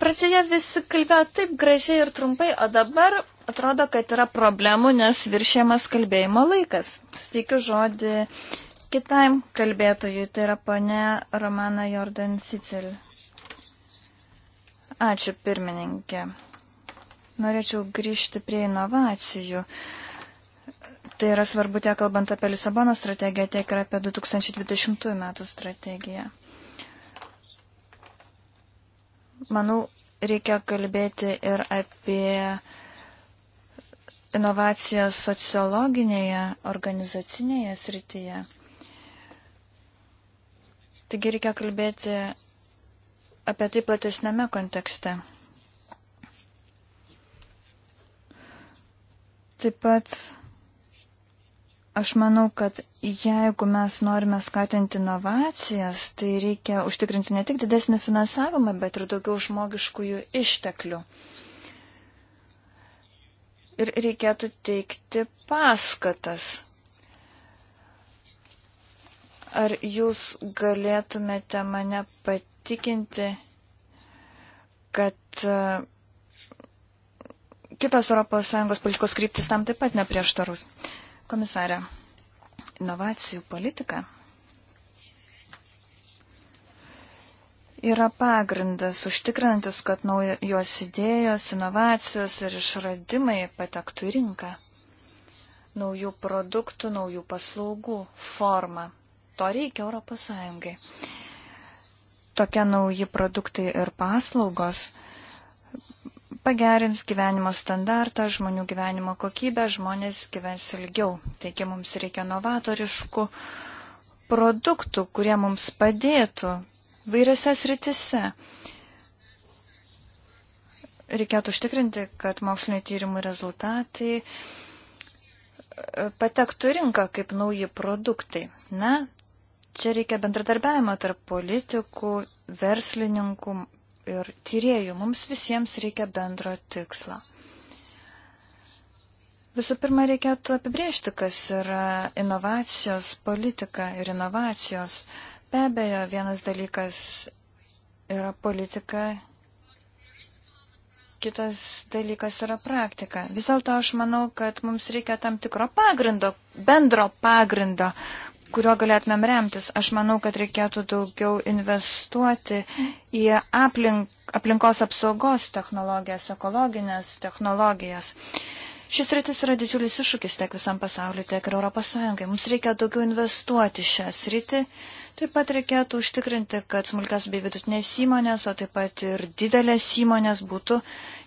Pradžioje visi kalbėjo taip gražiai ir trumpai, o dabar atrodo, kad yra problemų, nes viršėmas kalbėjimo laikas. Suteikiu žodį kitam kalbėtojui, tai yra pane Romana Jordan Sicil. Ačiū pirmininkė. Norėčiau grįžti prie inovacijų. Tai yra svarbu tiek kalbant apie Lisabono strategiją, tiek ir apie 2020 metų strategiją. Manau, reikia kalbėti ir apie inovacijas sociologinėje, organizacinėje srityje. Taigi reikia kalbėti apie tai platesnėme kontekste. Taip pat Aš manau, kad jeigu mes norime skatinti inovacijas, tai reikia užtikrinti ne tik didesnį finansavimą, bet ir daugiau žmogiškųjų išteklių. Ir reikėtų teikti paskatas. Ar jūs galėtumėte mane patikinti, kad e, kitos ES politikos kryptis tam taip pat neprieštarus? Komisarė, inovacijų politika yra pagrindas užtikrantis, kad naujos idėjos, inovacijos ir išradimai patektų į rinką. Naujų produktų, naujų paslaugų forma. To reikia Europos Sąjungai. Tokie nauji produktai ir paslaugos pagerins gyvenimo standartą, žmonių gyvenimo kokybę, žmonės gyvens ilgiau. Taigi mums reikia novatoriškų produktų, kurie mums padėtų vairiose sritise. Reikėtų užtikrinti, kad mokslinio tyrimų rezultatai e, patektų rinką kaip nauji produktai. Na, čia reikia bendradarbiavimo tarp politikų, verslininkų, ir tyriejų. Mums visiems reikia bendro tikslo. Visų pirma, reikėtų apibriežti, kas yra inovacijos politika ir inovacijos. Be abejo, vienas dalykas yra politika, kitas dalykas yra praktika. Vis dėlto aš manau, kad mums reikia tam tikro pagrindo, bendro pagrindo, kuriuo galėtumėm remtis. Aš manau, kad reikėtų daugiau investuoti į aplink, aplinkos apsaugos technologijas, ekologinės technologijas. Šis rytis yra didžiulis iššūkis tiek visam pasauliu, tiek ir Europos Sąjungai. Mums reikia daugiau investuoti šią sritį. Taip pat reikėtų užtikrinti, kad smulkės bei vidutinės įmonės, o taip pat ir didelės įmonės būtų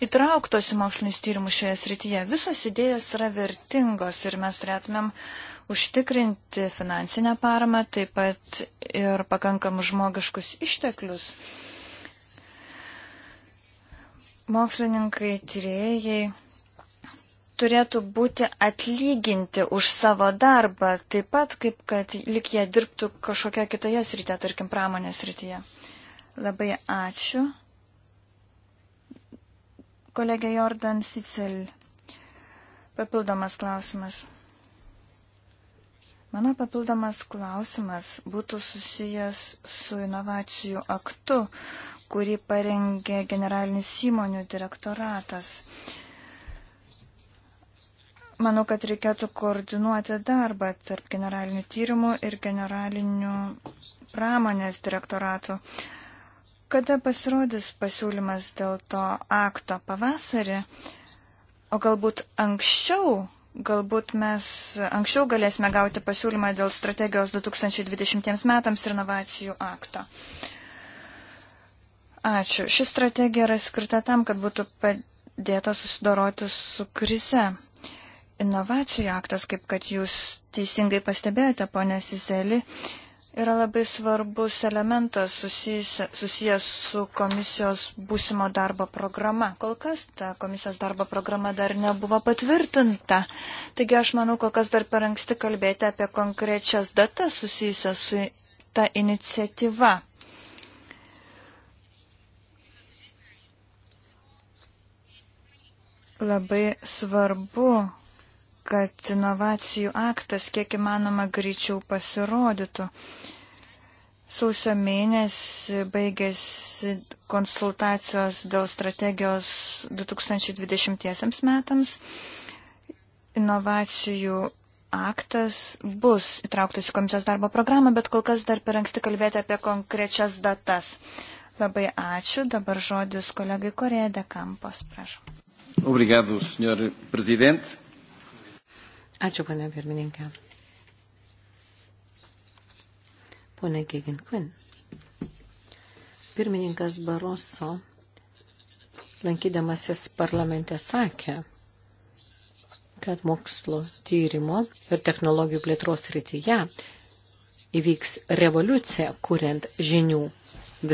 įtrauktos į mokslinius tyrimus šioje srityje. Visos idėjos yra vertingos ir mes turėtumėm uh, užtikrinti finansinę paramą, taip pat ir pakankamus žmogiškus išteklius. Mokslininkai, tyrėjai turėtų būti atlyginti už savo darbą, taip pat kaip kad lik jie dirbtų kažkokia kitoje srityje, tarkim, pramonės srityje. Labai ačiū. Kolegė Jordan Sicel. Papildomas klausimas. Mano papildomas klausimas būtų susijęs su inovacijų aktu, kurį parengė generalinis įmonių direktoratas. Manau, kad reikėtų koordinuoti darbą tarp generalinių tyrimų ir generalinių pramonės direktoratų. Kada pasirodys pasiūlymas dėl to akto pavasarį, o galbūt anksčiau Galbūt mes anksčiau galėsime gauti pasiūlymą dėl strategijos 2020 metams ir inovacijų akto. Ačiū. Ši strategija yra skirta tam, kad būtų padėta susidoroti su krize. Inovacijų aktas, kaip kad jūs teisingai pastebėjote, ponė Siseli, yra labai svarbus elementas susijęs su komisijos būsimo darbo programa. Kol kas ta komisijos darbo programa dar nebuvo patvirtinta. Taigi aš manau, kol kas dar per anksti kalbėti apie konkrečias datas susijusias su ta iniciatyva. Labai svarbu kad inovacijų aktas kiek įmanoma greičiau pasirodytų. Sausio mėnesį baigėsi konsultacijos dėl strategijos 2020 metams. Inovacijų aktas bus įtrauktas į komisijos darbo programą, bet kol kas dar per anksti kalbėti apie konkrečias datas. Labai ačiū. Dabar žodis kolegai Korėje de Kampos. Prašom. Obrigado, senhor presidente. Ačiū, pane pirmininkė. Pone Gigin Quinn. Pirmininkas Baroso, lankydamasis parlamente, sakė, kad mokslo tyrimo ir technologijų plėtros rytyje įvyks revoliucija, kuriant žinių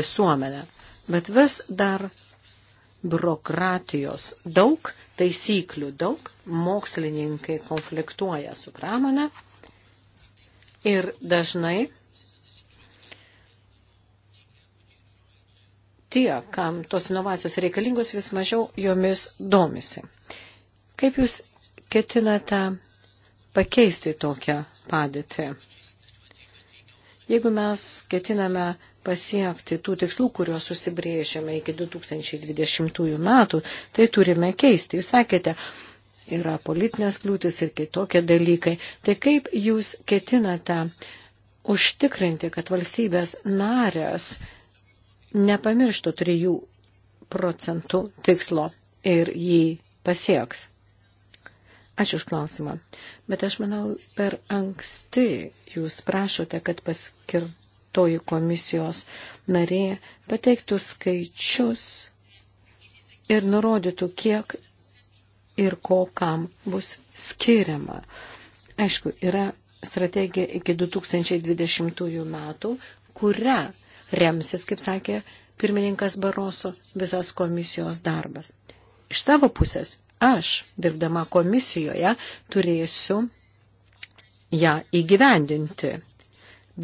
visuomenę. Bet vis dar biurokratijos daug taisyklių daug, mokslininkai konfliktuoja su pramonė ir dažnai tie, kam tos inovacijos reikalingos, vis mažiau jomis domisi. Kaip jūs ketinate pakeisti tokią padėtį? Jeigu mes ketiname pasiekti tų tikslų, kuriuos susibrėžėme iki 2020 metų, tai turime keisti. Jūs sakėte, yra politinės kliūtis ir kitokie dalykai. Tai kaip jūs ketinate užtikrinti, kad valstybės narės nepamirštų 3 procentų tikslo ir jį pasieks? Ačiū už klausimą. Bet aš manau, per anksti jūs prašote, kad paskirtų toji komisijos narė pateiktų skaičius ir nurodytų, kiek ir ko kam bus skiriama. Aišku, yra strategija iki 2020 metų, kuria remsis, kaip sakė pirmininkas Baroso, visas komisijos darbas. Iš savo pusės aš, dirbdama komisijoje, turėsiu ją įgyvendinti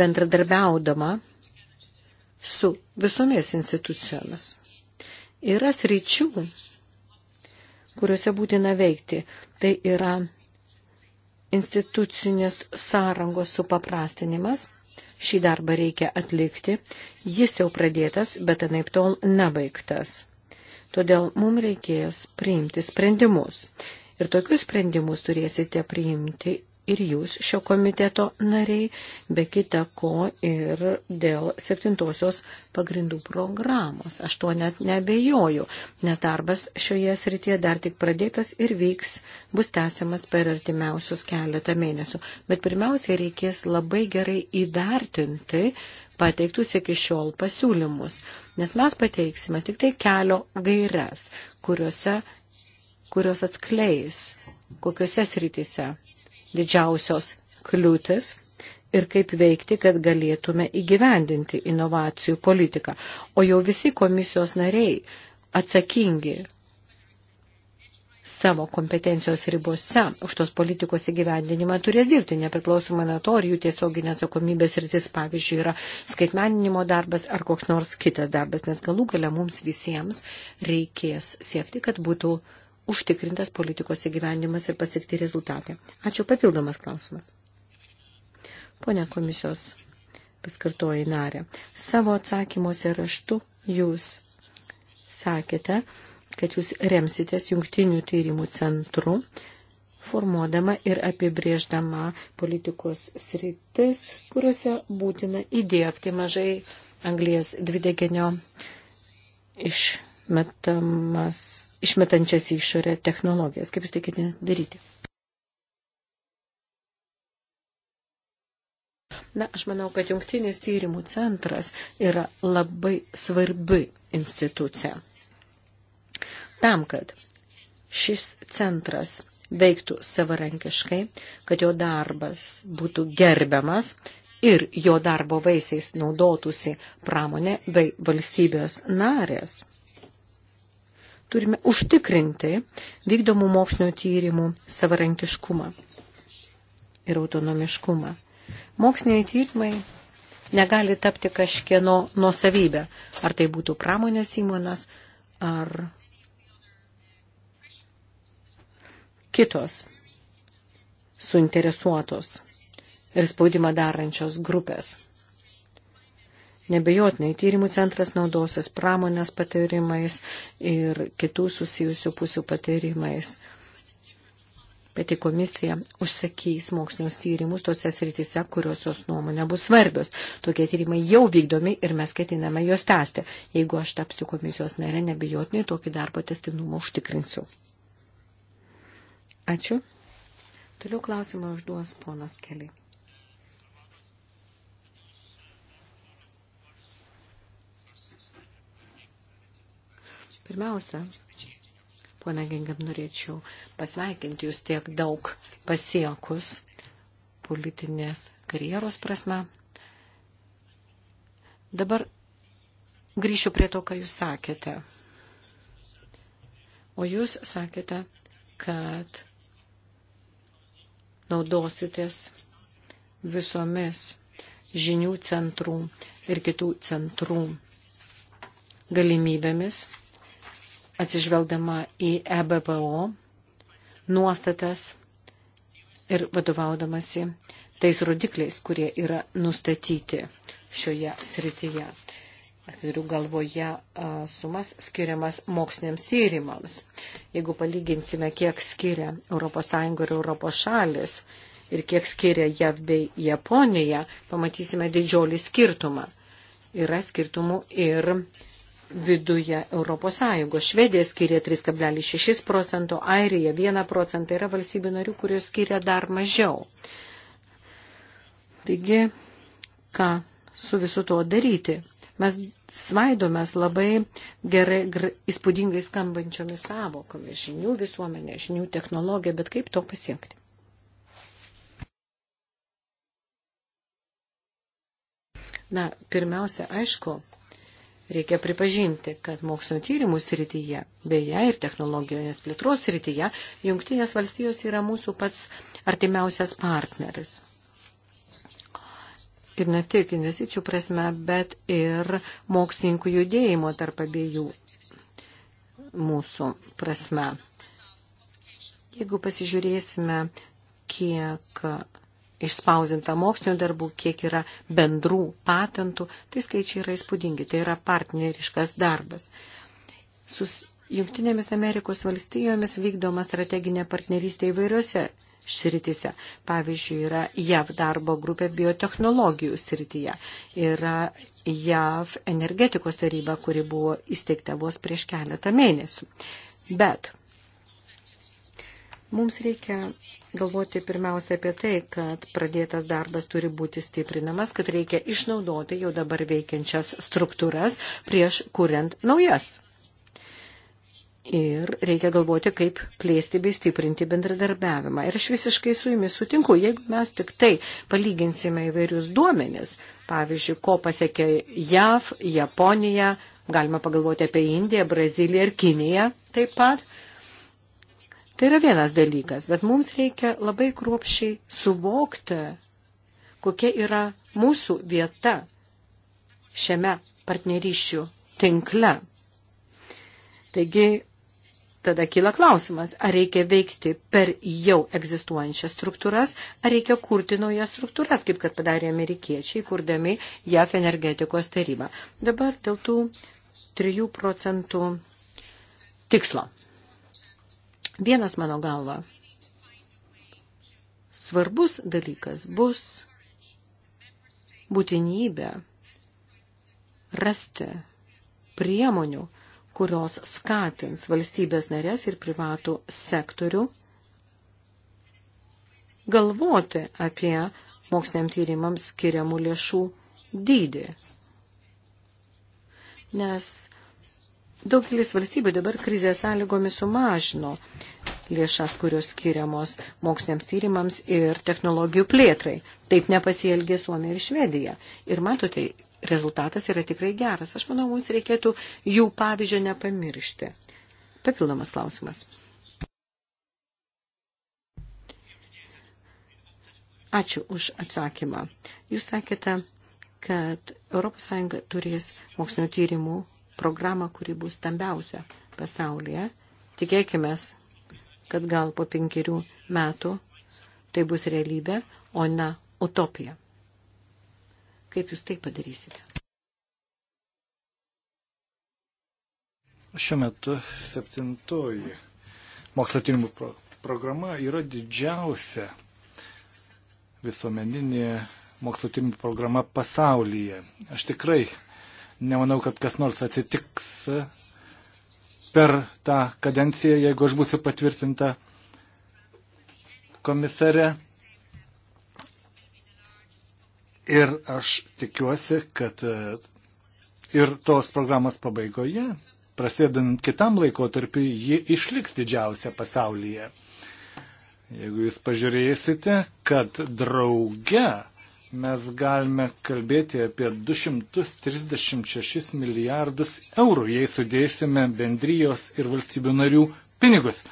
bendradarbiaudama su visomis institucijomis. Yra sričių, kuriuose būtina veikti. Tai yra institucinės sąrangos supaprastinimas. Šį darbą reikia atlikti. Jis jau pradėtas, bet anaip tol nebaigtas. Todėl mums reikės priimti sprendimus. Ir tokius sprendimus turėsite priimti ir jūs šio komiteto nariai, be kita ko ir dėl septintosios pagrindų programos. Aš tuo net nebejoju, nes darbas šioje srityje dar tik pradėtas ir vyks, bus tęsiamas per artimiausius keletą mėnesių. Bet pirmiausiai reikės labai gerai įvertinti pateiktus iki šiol pasiūlymus, nes mes pateiksime tik tai kelio gairias, kuriuose kurios atskleis, kokiuose srityse didžiausios kliūtis ir kaip veikti, kad galėtume įgyvendinti inovacijų politiką. O jau visi komisijos nariai atsakingi savo kompetencijos ribose už tos politikos įgyvendinimą turės dirbti, nepriklausomai nuo to, ar jų tiesioginė atsakomybės rytis, pavyzdžiui, yra skaitmeninimo darbas ar koks nors kitas darbas, nes galų gale mums visiems reikės siekti, kad būtų uh, užtikrintas politikos įgyvendimas ir pasiekti rezultatai. Ačiū papildomas klausimas. Pone komisijos paskartoji narė, savo atsakymuose raštu jūs sakėte, kad jūs remsitės jungtinių tyrimų centru, formuodama ir apibrėždama politikos sritis, kuriuose būtina įdėkti mažai anglės dvideginio išmetamas išmetančias į išorę technologijas. Kaip jūs tai ketinate daryti? Na, aš manau, kad jungtinis tyrimų centras yra labai svarbi institucija. Tam, kad šis centras veiktų savarankiškai, kad jo darbas būtų gerbiamas ir jo darbo vaisiais naudotųsi pramonė bei valstybės narės turime užtikrinti vykdomų mokslinio tyrimų savarankiškumą ir autonomiškumą. Moksliniai tyrimai negali tapti kažkieno nuosavybę, ar tai būtų pramonės įmonas, ar kitos suinteresuotos ir spaudimą darančios grupės. Nebejotinai tyrimų centras naudosis pramonės patyrimais ir kitų susijusių pusių patyrimais. Pati komisija užsakys mokslinius tyrimus tose srityse, kurios jos nuomonė bus svarbios. Tokie tyrimai jau vykdomi ir mes ketiname juos tęsti. Jeigu aš tapsiu komisijos nare, nebijotinai tokį darbo testinumą užtikrinsiu. Ačiū. Toliau klausimą užduos ponas Keliai. Pirmiausia, Pone Gengam, norėčiau pasveikinti jūs tiek daug pasiekus politinės karjeros prasme. Dabar grįšiu prie to, ką jūs sakėte. O jūs sakėte, kad naudositės visomis žinių centrų ir kitų centrų galimybėmis atsižvelgdama į EBPO nuostatas ir vadovaudamasi tais rodikliais, kurie yra nustatyti šioje srityje. Aš turiu galvoje sumas skiriamas moksliniams tyrimams. Jeigu palyginsime, kiek skiria ES ir Europos šalis ir kiek skiria JAV bei Japonija, pamatysime didžiulį skirtumą. Yra skirtumų ir viduje Europos Sąjungos. Švedija skiria 3,6 procento, Airija 1 procentą yra valstybių narių, kurios skiria dar mažiau. Taigi, ką su visu to daryti? Mes svaidomės labai gerai, gra, įspūdingai skambančiomis savokomis žinių visuomenė, žinių technologija, bet kaip to pasiekti? Na, pirmiausia, aišku, Reikia pripažinti, kad mokslinio tyrimų srityje, beje, ir technologinės plėtros srityje, Junktinės valstijos yra mūsų pats artimiausias partneris. Ir ne tik investicijų prasme, bet ir mokslininkų judėjimo tarp abiejų mūsų prasme. Jeigu pasižiūrėsime, kiek išspausinta mokslinio darbų, kiek yra bendrų patentų, tai skaičiai yra įspūdingi, tai yra partneriškas darbas. Sus Jungtinėmis Amerikos valstijomis vykdoma strateginė partnerystė įvairiose sritise. Pavyzdžiui, yra JAV darbo grupė biotehnologijų srityje, yra JAV energetikos taryba, kuri buvo įsteigta vos prieš keletą mėnesių. Bet Mums reikia galvoti pirmiausia apie tai, kad pradėtas darbas turi būti stiprinamas, kad reikia išnaudoti jau dabar veikiančias struktūras prieš kuriant naujas. Ir reikia galvoti, kaip plėsti bei stiprinti bendradarbiavimą. Ir aš visiškai su jumis sutinku, jeigu mes tik tai palyginsime įvairius duomenis, pavyzdžiui, ko pasiekė JAV, Japonija, galima pagalvoti apie Indiją, Braziliją ir Kiniją taip pat, Tai yra vienas dalykas, bet mums reikia labai kruopšiai suvokti, kokia yra mūsų vieta šiame partnerysčių tinkle. Taigi, tada kyla klausimas, ar reikia veikti per jau egzistuojančias struktūras, ar reikia kurti naujas struktūras, kaip kad padarė amerikiečiai, kurdami JAF energetikos tarybą. Dabar dėl tų 3 procentų tikslo. Vienas mano galva svarbus dalykas bus būtinybė rasti priemonių, kurios skatins valstybės narės ir privatų sektorių galvoti apie moksliniam tyrimams skiriamų lėšų dydį. Nes Daugelis valstybių dabar krizės sąlygomis sumažino lėšas, kurios skiriamos moksliniams tyrimams ir technologijų plėtrai. Taip nepasielgė Suomija ir Švedija. Ir matote, rezultatas yra tikrai geras. Aš manau, mums reikėtų jų pavyzdžio nepamiršti. Papildomas klausimas. Ačiū už atsakymą. Jūs sakėte, kad ES turės mokslinio tyrimų programą, kuri bus stambiausia pasaulyje. Tikėkime, kad gal po penkerių metų tai bus realybė, o ne utopija. Kaip jūs tai padarysite? Šiuo metu septintoji mokslo tyrimų pro programa yra didžiausia visuomeninė mokslo tyrimų programa pasaulyje. Aš tikrai Nemanau, kad kas nors atsitiks per tą kadenciją, jeigu aš būsiu patvirtinta komisare. Ir aš tikiuosi, kad e, ir tos programos pabaigoje, prasėdant kitam laikotarpiu, ji išliks didžiausia pasaulyje. Jeigu jūs pažiūrėsite, kad drauge mes galime kalbėti apie 236 milijardus eurų, jei sudėsime bendrijos ir valstybių narių pinigus.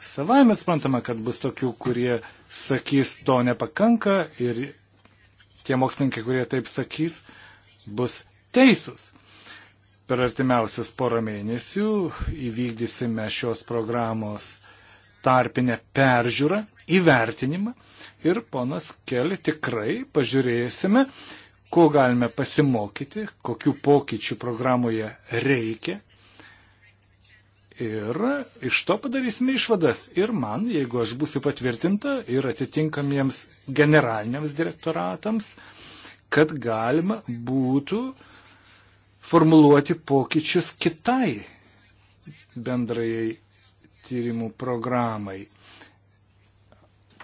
Savai mes suprantame, kad bus tokių, kurie sakys, to nepakanka ir tie mokslininkai, kurie taip sakys, bus teisūs. Per artimiausius porą mėnesių įvykdysime šios programos tarpinę peržiūrą įvertinimą ir ponas Keli tikrai pažiūrėsime, ko galime pasimokyti, kokių pokyčių programoje reikia. Ir iš to padarysime išvadas. Ir man, jeigu aš būsiu patvirtinta ir atitinkamiems generaliniams direktoratams, kad galima būtų formuluoti pokyčius kitai bendrajai tyrimų programai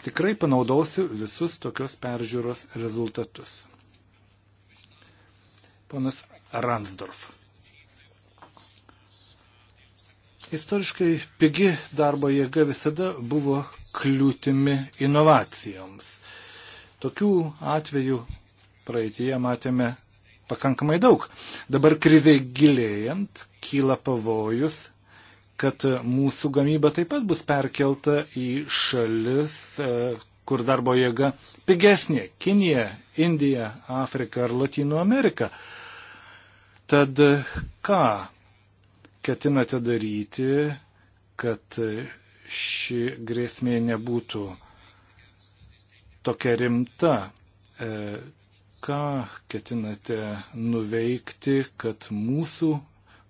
tikrai panaudosiu visus tokios peržiūros rezultatus. Ponas Ransdorf. Istoriškai pigi darbo jėga visada buvo kliūtimi inovacijoms. Tokių atvejų praeitie matėme pakankamai daug. Dabar kriziai gilėjant kyla pavojus kad mūsų gamyba taip pat bus perkelta į šalis, e, kur darbo jėga pigesnė - Kinija, Indija, Afrika ar Latino Amerika. Tad ką ketinate daryti, kad ši grėsmė nebūtų tokia rimta? E, ką ketinate nuveikti, kad mūsų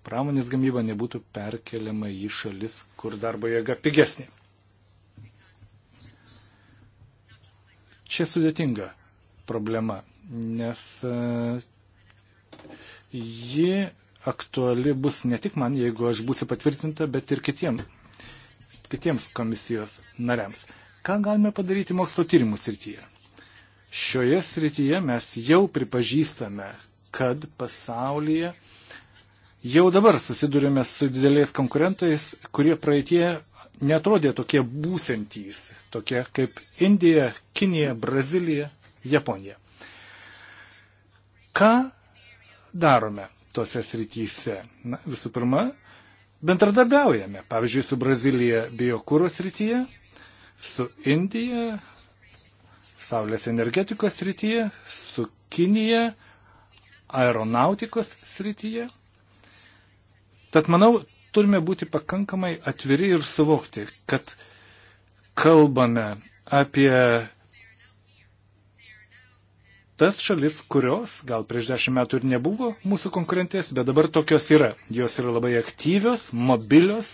pramonės gamyba nebūtų perkeliama į šalis, kur darbo jėga pigesnė. Čia sudėtinga problema, nes e, ji aktuali bus ne tik man, jeigu aš būsiu patvirtinta, bet ir kitiem, kitiems komisijos nariams. Ką galime padaryti mokslo tyrimų srityje? Šioje srityje mes jau pripažįstame, kad pasaulyje Jau dabar susidurime su dideliais konkurentais, kurie praeitie netrodė tokie būsintys, tokie kaip Indija, Kinija, Brazilija, Japonija. Ką darome tose srityse? Na, visų pirma, bendradarbiaujame, pavyzdžiui, su Brazilija biokūros srityje, su Indija, saulės energetikos srityje, su Kinija, aeronautikos srityje. Tad manau, turime būti pakankamai atviri ir suvokti, kad kalbame apie tas šalis, kurios gal prieš dešimt metų ir nebuvo mūsų konkurentės, bet dabar tokios yra. Jos yra labai aktyvios, mobilios,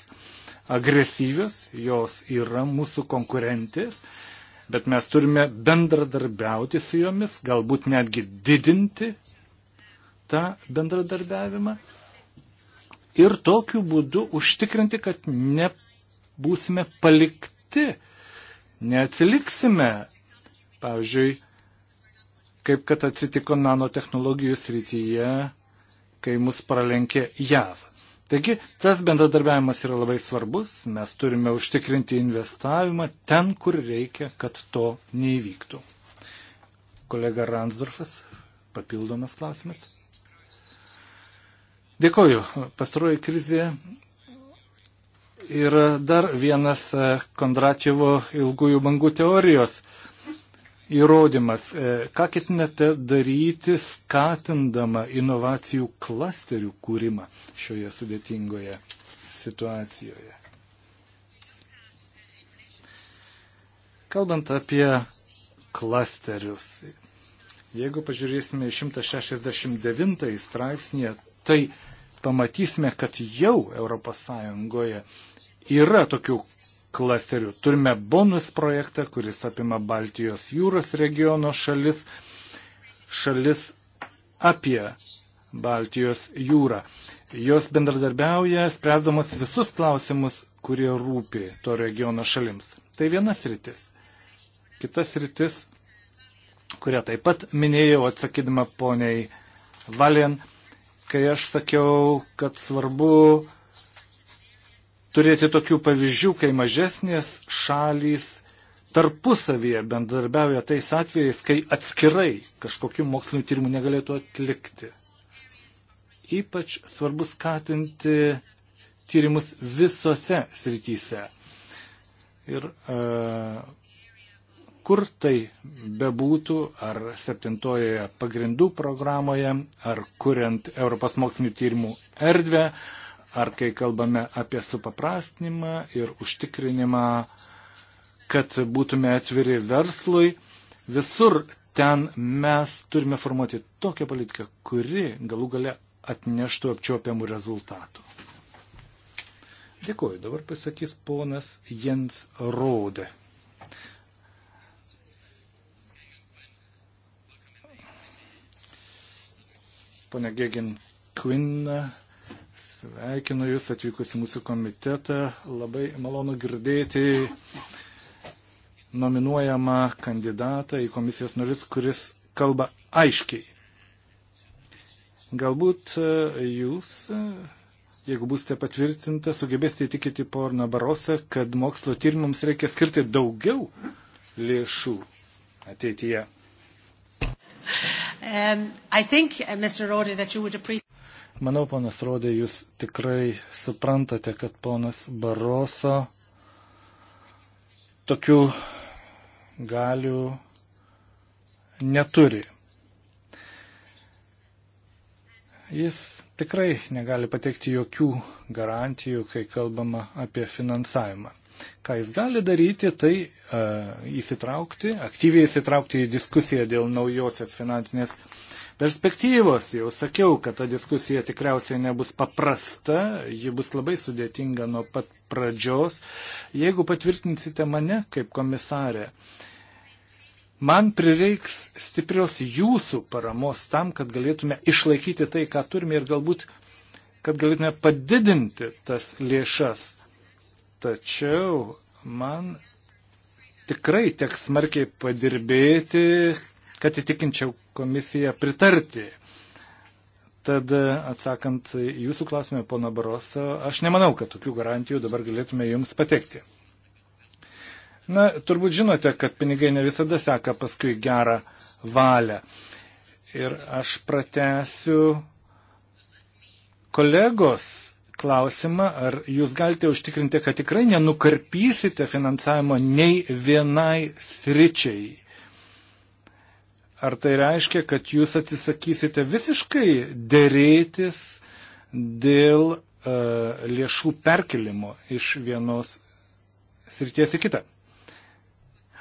agresyvios, jos yra mūsų konkurentės, bet mes turime bendradarbiauti su jomis, galbūt netgi didinti tą bendradarbiavimą ir tokiu būdu užtikrinti, kad nebūsime palikti, neatsiliksime. Pavyzdžiui, kaip kad atsitiko nanotehnologijų srityje, kai mus pralenkė JAV. Taigi, tas bendradarbiavimas yra labai svarbus, mes turime užtikrinti investavimą ten, kur reikia, kad to neįvyktų. Kolega Ransdorfas, papildomas klausimas. Dėkoju. Pastaroji krizė yra dar vienas e, Kondratievo ilgųjų bangų teorijos įrodymas. E, ką ketinate daryti, skatindama inovacijų klasterių kūrimą šioje sudėtingoje situacijoje? Kalbant apie klasterius, jeigu pažiūrėsime 169 straipsnėje, tai pamatysime, kad jau ES yra tokių klasterių. Turime bonus projektą, kuris apima Baltijos jūros regiono šalis, šalis apie Baltijos jūrą. Jos bendradarbiauja, spręsdamos visus klausimus, kurie rūpi to regiono šalims. Tai vienas rytis. Kitas rytis, kurią taip pat minėjau atsakydama poniai Valien, kai aš sakiau, kad svarbu turėti tokių pavyzdžių, kai mažesnės šalys tarpusavėje bendarbiauja tais atvejais, kai atskirai kažkokių mokslinių tyrimų negalėtų atlikti. Ypač svarbu skatinti tyrimus visose srityse. Ir e, kur tai bebūtų, ar septintojoje pagrindų programoje, ar kuriant Europos mokslinių tyrimų erdvę, ar kai kalbame apie supaprastinimą ir užtikrinimą, kad būtume atviri verslui, visur ten mes turime formuoti tokią politiką, kuri galų gale atneštų apčiopiamų rezultatų. Dėkuoju, dabar pasakys ponas Jens Rode. Pone Gegin Quinn, sveikinu Jūs atvykus į mūsų komitetą. Labai malonu girdėti nominuojamą kandidatą į komisijos narius, kuris kalba aiškiai. Galbūt e, Jūs jeigu būsite patvirtinta, sugebėsite įtikinti porno barosą, kad mokslo tyrimams reikia skirti daugiau lėšų ateityje. Um, think, uh, Rode, appreciate... Manau, ponas Rodė, jūs tikrai suprantate, kad ponas Baroso tokių galių neturi. Jis tikrai negali pateikti jokių garantijų, kai kalbama apie finansavimą. Ką jis gali daryti, tai e, įsitraukti, aktyviai įsitraukti į diskusiją dėl naujosios finansinės perspektyvos. Jau sakiau, kad ta diskusija tikriausiai nebus paprasta, ji bus labai sudėtinga nuo pat pradžios. Jeigu patvirtinsite mane kaip komisarė, man prireiks stiprios jūsų paramos tam, kad galėtume išlaikyti tai, ką turime ir galbūt, kad galėtume padidinti tas lėšas. Tačiau man tikrai teks smarkiai padirbėti, kad įtikinčiau komisiją pritarti. Tad atsakant jūsų klausimą, pono Baroso, aš nemanau, kad tokių garantijų dabar galėtume jums patekti. Na, turbūt žinote, kad pinigai ne visada seka paskui gerą valią. Ir aš pratęsiu kolegos klausimą, ar jūs galite užtikrinti, kad tikrai nenukarpysite finansavimo nei vienai sričiai. Ar tai reiškia, kad jūs atsisakysite visiškai dėrėtis dėl uh, lėšų perkelimo iš vienos srities į kitą?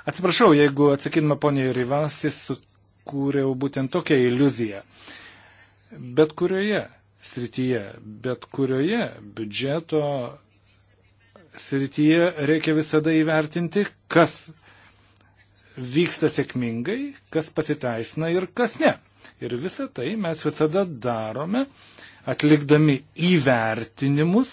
Atsiprašau, jeigu atsakydama ponė Rivasis sukūriau būtent tokią iliuziją. Bet kurioje srityje, bet kurioje biudžeto srityje reikia visada įvertinti, kas vyksta sėkmingai, kas pasiteisina ir kas ne. Ir visą tai mes visada darome, atlikdami įvertinimus,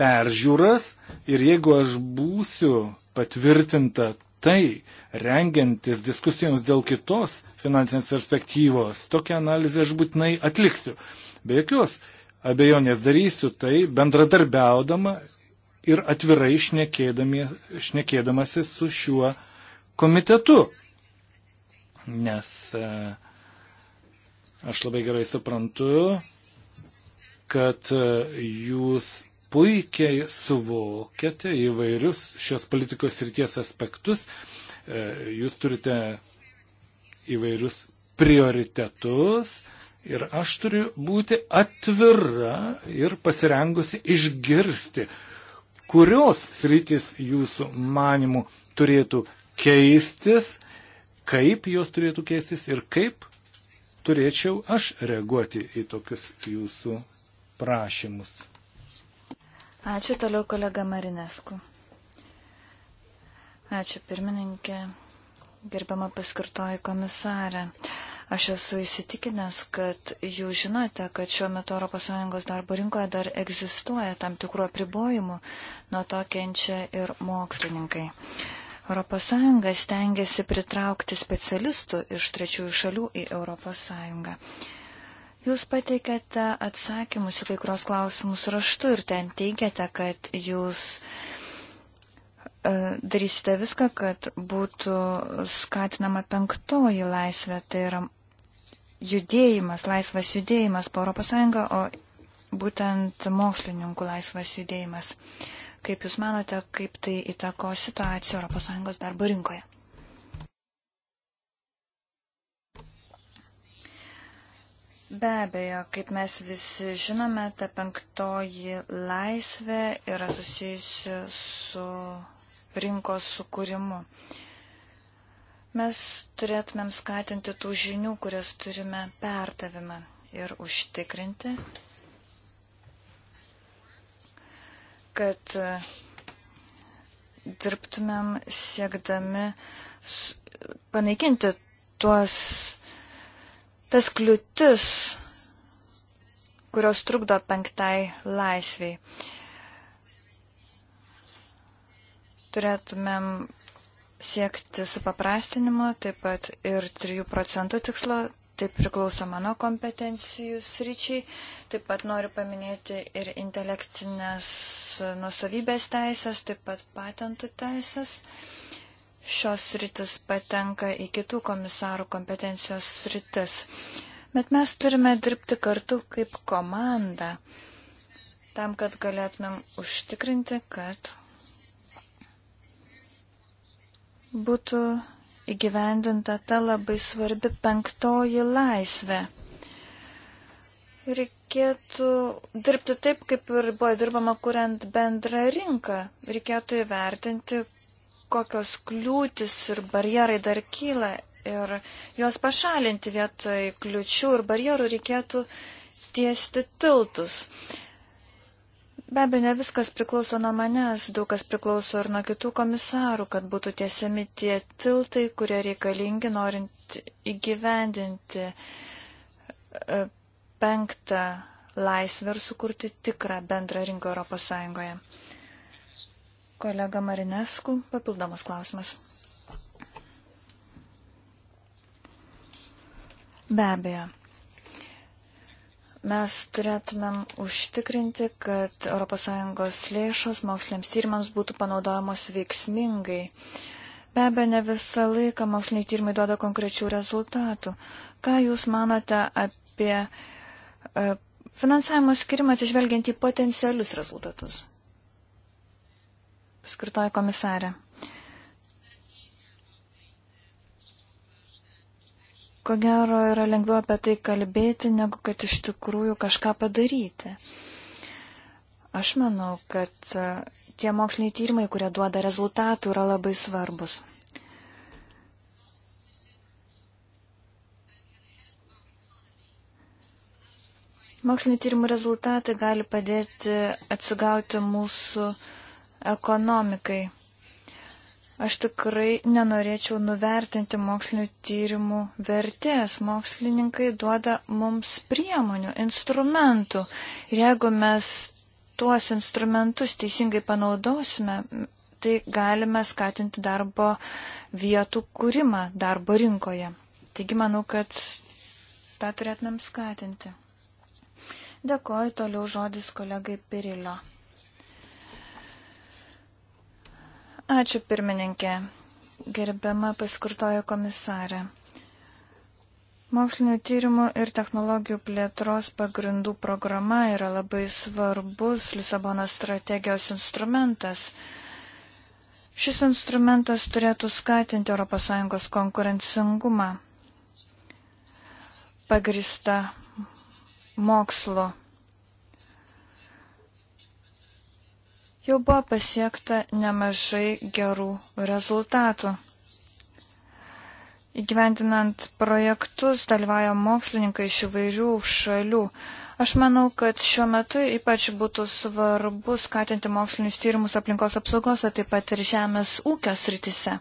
peržiūras ir jeigu aš būsiu patvirtinta tai, rengiantis diskusijoms dėl kitos finansinės perspektyvos, tokią analizę aš būtinai atliksiu. Be jokios abejonės darysiu tai bendradarbiaudama ir atvirai šnekėdamasi su šiuo komitetu. Nes e, aš labai gerai suprantu, kad e, jūs puikiai suvokiate įvairius šios politikos ryties aspektus, e, jūs turite įvairius prioritetus ir aš turiu būti atvira ir pasirengusi išgirsti, kurios sritis jūsų manimų turėtų keistis, kaip jos turėtų keistis ir kaip turėčiau aš reaguoti į tokius jūsų prašymus. Ačiū toliau kolega Marinesku. Ačiū pirmininkė, gerbama paskirtoji komisarė. Aš esu įsitikinęs, kad jūs žinote, kad šiuo metu ES darbo rinkoje dar egzistuoja tam tikrų apribojimų, nuo to kenčia ir mokslininkai. ES stengiasi pritraukti specialistų iš trečiųjų šalių į ES. Jūs pateikėte atsakymus į kai kurios klausimus raštu ir ten teigiate, kad jūs e, darysite viską, kad būtų skatinama penktoji laisvė, tai yra judėjimas, laisvas judėjimas po ES, o būtent mokslininkų laisvas judėjimas. Kaip Jūs manote, kaip tai įtako situaciją ES darbo rinkoje? Be abejo, kaip mes visi žinome, ta penktoji laisvė yra susijusi su rinkos sukūrimu. Mes turėtumėm skatinti tų žinių, kurias turime perdavimą ir užtikrinti, kad dirbtumėm siekdami panaikinti tuos tas kliūtis, kurios trukdo penktai laisviai. Turėtumėm siekti supaprastinimo, taip pat ir 3 procentų tikslo, tai priklauso mano kompetencijų sryčiai. Taip pat noriu paminėti ir intelektinės nusavybės teisės, taip pat patentų teisės. Uh, šios sritis patenka į kitų komisarų kompetencijos sritis. Bet mes turime dirbti kartu kaip komanda, tam, kad galėtumėm užtikrinti, kad būtų įgyvendinta ta labai svarbi penktoji laisvė. Reikėtų dirbti taip, kaip ir buvo dirbama kuriant bendrą rinką. Reikėtų įvertinti, kokios kliūtis ir barjerai dar kyla ir juos pašalinti vietoj kliučių ir barjerų reikėtų tiesti tiltus. Be abejo, ne viskas priklauso nuo manęs, daug kas priklauso ir nuo kitų komisarų, kad būtų tiesiami tie tiltai, kurie reikalingi norint įgyvendinti e, penktą laisvę ir sukurti tikrą bendrą rinką Europos Sąjungoje. Kolega Marinesku, papildomas klausimas. Be abejo. Mes turėtumėm užtikrinti, kad ES lėšos moksliniams tyrimams būtų panaudojamos veiksmingai. Be abejo, ne visą laiką moksliniai tyrimai duoda konkrečių rezultatų. Ką Jūs manote apie e, finansavimo skirimą atsižvelgiant į potencialius rezultatus? skirtoji komisarė. Ko gero yra lengviau apie tai kalbėti, negu kad iš tikrųjų kažką padaryti. Aš manau, kad e, tie moksliniai tyrimai, kurie duoda rezultatų, yra labai svarbus. Mokslinio tyrimų rezultatai gali padėti atsigauti mūsų uh, ekonomikai. Aš tikrai nenorėčiau nuvertinti mokslinių tyrimų vertės. Mokslininkai duoda mums priemonių, instrumentų. Ir jeigu mes tuos instrumentus teisingai panaudosime, tai galime skatinti darbo vietų kūrimą darbo rinkoje. Taigi manau, kad tą turėtumėm skatinti. Dėkoju toliau žodis kolegai Pirilo. Ačiū pirmininkė, gerbiama paskurtojo komisarė. Mokslinio tyrimų ir technologijų plėtros pagrindų programa yra labai svarbus Lisabonos strategijos instrumentas. Šis instrumentas turėtų skatinti ES konkurencingumą pagrista mokslo jau buvo pasiekta nemažai gerų rezultatų. Įgyvendinant projektus dalyvauja mokslininkai iš įvairių šalių. Aš manau, kad šiuo metu ypač būtų svarbu skatinti mokslinius tyrimus aplinkos apsaugos, o taip pat ir žemės ūkio sritise.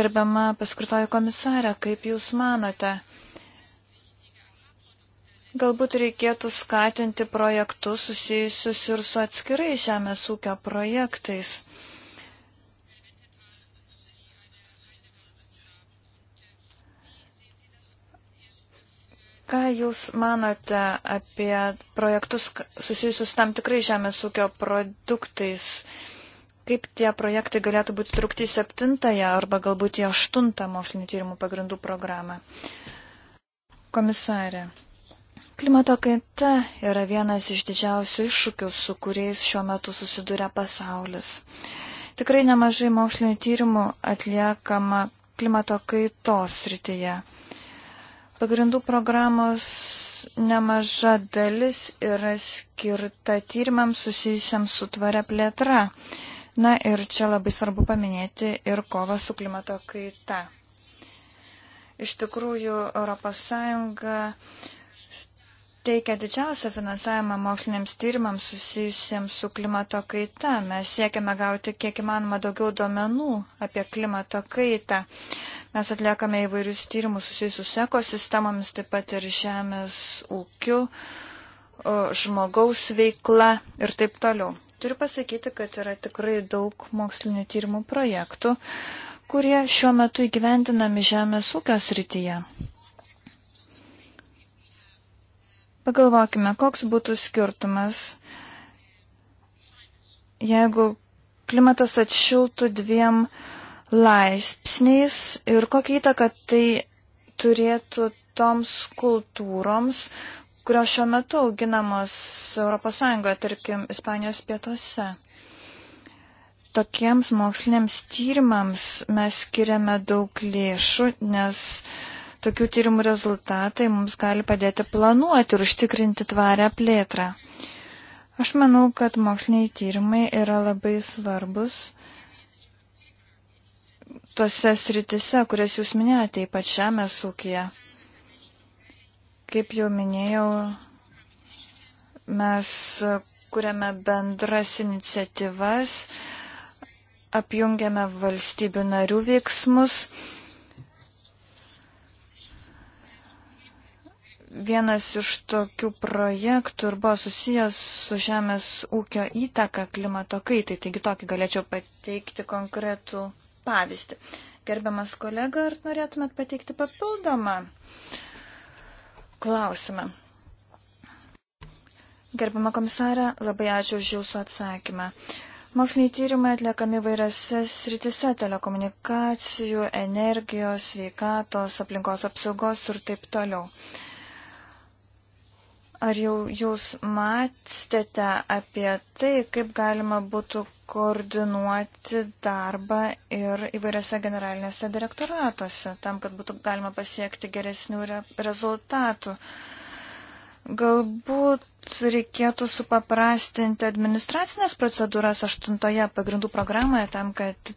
Gerbiama paskirtoji komisarė, kaip Jūs manote, Galbūt reikėtų skatinti projektus susijusius ir su atskirai žemės ūkio projektais. Ką Jūs manote apie projektus susijusius tam tikrai žemės ūkio produktais? Kaip tie projektai galėtų būti trukti į septintąją arba galbūt į aštuntą mokslinio tyrimų pagrindų programą? Komisarė. Klimato kaita yra vienas iš didžiausių iššūkių, su kuriais šiuo metu susiduria pasaulis. Tikrai nemažai mokslinio tyrimų atliekama klimato kaitos srityje. Pagrindų programos nemaža dalis yra skirta tyrimams susijusiams su tvaria plėtra. Na ir čia labai svarbu paminėti ir kovą su klimato kaita. Iš tikrųjų, ES teikia didžiausią finansavimą moksliniams tyrimams susijusiems su klimato kaita. Mes siekiame gauti kiek įmanoma daugiau duomenų apie klimato kaitą. Mes atliekame įvairius tyrimus susijusius su ekosistemomis, taip pat ir žemės ūkiu, žmogaus veikla ir taip toliau. Turiu pasakyti, kad yra tikrai daug mokslinių tyrimų projektų, kurie šiuo metu įgyventinami žemės ūkio srityje. Pagalvokime, koks būtų skirtumas, jeigu klimatas atšiltų dviem laipsniais ir kokią įtaką tai turėtų toms kultūroms, kurios šiuo metu auginamos ES, tarkim, Ispanijos pietuose. Tokiems moksliniams tyrimams mes skiriame daug lėšų, nes uh, Tokių tyrimų rezultatai mums gali padėti planuoti ir užtikrinti tvarę plėtrą. Aš manau, kad moksliniai tyrimai yra labai svarbus tose sritise, kurias jūs minėjote, ypač žemės ūkija. Kaip jau minėjau, mes kuriame bendras iniciatyvas, apjungiame valstybių narių veiksmus Vienas iš tokių projektų ir buvo susijęs su žemės ūkio įtaka klimato kaitai, taigi tokį galėčiau pateikti konkretų pavyzdį. Gerbiamas kolega, ar norėtumėt pateikti papildomą klausimą? Gerbiama komisarė, labai ačiū už jūsų atsakymą. Moksliniai tyrimai atliekami vairiose sritise - telekomunikacijų, energijos, sveikatos, aplinkos apsaugos ir taip toliau. Ar jau jūs matėte apie tai, kaip galima būtų koordinuoti darbą ir įvairiose generalinėse direktoratuose, tam, kad būtų galima pasiekti geresnių re rezultatų? Galbūt reikėtų supaprastinti administracinės procedūras aštuntoje pagrindų programoje tam, kad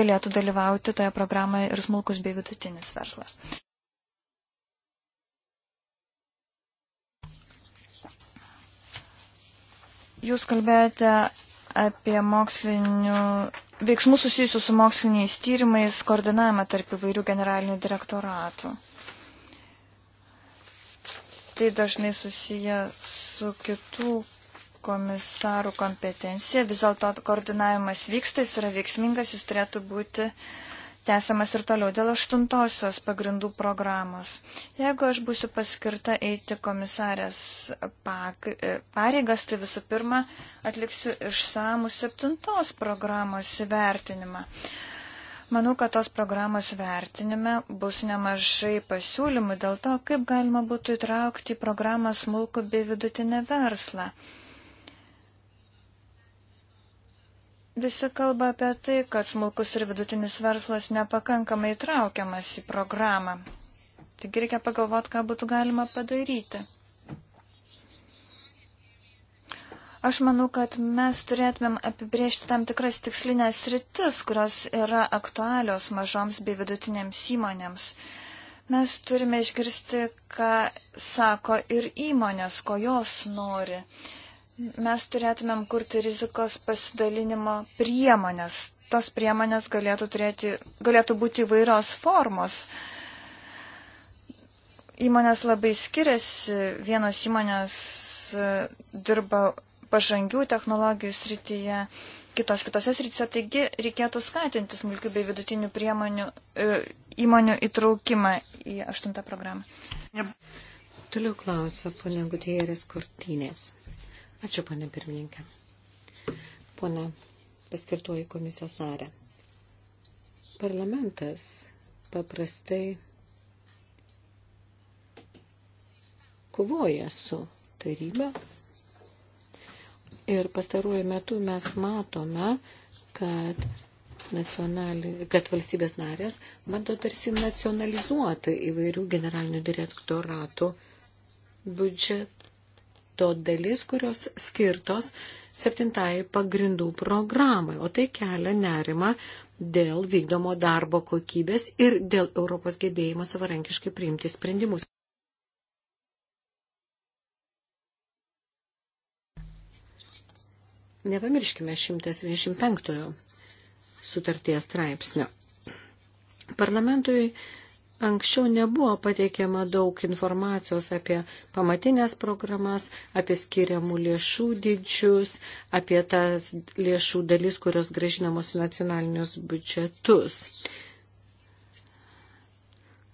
galėtų dalyvauti toje programoje ir smulkus bei vidutinis verslas. Jūs kalbėjote apie mokslinių veiksmų susijusių su moksliniais tyrimais koordinavimą tarp įvairių generalinių direktoratų. Tai dažnai susiję su kitų komisarų kompetencija. Vis dėlto koordinavimas vyksta, jis yra veiksmingas, jis turėtų būti uh, tęsiamas ir toliau dėl aštuntosios pagrindų programos. Jeigu aš būsiu paskirta eiti komisarės pareigas, tai visų pirma atliksiu išsamų septintos programos įvertinimą. Manau, kad tos programos vertinime bus nemažai pasiūlymų dėl to, kaip galima būtų įtraukti į programą smulkų bei vidutinę verslą. Visi kalba apie tai, kad smulkus ir vidutinis verslas nepakankamai traukiamas į programą. Tik reikia pagalvoti, ką būtų galima padaryti. Aš manau, kad mes turėtumėm apibriežti tam tikras tikslinės rytis, kurios yra aktualios mažoms bei vidutinėms įmonėms. Mes turime išgirsti, ką sako ir įmonės, ko jos nori. Uh, mes turėtumėm kurti rizikos pasidalinimo priemonės. Tos priemonės galėtų, turėti, galėtų būti įvairios formos. Įmonės labai skiriasi. Vienos įmonės e, dirba pažangių technologijų srityje, kitos kitose srityse, taigi reikėtų skatinti smulkių bei vidutinių priemonių e, įmonių įtraukimą į aštuntą programą. Toliau klausia ponia Gutierės Kortinės. Ačiū, ponė pirmininkė. Pone paskirtuoji komisijos narė. Parlamentas paprastai kovoja su taryba ir pastaruoju metu mes matome, kad kad valstybės narės bando tarsi nacionalizuoti įvairių generalinių direktoratų biudžetą biudžeto dalis, kurios skirtos septintai pagrindų programai, o tai kelia nerima dėl vykdomo darbo kokybės ir dėl Europos gebėjimo savarankiškai priimti sprendimus. Nepamirškime 175 sutarties straipsnio. Parlamentui Anksčiau nebuvo pateikiama daug informacijos apie pamatinės programas, apie skiriamų lėšų dydžius, apie tas lėšų dalis, kurios gražinamos į nacionalinius biudžetus.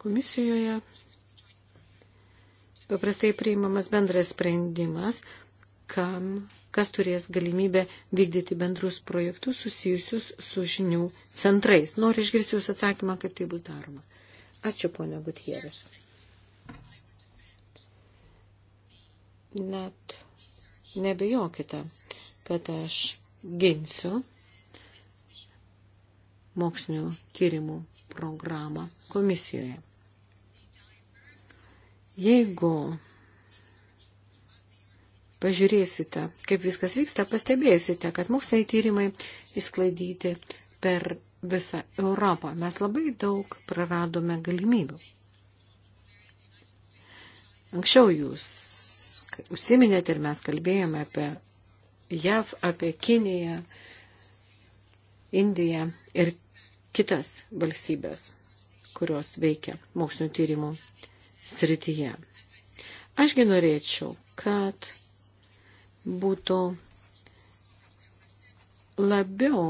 Komisijoje paprastai priimamas bendras sprendimas, kam, kas turės galimybę vykdyti bendrus projektus susijusius su žinių centrais. Noriu išgirsti Jūsų atsakymą, kaip tai bus daroma. Ačiū, ponia Gutieris. Net nebejokite, kad aš ginsiu mokslinio tyrimų programą komisijoje. Jeigu pažiūrėsite, kaip viskas vyksta, pastebėsite, kad moksliniai tyrimai išsklaidyti per visą Europą. Mes labai daug praradome galimybių. Anksčiau jūs užsiminėte ir mes kalbėjome apie JAV, apie Kiniją, Indiją ir kitas valstybės, kurios veikia mokslinio tyrimų srityje. Ašgi norėčiau, kad būtų labiau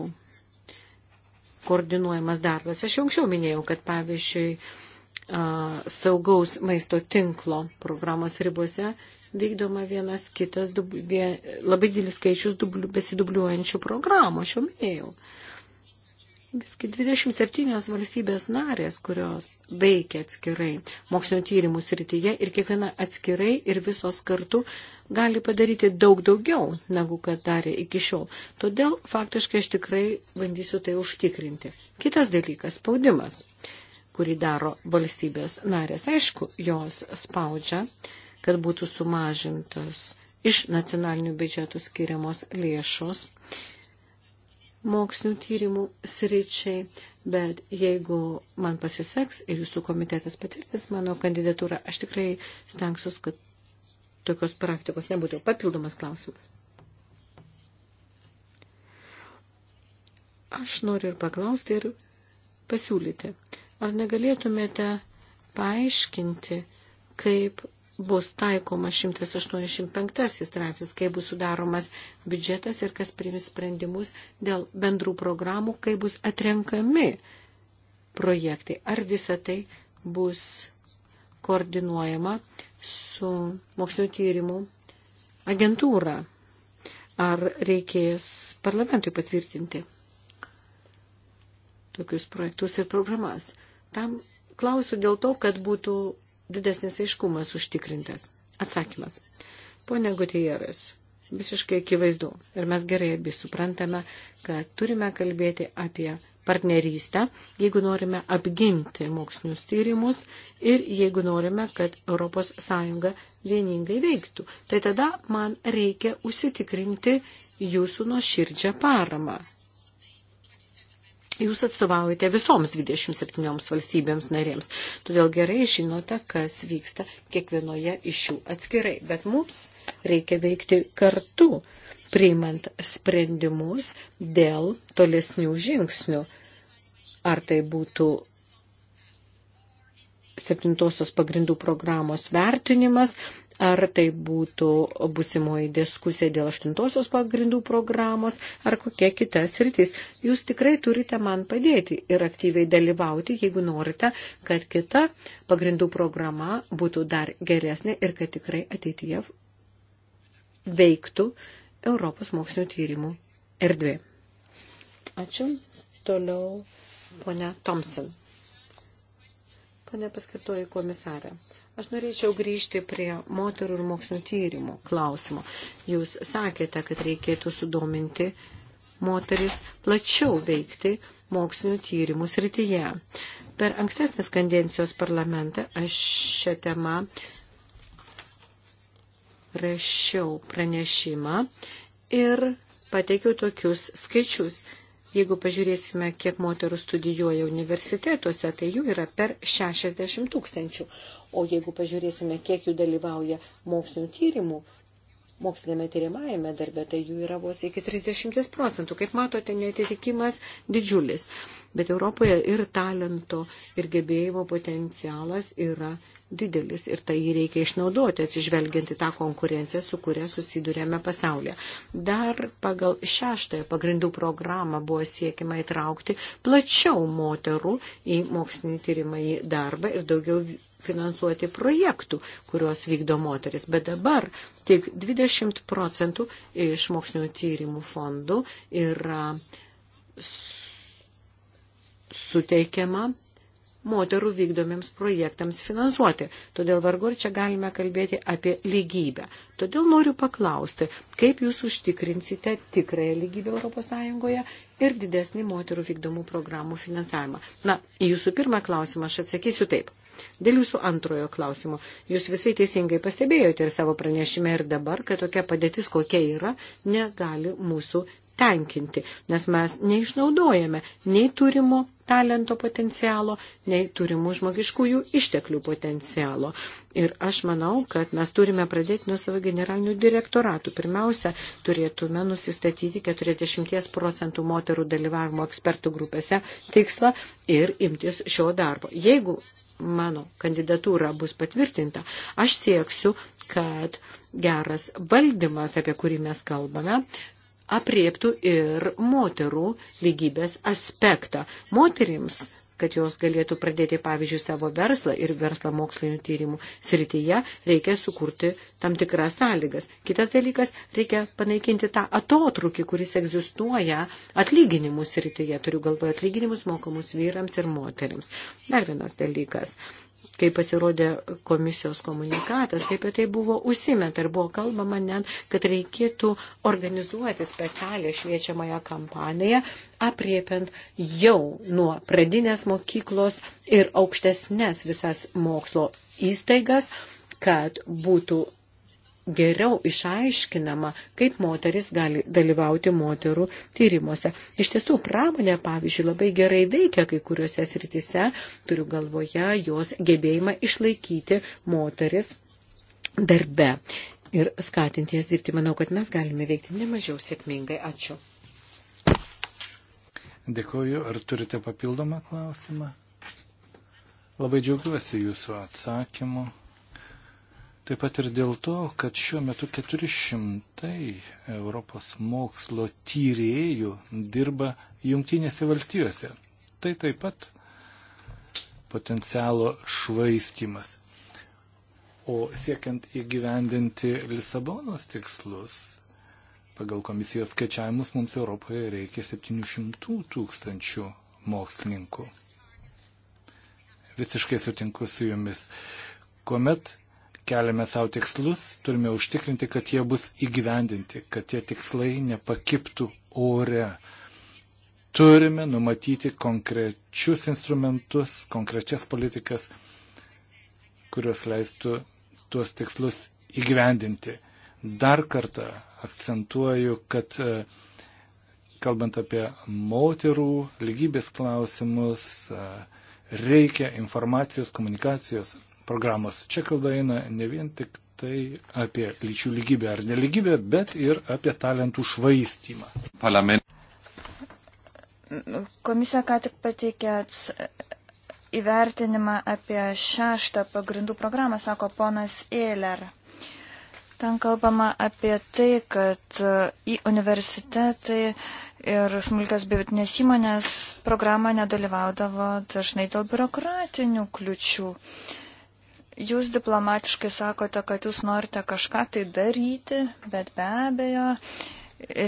koordinuojamas darbas. Aš jau anksčiau minėjau, kad pavyzdžiui saugaus maisto tinklo programos ribose vykdoma vienas kitas dubli, labai didelis skaičius dubliu, besidubliuojančių programų, aš jau minėjau. Visgi 27 valstybės narės, kurios veikia atskirai mokslinio tyrimų srityje ir kiekviena atskirai ir visos kartu gali padaryti daug daugiau, negu kad darė iki šiol. Todėl faktiškai aš tikrai bandysiu tai užtikrinti. Kitas dalykas - spaudimas, kurį daro valstybės narės. Aišku, jos spaudžia, kad būtų sumažintos iš nacionalinių biudžetų skiriamos lėšos mokslinių tyrimų sričiai, bet jeigu man pasiseks ir jūsų komitetas patvirtins mano kandidatūrą, aš tikrai stengsiuos, kad tokios praktikos nebūtų. Papildomas klausimas. Aš noriu ir paklausti, ir pasiūlyti. Ar negalėtumėte paaiškinti, kaip bus taikomas 185 straipsnis, kai bus sudaromas biudžetas ir kas priims sprendimus dėl bendrų programų, kai bus atrenkami projektai. Ar visa tai bus koordinuojama su mokslinio tyrimų agentūra? Ar reikės parlamentui patvirtinti tokius projektus ir programas? Tam klausiu dėl to, kad būtų didesnis aiškumas užtikrintas. Atsakymas. Pone Gutierrez, visiškai akivaizdu ir mes gerai abi suprantame, kad turime kalbėti apie partnerystę, jeigu norime apginti mokslinius tyrimus ir jeigu norime, kad ES vieningai veiktų. Tai tada man reikia užsitikrinti jūsų nuoširdžią paramą Jūs atstovaujate visoms 27 valstybėms narėms, todėl gerai žinote, kas vyksta kiekvienoje iš jų atskirai, bet mums reikia veikti kartu, priimant sprendimus dėl tolesnių žingsnių. Ar tai būtų septintosios pagrindų programos vertinimas, ar tai būtų busimoji diskusija dėl aštuntosios pagrindų programos, ar kokia kita sritis. Jūs tikrai turite man padėti ir aktyviai dalyvauti, jeigu norite, kad kita pagrindų programa būtų dar geresnė ir kad tikrai ateityje veiktų Europos mokslinio tyrimų erdvė. Ačiū. Toliau ponia Thompson. Pane paskirtoji komisarė, aš norėčiau grįžti prie moterų ir mokslinio tyrimų klausimo. Jūs sakėte, kad reikėtų sudominti moteris plačiau veikti mokslinio tyrimų srityje. Per ankstesnės kandencijos parlamentą aš šią temą rašiau pranešimą ir pateikiau tokius skaičius. Jeigu pažiūrėsime, kiek moterų studijuoja universitetuose, tai jų yra per 60 tūkstančių. O jeigu pažiūrėsime, kiek jų dalyvauja mokslinio tyrimų mokslinėme tyrimajame darbe, tai jų yra vos iki 30 procentų. Kaip matote, netitikimas didžiulis. Bet Europoje ir talento, ir gebėjimo potencialas yra didelis ir tai reikia išnaudoti, atsižvelgiant į tą konkurenciją, su kuria susidurėme pasaulyje. Dar pagal šeštąją pagrindų programą buvo siekiama įtraukti plačiau moterų į mokslinį tyrimą į darbą ir daugiau finansuoti projektų, kuriuos vykdo moteris. Bet dabar tik 20 procentų iš mokslinio tyrimų fondų yra suteikiama moterų vykdomiems projektams finansuoti. Todėl vargu ir čia galime kalbėti apie lygybę. Todėl noriu paklausti, kaip jūs užtikrinsite tikrąją lygybę ES ir didesnį moterų vykdomų programų finansavimą. Na, į jūsų pirmą klausimą aš atsakysiu taip. Dėl jūsų antrojo klausimo. Jūs visai teisingai pastebėjote ir savo pranešime ir dabar, kad tokia padėtis, kokia yra, negali mūsų tenkinti, nes mes neišnaudojame nei turimo talento potencialo, nei turimų žmogiškųjų išteklių potencialo. Ir aš manau, kad mes turime pradėti nuo savo generalinių direktoratų. Pirmiausia, turėtume nusistatyti 40 procentų moterų dalyvavimo ekspertų grupėse tikslą ir imtis šio darbo. Jeigu mano kandidatūra bus patvirtinta, aš sieksiu, kad geras valdymas, apie kurį mes kalbame, apriektų ir moterų lygybės aspektą. Moterims kad jos galėtų pradėti, pavyzdžiui, savo verslą ir verslą mokslinių tyrimų srityje, reikia sukurti tam tikras sąlygas. Kitas dalykas, reikia panaikinti tą atotrukį, kuris egzistuoja atlyginimų srityje, turiu galvoje atlyginimus mokamus vyrams ir moteriams. Dar vienas dalykas, kai pasirodė komisijos komunikatas, taip apie tai buvo užsimeta ir buvo kalbama net, kad reikėtų organizuoti specialią šviečiamąją kampaniją, apriepiant jau nuo pradinės mokyklos ir aukštesnės visas mokslo įstaigas, kad būtų geriau išaiškinama, kaip moteris gali dalyvauti moterų tyrimuose. Iš tiesų, pramonė, pavyzdžiui, labai gerai veikia kai kuriuose sritise, turiu galvoje jos gebėjimą išlaikyti moteris darbe ir skatinti jas dirbti. Manau, kad mes galime veikti nemažiau sėkmingai. Ačiū. Dėkuoju. Ar turite papildomą klausimą? Labai džiaugiuosi jūsų atsakymu. Taip pat ir dėl to, kad šiuo metu 400 Europos mokslo tyriejų dirba jungtinėse valstijose. Tai taip pat potencialo švaistimas. O siekiant įgyvendinti Lisabonos tikslus, pagal komisijos skaičiavimus mums Europoje reikia 700 tūkstančių mokslininkų. Visiškai sutinku su jumis. Kuomet keliame savo tikslus, turime užtikrinti, kad jie bus įgyvendinti, kad tie tikslai nepakiptų ore. Turime numatyti konkrečius instrumentus, konkrečias politikas, kurios leistų tuos tikslus įgyvendinti. Dar kartą akcentuoju, kad e, kalbant apie moterų lygybės klausimus, e, reikia informacijos, komunikacijos programos. Čia kalba eina ne vien tik tai apie lyčių lygybę ar neligybę, bet ir apie talentų švaistymą. Parlament. Komisija ką tik pateikė įvertinimą apie šeštą pagrindų programą, sako ponas Eiler. Ten kalbama apie tai, kad e, į universitetai ir smulkės bevitinės įmonės programą nedalyvaudavo dažnai dėl biurokratinių kliučių. Uh, Jūs diplomatiškai sakote, kad jūs norite kažką tai daryti, bet be abejo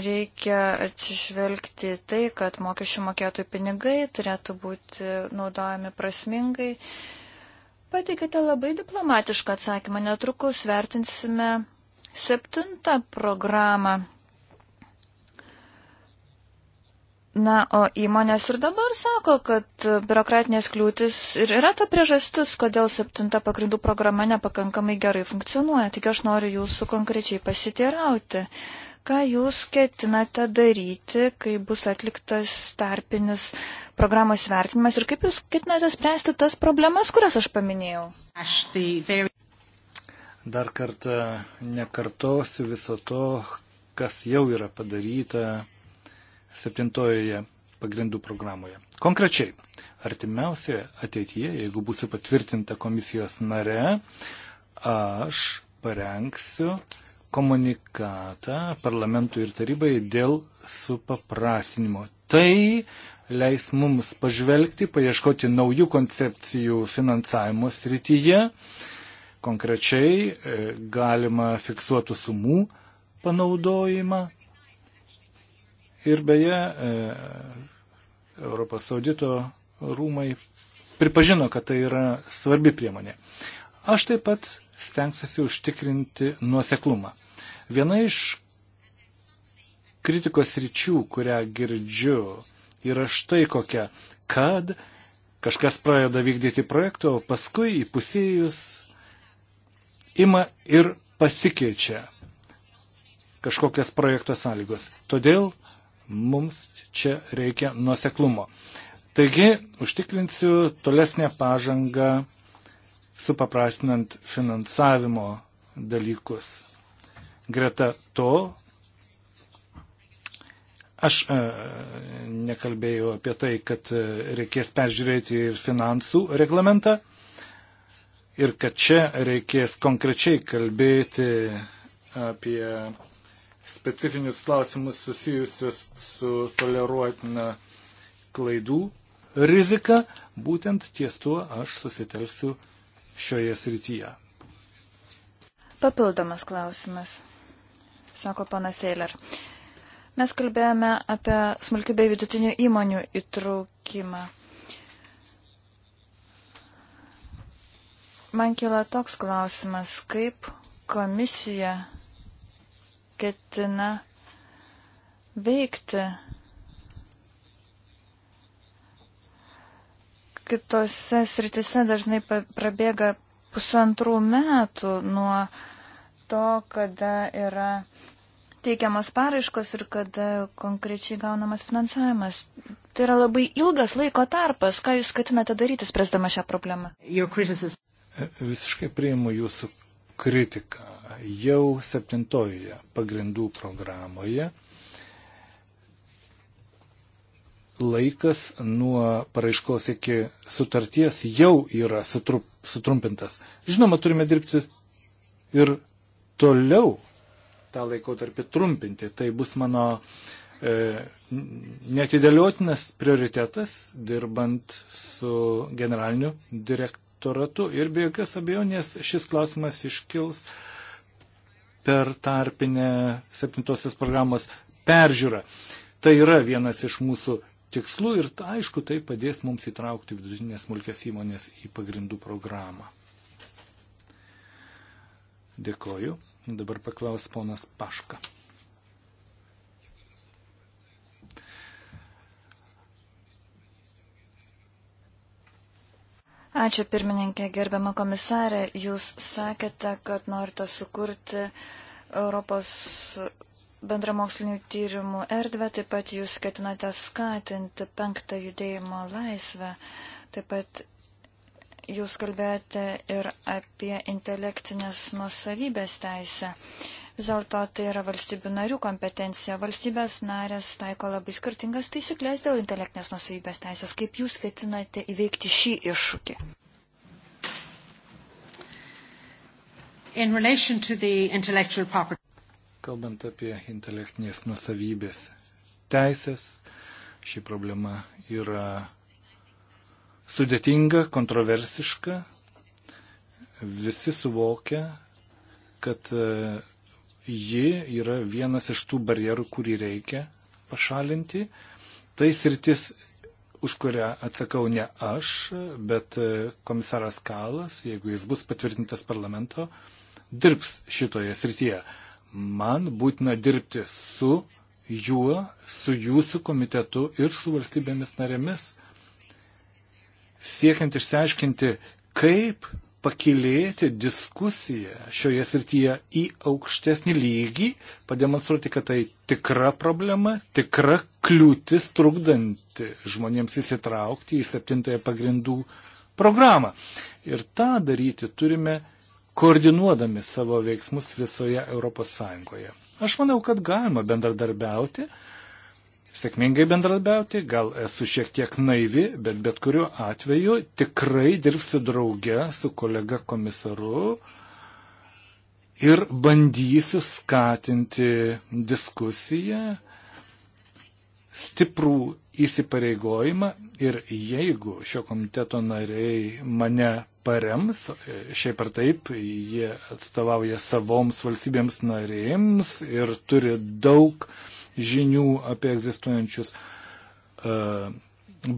reikia atsižvelgti tai, kad mokesčių mokėtojų pinigai turėtų būti naudojami prasmingai. Pateikite labai diplomatišką atsakymą, netrukus vertinsime septintą programą Na, o įmonės ir dabar sako, kad biurokratinės kliūtis ir yra ta priežastis, kodėl septinta pagrindų programa nepakankamai gerai funkcionuoja. Tik aš noriu jūsų konkrečiai pasiteirauti. Ką jūs ketinate daryti, kai bus atliktas tarpinis programos vertinimas ir kaip jūs ketinate spręsti tas problemas, kurias aš paminėjau? Aš tai very... Dar kartą nekartosiu viso to, kas jau yra padaryta septintojoje pagrindų programoje. Konkrečiai, artimiausioje ateityje, jeigu būsiu patvirtinta komisijos nare, aš parengsiu komunikatą parlamentui ir tarybai dėl supaprastinimo. Tai leis mums pažvelgti, paieškoti naujų koncepcijų finansavimo srityje. Konkrečiai e, galima fiksuotų sumų panaudojimą, Ir beje, e, Europos audito rūmai pripažino, kad tai yra svarbi priemonė. Aš taip pat stengsiuosi užtikrinti nuoseklumą. Viena iš kritikos ryčių, kurią girdžiu, yra štai kokia, kad kažkas pradeda vykdyti projektą, o paskui įpusėjus ima ir pasikeičia kažkokias projekto sąlygos. Todėl Mums čia reikia nuoseklumo. Taigi, užtikrinsiu tolesnę pažangą supaprastinant finansavimo dalykus. Greta to, aš e, nekalbėjau apie tai, kad e, reikės peržiūrėti ir finansų reglamentą ir kad čia reikės konkrečiai kalbėti apie specifinius klausimus susijusius su toleruotina klaidų rizika, būtent ties tuo aš susitelksiu šioje srityje. Papildomas klausimas, sako panas Eiler. Mes kalbėjome apie smulkių bei vidutinių įmonių įtraukimą. Man kila toks klausimas, kaip komisija ketina veikti kitose sritise dažnai prabėga pusantrų metų nuo to, kada yra teikiamas paraiškos ir kada konkrečiai gaunamas finansavimas. Tai yra labai ilgas laiko tarpas. Ką jūs skatinate daryti, spręsdama šią problemą? Visiškai priimu jūsų kritiką jau septintojoje pagrindų programoje laikas nuo paraiškos iki sutarties jau yra sutrup, sutrumpintas. Žinoma, turime dirbti ir toliau tą laikotarpį trumpinti. Tai bus mano e, netidėliotinas prioritetas dirbant su generaliniu direktoriumi direktoratu ir be jokios abejonės šis klausimas iškils per tarpinę septintosios programos peržiūrą. Tai yra vienas iš mūsų tikslų ir aišku, tai padės mums įtraukti vidutinės smulkės įmonės į pagrindų programą. Dėkoju. Dabar paklaus ponas Paška. Ačiū pirmininkė, gerbiama komisarė. Jūs sakėte, kad norite sukurti Europos bendramokslinių tyrimų erdvę, taip pat jūs ketinate skatinti penktą judėjimo laisvę. Taip pat jūs kalbėjote ir apie intelektinės nusavybės teisę. Uh, Vis dėlto tai yra valstybių narių kompetencija. Valstybės narės taiko labai skirtingas taisyklės dėl intelektinės nusavybės teisės. Kaip jūs ketinate įveikti šį iššūkį? Kalbant apie intelektinės nusavybės teisės, ši problema yra sudėtinga, kontroversiška. Visi suvokia, kad ji yra vienas iš tų barjerų, kurį reikia pašalinti. Tai sritis, už kurią atsakau ne aš, bet e, komisaras Kalas, jeigu jis bus patvirtintas parlamento, dirbs šitoje srityje. Man būtina dirbti su juo, su jūsų komitetu ir su valstybėmis narėmis, siekiant išsiaiškinti, kaip pakilėti diskusiją šioje srityje į aukštesnį lygį, pademonstruoti, kad tai tikra problema, tikra kliūtis trukdanti žmonėms įsitraukti į septintąją pagrindų programą. Ir tą daryti turime koordinuodami savo veiksmus visoje ES. Aš manau, kad galima bendradarbiauti sėkmingai bendradarbiauti, gal esu šiek tiek naivi, bet bet kuriuo atveju tikrai dirbsiu drauge su kolega komisaru ir bandysiu skatinti diskusiją, stiprų įsipareigojimą ir jeigu šio komiteto nariai mane parems, šiaip ar taip, jie atstovauja savoms valstybėms narėms ir turi daug uh, žinių apie egzistuojančius e,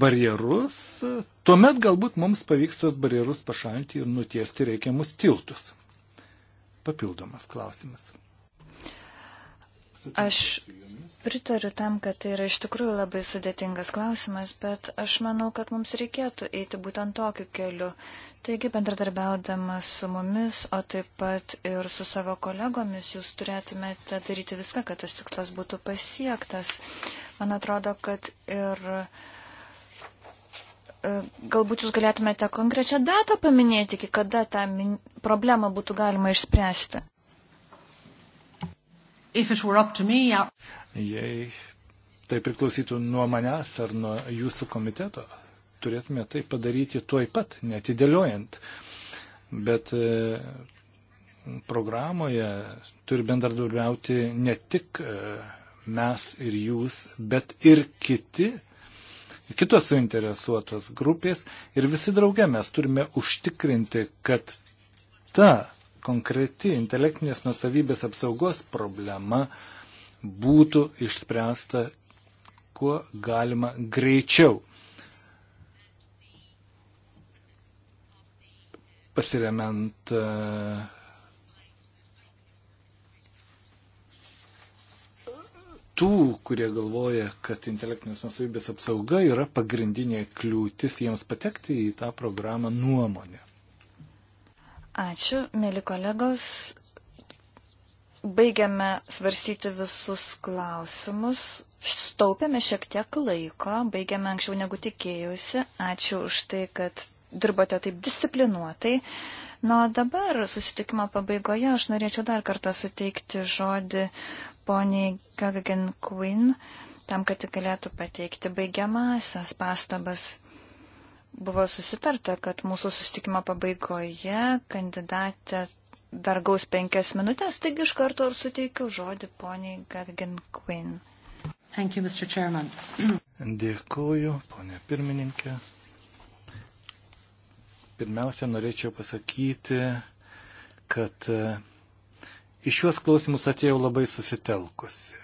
barjerus, tuomet galbūt mums pavyks tos barjerus pašalinti ir nutiesti reikiamus tiltus. Papildomas klausimas. Aš pritariu tam, kad tai yra iš tikrųjų labai sudėtingas klausimas, bet aš manau, kad mums reikėtų eiti būtent tokiu keliu. Taigi, bendradarbiaudama su mumis, o taip pat ir su savo kolegomis, jūs turėtumėte daryti viską, kad tas tikslas būtų pasiektas. Man atrodo, kad ir e, galbūt jūs galėtumėte konkrečią datą paminėti, iki kada tą problemą būtų galima išspręsti me, I... Jei tai priklausytų nuo manęs ar nuo jūsų komiteto, turėtume tai padaryti tuoj pat, netidėliojant. Bet e, programoje turi bendradarbiauti ne tik e, mes ir jūs, bet ir kiti, kitos suinteresuotos grupės ir visi drauge mes turime užtikrinti, kad ta konkreti intelektinės nusavybės apsaugos problema būtų išspręsta kuo galima greičiau. Pasiremiant e, tų, kurie galvoja, kad intelektinės nusavybės apsauga yra pagrindinė kliūtis jiems patekti į tą programą nuomonę. Ačiū, mėly kolegos. Baigiame svarstyti visus klausimus. Staupėme šiek tiek laiko, baigiame anksčiau negu tikėjusi. Ačiū už tai, kad dirbote taip disciplinuotai. Na, nu, dabar susitikimo pabaigoje aš norėčiau dar kartą suteikti žodį poniai Gagagen Quinn, tam, kad galėtų pateikti baigiamasias pastabas buvo susitarta, kad mūsų susitikimo pabaigoje kandidatė dar gaus penkias minutės, taigi iš karto ir suteikiu žodį poniai Gadgen Quinn. Thank you, Mr. Chairman. *clears throat* Dėkuoju, ponė pirmininkė. Pirmiausia, norėčiau pasakyti, kad e, iš juos klausimus atėjau labai susitelkusi.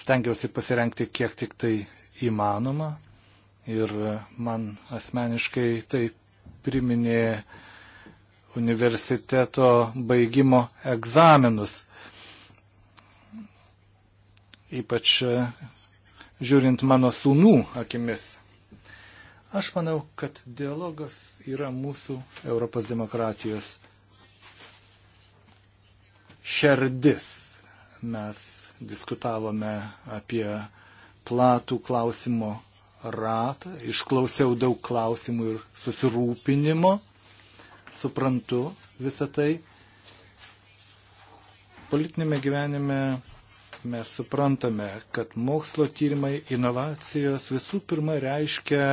Stengiausi pasirengti kiek tik tai įmanoma, Ir man asmeniškai tai priminė universiteto baigimo egzaminus. Ypač e, žiūrint mano sūnų akimis. Aš manau, kad dialogas yra mūsų Europos demokratijos šerdis. Mes diskutavome apie platų klausimo ratą, išklausiau daug klausimų ir susirūpinimo, suprantu visą tai. Politinėme gyvenime mes suprantame, kad mokslo tyrimai, inovacijos visų pirma reiškia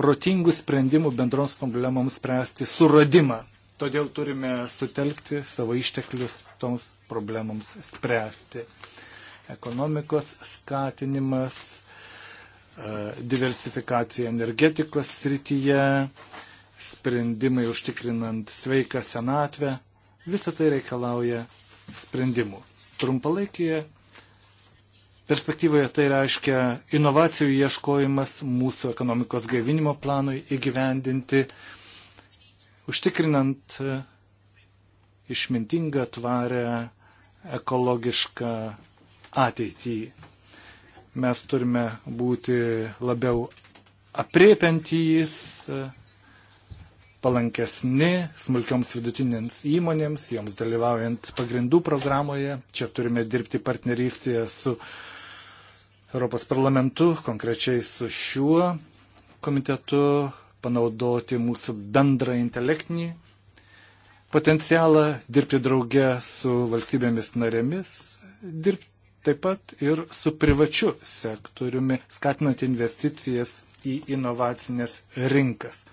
protingų sprendimų bendroms problemams spręsti suradimą. Todėl turime sutelkti savo išteklius toms problemams spręsti. Ekonomikos skatinimas, E, diversifikacija energetikos srityje, sprendimai užtikrinant sveiką senatvę. Visą tai reikalauja sprendimų. Trumpalaikėje perspektyvoje tai reiškia inovacijų ieškojimas mūsų ekonomikos gaivinimo planui įgyvendinti, užtikrinant e, išmintingą, tvarę, ekologišką ateitį Mes turime būti labiau apriepiantys, palankesni smulkioms vidutinėms įmonėms, joms dalyvaujant pagrindų programoje. Čia turime dirbti partnerystėje su Europos parlamentu, konkrečiai su šiuo komitetu, panaudoti mūsų bendrą intelektinį potencialą, dirbti drauge su valstybėmis narėmis, dirbti taip pat ir su privačiu sektoriumi, skatinant investicijas į inovacinės rinkas.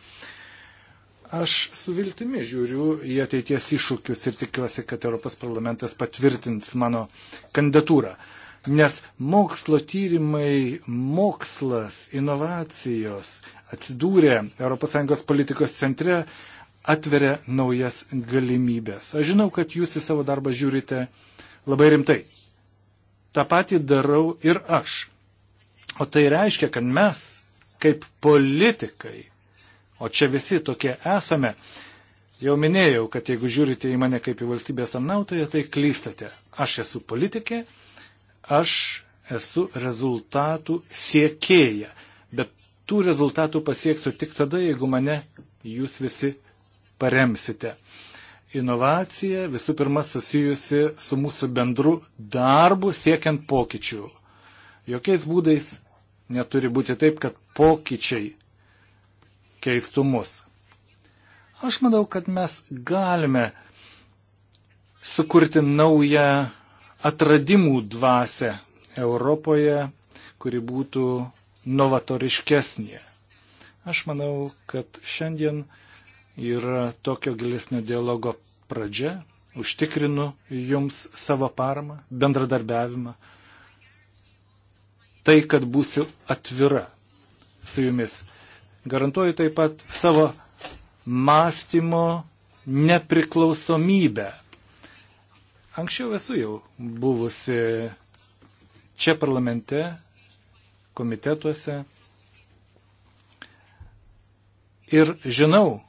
Aš su viltimi žiūriu į ateities iššūkius ir tikiuosi, kad Europos parlamentas patvirtins mano kandidatūrą. Nes mokslo tyrimai, mokslas, inovacijos atsidūrė ES politikos centre, atveria naujas galimybės. Aš žinau, kad jūs į savo darbą žiūrite labai rimtai tą patį darau ir aš. O tai reiškia, kad mes, kaip politikai, o čia visi tokie esame, jau minėjau, kad jeigu žiūrite į mane kaip į valstybės tarnautoją, tai klystate. Aš esu politikė, aš esu rezultatų siekėja, bet tų rezultatų pasieksiu tik tada, jeigu mane jūs visi paremsite inovacija visų pirma susijusi su mūsų bendru darbu siekiant pokyčių. Jokiais būdais neturi būti taip, kad pokyčiai keistų mus. Aš manau, kad mes galime sukurti naują atradimų dvasę Europoje, kuri būtų novatoriškesnė. Aš manau, kad šiandien uh, yra tokio gilesnio dialogo pradžia. Užtikrinu jums savo paramą, bendradarbiavimą. Tai, kad būsiu atvira su jumis. Garantuoju taip pat savo mąstymo nepriklausomybę. Anksčiau esu jau buvusi čia parlamente, komitetuose ir žinau,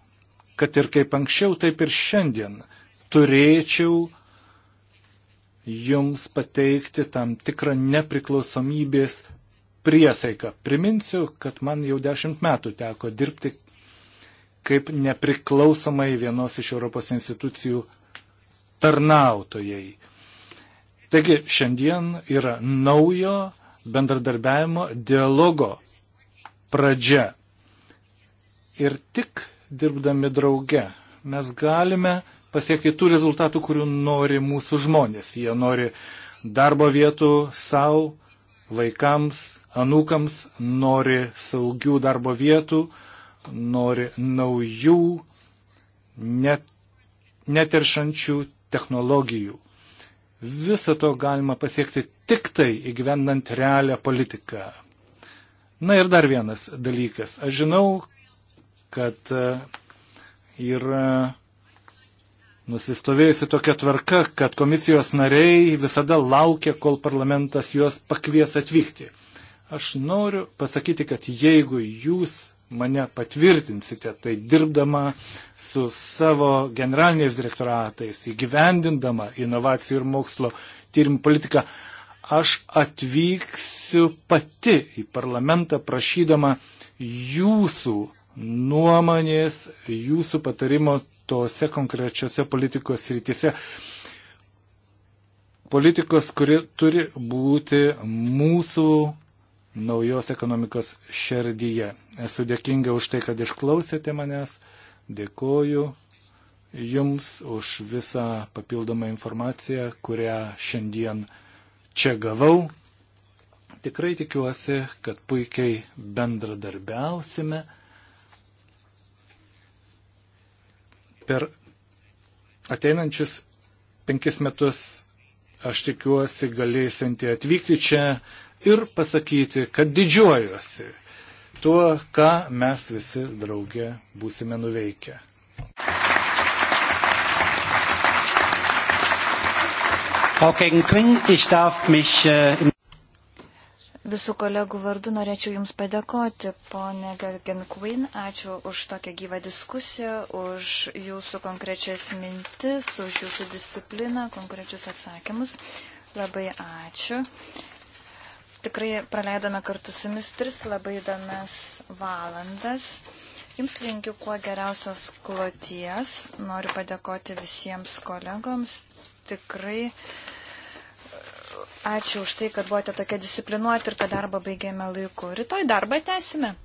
kad ir kaip anksčiau, taip ir šiandien turėčiau jums pateikti tam tikrą nepriklausomybės priesaiką. Priminsiu, kad man jau dešimt metų teko dirbti kaip nepriklausomai vienos iš Europos institucijų tarnautojai. Taigi šiandien yra naujo bendradarbiavimo dialogo pradžia. Ir tik dirbdami drauge. Mes galime pasiekti tų rezultatų, kurių nori mūsų žmonės. Jie nori darbo vietų savo, vaikams, anūkams, nori saugių darbo vietų, nori naujų, net, neteršančių technologijų. Visą to galima pasiekti tik tai įgyvendant realią politiką. Na ir dar vienas dalykas. Aš žinau, kad yra e, e, nusistovėjusi tokia tvarka, kad komisijos nariai visada laukia, kol parlamentas juos pakvies atvykti. Aš noriu pasakyti, kad jeigu jūs mane patvirtinsite, tai dirbdama su savo generaliniais direktoratais, įgyvendindama inovacijų ir mokslo tyrimų politiką, aš atvyksiu pati į parlamentą prašydama jūsų nuomonės, jūsų patarimo tose konkrečiose politikos rytise. Politikos, kuri turi būti mūsų naujos ekonomikos šerdyje. Esu dėkinga už tai, kad išklausėte manęs. Dėkoju Jums už visą papildomą informaciją, kurią šiandien čia gavau. Tikrai tikiuosi, kad puikiai bendradarbiausime. per ateinančius penkis metus aš tikiuosi galėsinti atvykti čia ir pasakyti, kad didžiuojuosi tuo, ką mes visi draugė būsime nuveikę. Frau Gegenkring, ich darf mich. Äh Visų kolegų vardu norėčiau Jums padėkoti, ponė Gergen Quinn. Ačiū už tokią gyvą diskusiją, už Jūsų konkrečias mintis, už Jūsų discipliną, konkrečius atsakymus. Labai ačiū. Tikrai praleidome kartu su Jumis tris labai įdomias valandas. Jums linkiu kuo geriausios kloties. Noriu padėkoti visiems kolegoms. Tikrai ačiū už tai, kad buvote tokie disciplinuoti ir kad darbą baigėme laiku. Rytoj darbą tęsime.